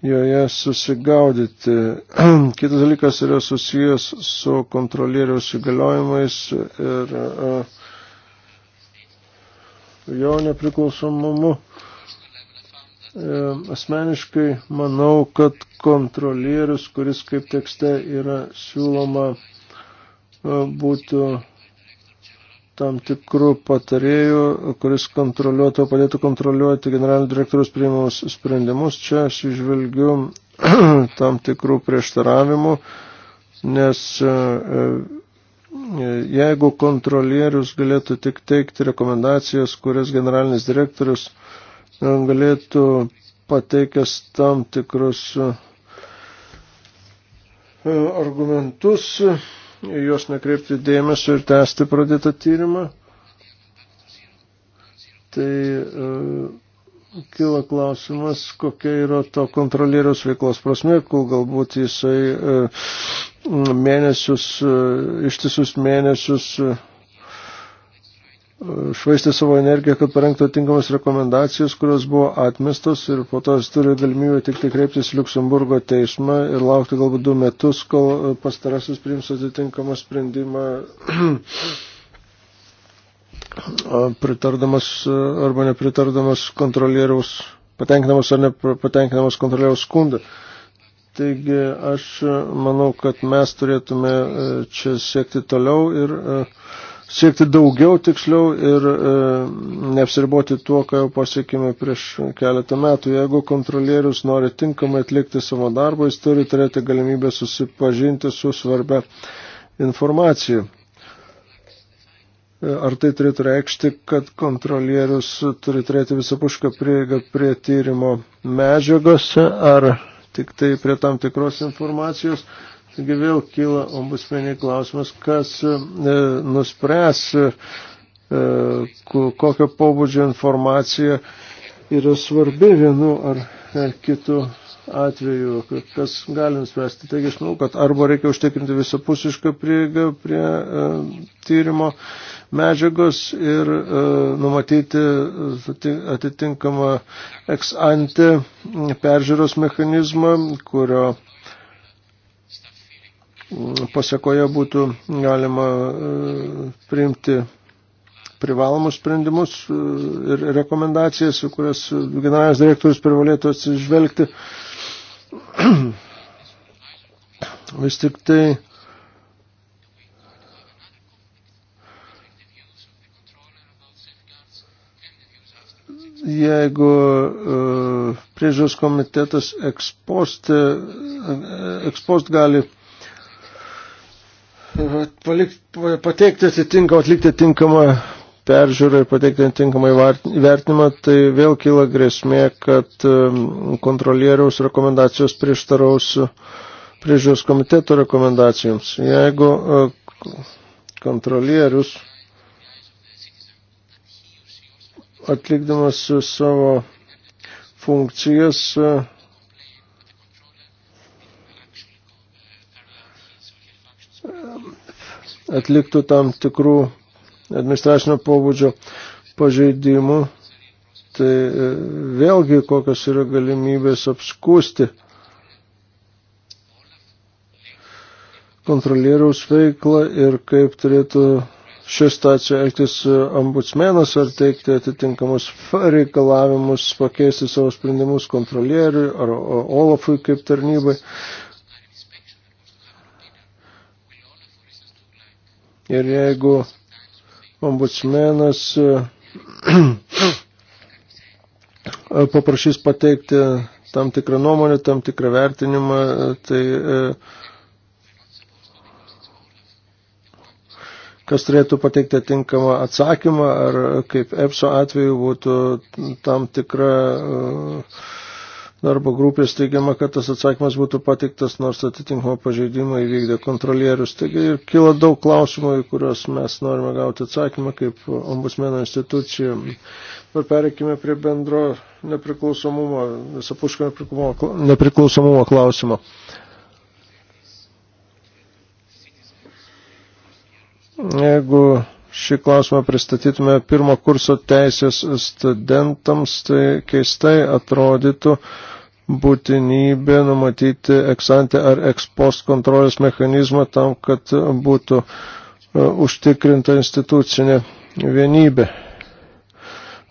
joje susigaudyti. <clears throat> Kitas dalykas yra susijęs su kontrolieriaus įgaliojimais ir jo nepriklausomumu. E, asmeniškai manau, kad kontrolierius, kuris kaip tekste yra siūloma, e, būtų tam tikrų patarėjų, kuris kontroliuotų, padėtų kontroliuoti generalinio direktorius priimamus sprendimus. Čia aš išvelgiu <clears throat> tam tikrų prieštaravimų, nes e, jeigu kontrolierius galėtų tik teikti rekomendacijas, kurias generalinis direktorius galėtų pateikęs tam tikrus e, argumentus, juos nekreipti dėmesio ir tęsti pradėtą tyrimą. Tai e, kila klausimas, kokia yra to kontrolieriaus veiklos prasme, kol galbūt jisai e, mėnesius, ištisus mėnesius švaistė savo energiją, kad parengtų tinkamas rekomendacijos, kurios buvo atmestos ir po to jis turi galimybę tik tai kreiptis į Luksemburgo teismą ir laukti galbūt du metus, kol pastarasis priims atitinkamą sprendimą. <clears throat> pritardamas arba nepritardamas kontrolieriaus, patenkinamas ar nepatenkinamas kontrolieriaus skundą. Taigi aš manau, kad mes turėtume e, čia siekti toliau ir uh, siekti daugiau tiksliau ir e, neapsiriboti tuo, ką jau pasiekime prieš keletą metų. Jeigu kontrolierius nori tinkamai atlikti savo darbą, jis turi turėti galimybę susipažinti su svarbia informacija. E, ar tai turėtų reikšti, kad kontrolierius turi turėti visapušką prieigą prie tyrimo medžiagos, ar tik tai prie tam tikros informacijos? Taigi vėl kyla ombusmeniai klausimas, kas e, nuspręs, e, e, kokio pobūdžio informacija yra svarbi vienu ar kitu atveju, kas gali nuspręsti. Taigi aš manau, kad arba reikia užtikrinti visapusišką prieigą prie e, tyrimo medžiagos ir e, numatyti atitinkamą ex ante peržiūros mechanizmą, kurio pasiekoje būtų galima e, priimti privalomus sprendimus e, ir rekomendacijas, kurias generalinis direktorius privalėtų atsižvelgti. <clears throat> Vis tik tai jeigu e, priežiūros komitetas ekspost, ekspost gali palikt, pateikti atitinkamą, atlikti atitinkamą peržiūrą ir pateikti atitinkamą įvertinimą, tai vėl kyla grėsmė, kad kontrolieriaus rekomendacijos prieštaraus e, priežiūros komiteto rekomendacijoms. Jeigu e, kontrolierius atlikdamas savo funkcijas e, atliktų tam tikrų administracinio pobūdžio pažeidimų, tai e, vėlgi kokios yra galimybės apskūsti kontrolieriaus veiklą ir kaip turėtų šią staciją elgtis ombudsmenas ar teikti atitinkamus reikalavimus, pakeisti savo sprendimus kontrolieriui ar Olafui kaip tarnybai. Ir jeigu ombudsmenas e, <clears throat> e, paprašys pateikti tam tikrą nuomonę, tam tikrą vertinimą, e, tai kas turėtų pateikti atinkamą atsakymą, ar kaip EPSO atveju būtų tam tikra uh, darbo grupės teigiama, kad tas atsakymas būtų pateiktas, nors atitinkamo pažeidimą įvykdė kontrolierius. Taigi ir kilo daug klausimų, į kuriuos mes norime gauti atsakymą kaip ombudsmeno institucija. Dabar pereikime prie bendro nepriklausomumo, visapuško nepriklausomumo, nepriklausomumo klausimo. Jeigu šį klausimą pristatytume pirmo kurso teisės studentams, tai keistai atrodytų, būtinybė numatyti eksantę ar ekspost kontrolės mechanizmą tam, kad būtų e, užtikrinta institucinė vienybė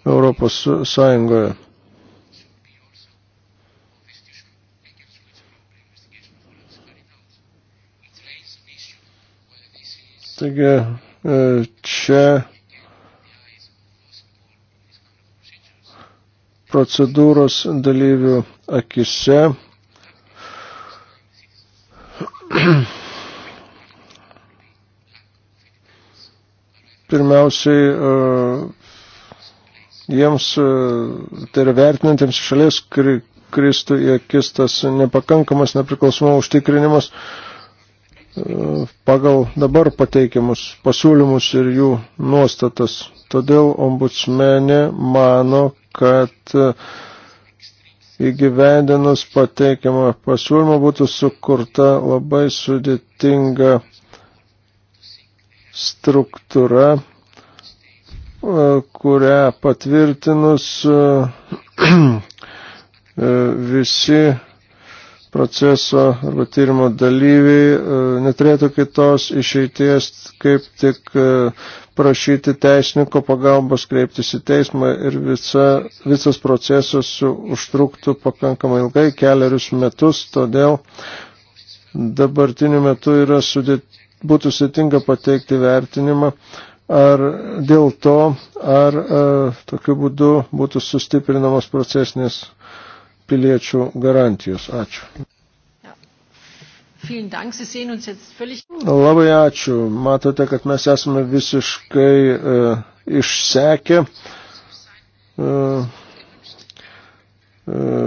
Europos Sąjungoje. Taigi e, čia procedūros dalyvių akise. Pirmiausiai e, jiems, e, tai yra vertinantiems šalies kristų į akis tas nepakankamas nepriklausomumo užtikrinimas pagal dabar pateikiamus pasiūlymus ir jų nuostatas. Todėl ombudsmenė mano, kad e, įgyvendinus pateikiamą pasiūlymą būtų sukurta labai sudėtinga struktūra, e, kurią patvirtinus e, <clears throat> visi proceso arba tyrimo dalyviai e, neturėtų kitos išeities, kaip tik e, prašyti teisininko pagalbos, kreiptis į teismą ir visa, visas procesas užtruktų pakankamai ilgai, keliarius metus, todėl dabartiniu metu yra sudėt, būtų sėtinga pateikti vertinimą ar dėl to, ar a, e, tokiu būdu būtų sustiprinamos procesinės piliečių garantijos. Ačiū. Labai ačiū. Matote, kad mes esame visiškai e, išsekę. E, e,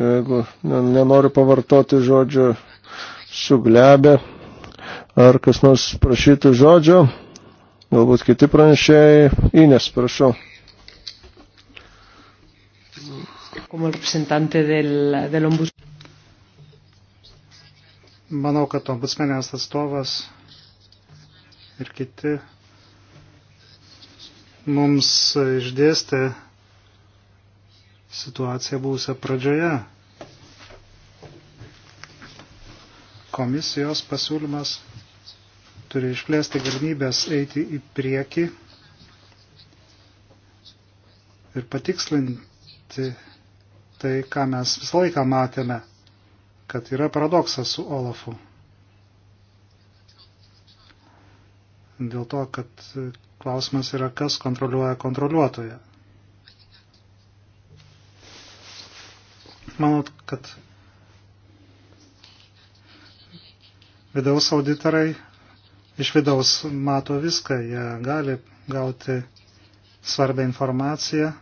jeigu nenoriu pavartoti žodžio suglebę, ar kas nors prašytų žodžio, galbūt kiti pranešėjai. Ines, prašau. Manau, kad ombudsmenės atstovas ir kiti mums išdėstė situaciją būsę pradžioje. Komisijos pasiūlymas turi išplėsti galimybės eiti į priekį ir patikslinti tai, ką mes visą laiką matėme, kad yra paradoksas su Olafu. Dėl to, kad klausimas yra, kas kontroliuoja kontroliuotoje. Manot, kad vidaus auditorai iš vidaus mato viską, jie gali gauti svarbę informaciją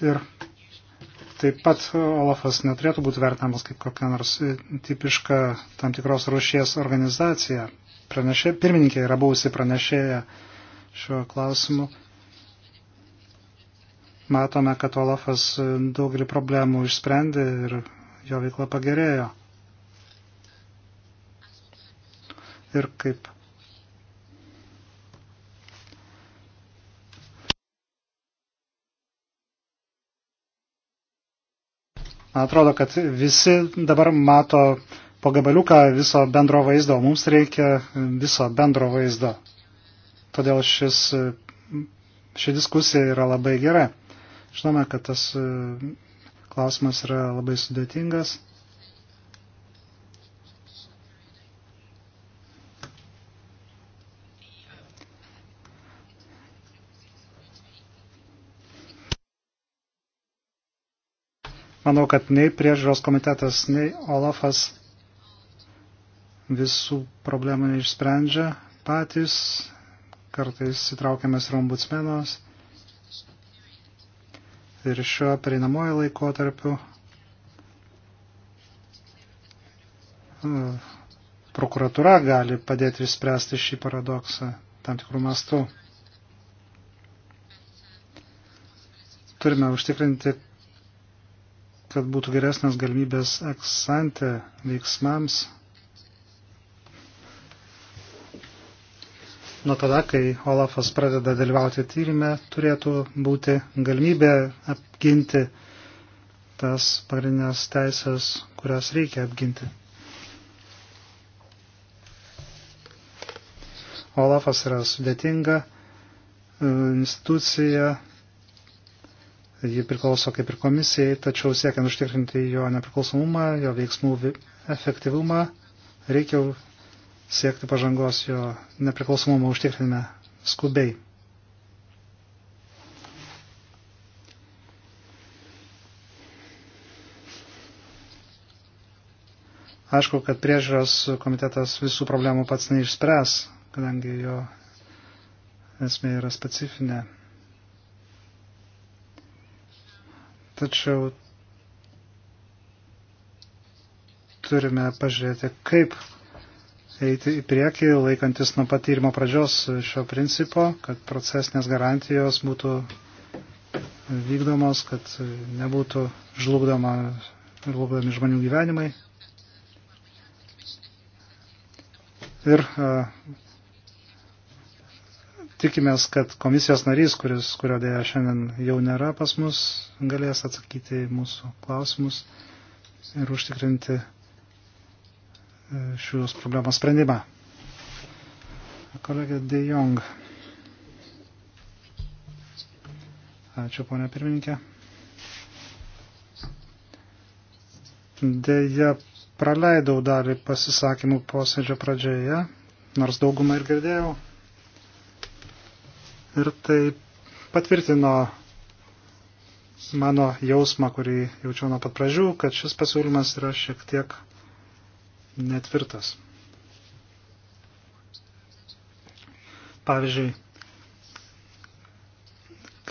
Ir taip pat Olafas neturėtų būti vertinamas kaip kokia nors tipiška tam tikros rušies organizacija. Pranešė, pirmininkė yra buvusi pranešėja šiuo klausimu. Matome, kad Olafas daugelį problemų išsprendė ir jo veikla pagerėjo. Ir kaip Man atrodo, kad visi dabar mato po gabaliuką viso bendro vaizdo, mums reikia viso bendro vaizdo. Todėl šis, ši diskusija yra labai gera. Žinome, kad tas e, klausimas yra labai sudėtingas. Manau, kad nei priežiūros komitetas, nei Olafas visų problemų neišsprendžia patys, kartais įtraukiamės ir ombudsmenos. Ir šiuo pereinamojo laikotarpiu e, prokuratura gali padėti išspręsti šį paradoksą tam tikrų mastų. Turime užtikrinti, kad būtų geresnės galimybės eksante veiksmams nuo tada, kai Olafas pradeda dalyvauti tyrimę, turėtų būti galimybė apginti tas pagrindinės teisės, kurias reikia apginti. Olafas yra sudėtinga e, institucija, Ji priklauso kaip ir komisijai, tačiau siekiant užtikrinti jo nepriklausomumą, jo veiksmų efektyvumą, reikia siekti pažangos jo nepriklausomumo užtikrinime skubiai. Aišku, kad priežiūros komitetas visų problemų pats neišspręs, kadangi jo esmė yra specifinė. Tačiau turime pažiūrėti, kaip eiti į priekį, laikantis nuo pat tyrimo pradžios šio principo, kad procesinės garantijos būtų vykdomos, kad nebūtų žlugdoma, žlugdami žmonių gyvenimai. Ir uh, tikimės, kad komisijos narys, kuris, kurio dėja šiandien jau nėra pas mus, galės atsakyti į mūsų klausimus ir užtikrinti e, šios problemos sprendimą. Kolegė De Jong. Ačiū, ponia pirmininkė. Deja, praleidau dalį pasisakymų posėdžio pradžioje, nors daugumą ir girdėjau. Ir tai patvirtino mano jausmą, kurį jaučiau nuo pat pradžių, kad šis pasiūlymas yra šiek tiek netvirtas. Pavyzdžiui,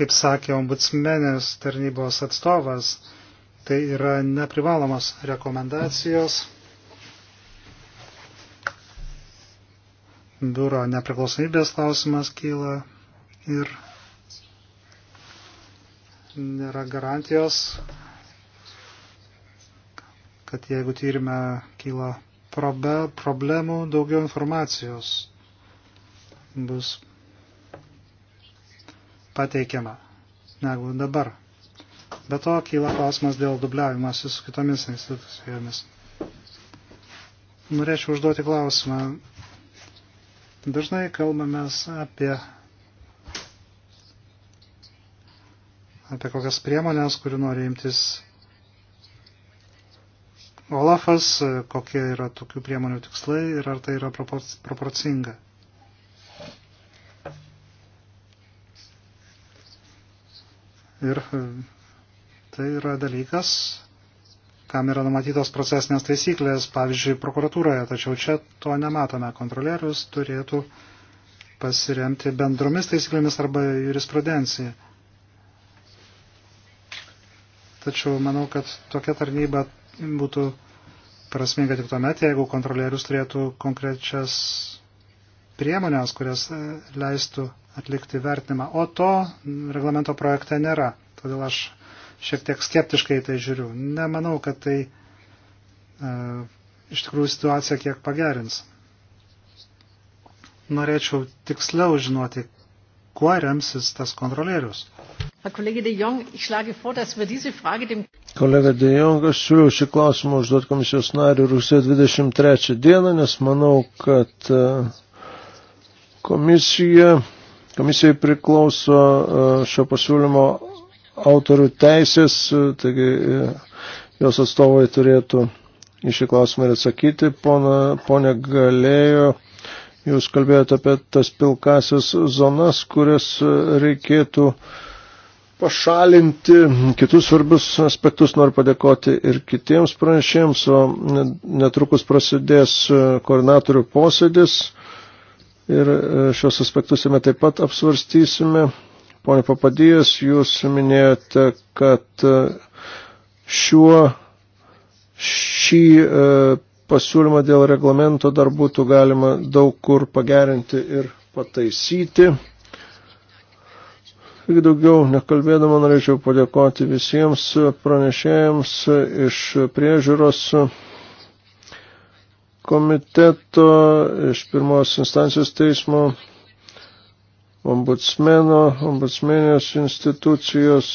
kaip sakė ombudsmenės tarnybos atstovas, tai yra neprivalomos rekomendacijos. Biuro nepriklausomybės klausimas kyla, ir nėra garantijos, kad jeigu tyrime kyla probe, problemų, daugiau informacijos bus pateikiama negu dabar. Be to kyla klausimas dėl dubliavimas su kitomis institucijomis. Norėčiau užduoti klausimą. Dažnai kalbame apie apie kokias priemonės, kurių nori imtis Olafas, kokie yra tokių priemonių tikslai ir ar tai yra proporcinga. Ir e, tai yra dalykas, kam yra numatytos procesinės taisyklės, pavyzdžiui, prokuratūroje, tačiau čia to nematome. Kontrolierius turėtų pasiremti bendromis taisyklėmis arba jurisprudencija. Tačiau manau, kad tokia tarnyba būtų prasminga tik tuomet, jeigu kontrolierius turėtų konkrečias priemonės, kurias e, leistų atlikti vertinimą. O to reglamento projekte nėra. Todėl aš šiek tiek skeptiškai tai žiūriu. Nemanau, kad tai e, iš tikrųjų situaciją kiek pagerins. Norėčiau tiksliau žinoti, kuo remsis tas kontrolierius. Kolega De Jong, ich schlage vor, dass wir diese Frage dem Kolega De Jong, aš siūliau šį klausimą užduoti komisijos nariu rugsėjo 23 dieną, nes manau, kad e, komisija, komisijai priklauso e, šio pasiūlymo autorių teisės, e, taigi jos atstovai turėtų į šį klausimą ir atsakyti. Pona, ponė galėjo, jūs kalbėjote apie tas pilkasias zonas, kurias reikėtų uh, pašalinti kitus svarbius aspektus. Noriu padėkoti ir kitiems pranešėjams, o netrukus prasidės koordinatorių posėdis. Ir e, šios aspektus jame taip pat apsvarstysime. Pone Papadijas, jūs minėjote, kad e, šiuo šį e, pasiūlymą dėl reglamento dar būtų galima daug kur pagerinti ir pataisyti. Taigi daugiau nekalbėdama norėčiau padėkoti visiems pranešėjams iš priežiūros komiteto, iš pirmos instancijos teismo, ombudsmeno, ombudsmenės institucijos,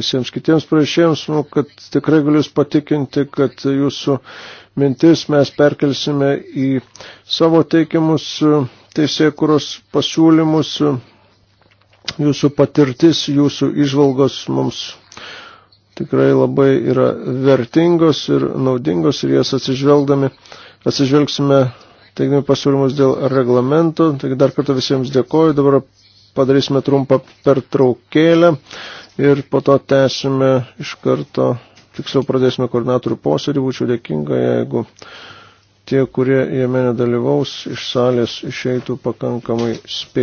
visiems kitiems pranešėjams, nu, kad tikrai galiu patikinti, kad jūsų mintis mes perkelsime į savo teikiamus teisėkuros pasiūlymus Jūsų patirtis, jūsų išvalgos mums tikrai labai yra vertingos ir naudingos ir jas atsižvelgdami, atsižvelgsime teikdami pasiūlymus dėl reglamento. Taigi dar kartą visiems dėkoju. Dabar padarysime trumpą pertraukėlę ir po to tęsime iš karto, tiksliau pradėsime koordinatorių posėdį. Būčiau dėkinga, jeigu tie, kurie jame nedalyvaus, iš salės išeitų pakankamai spėti.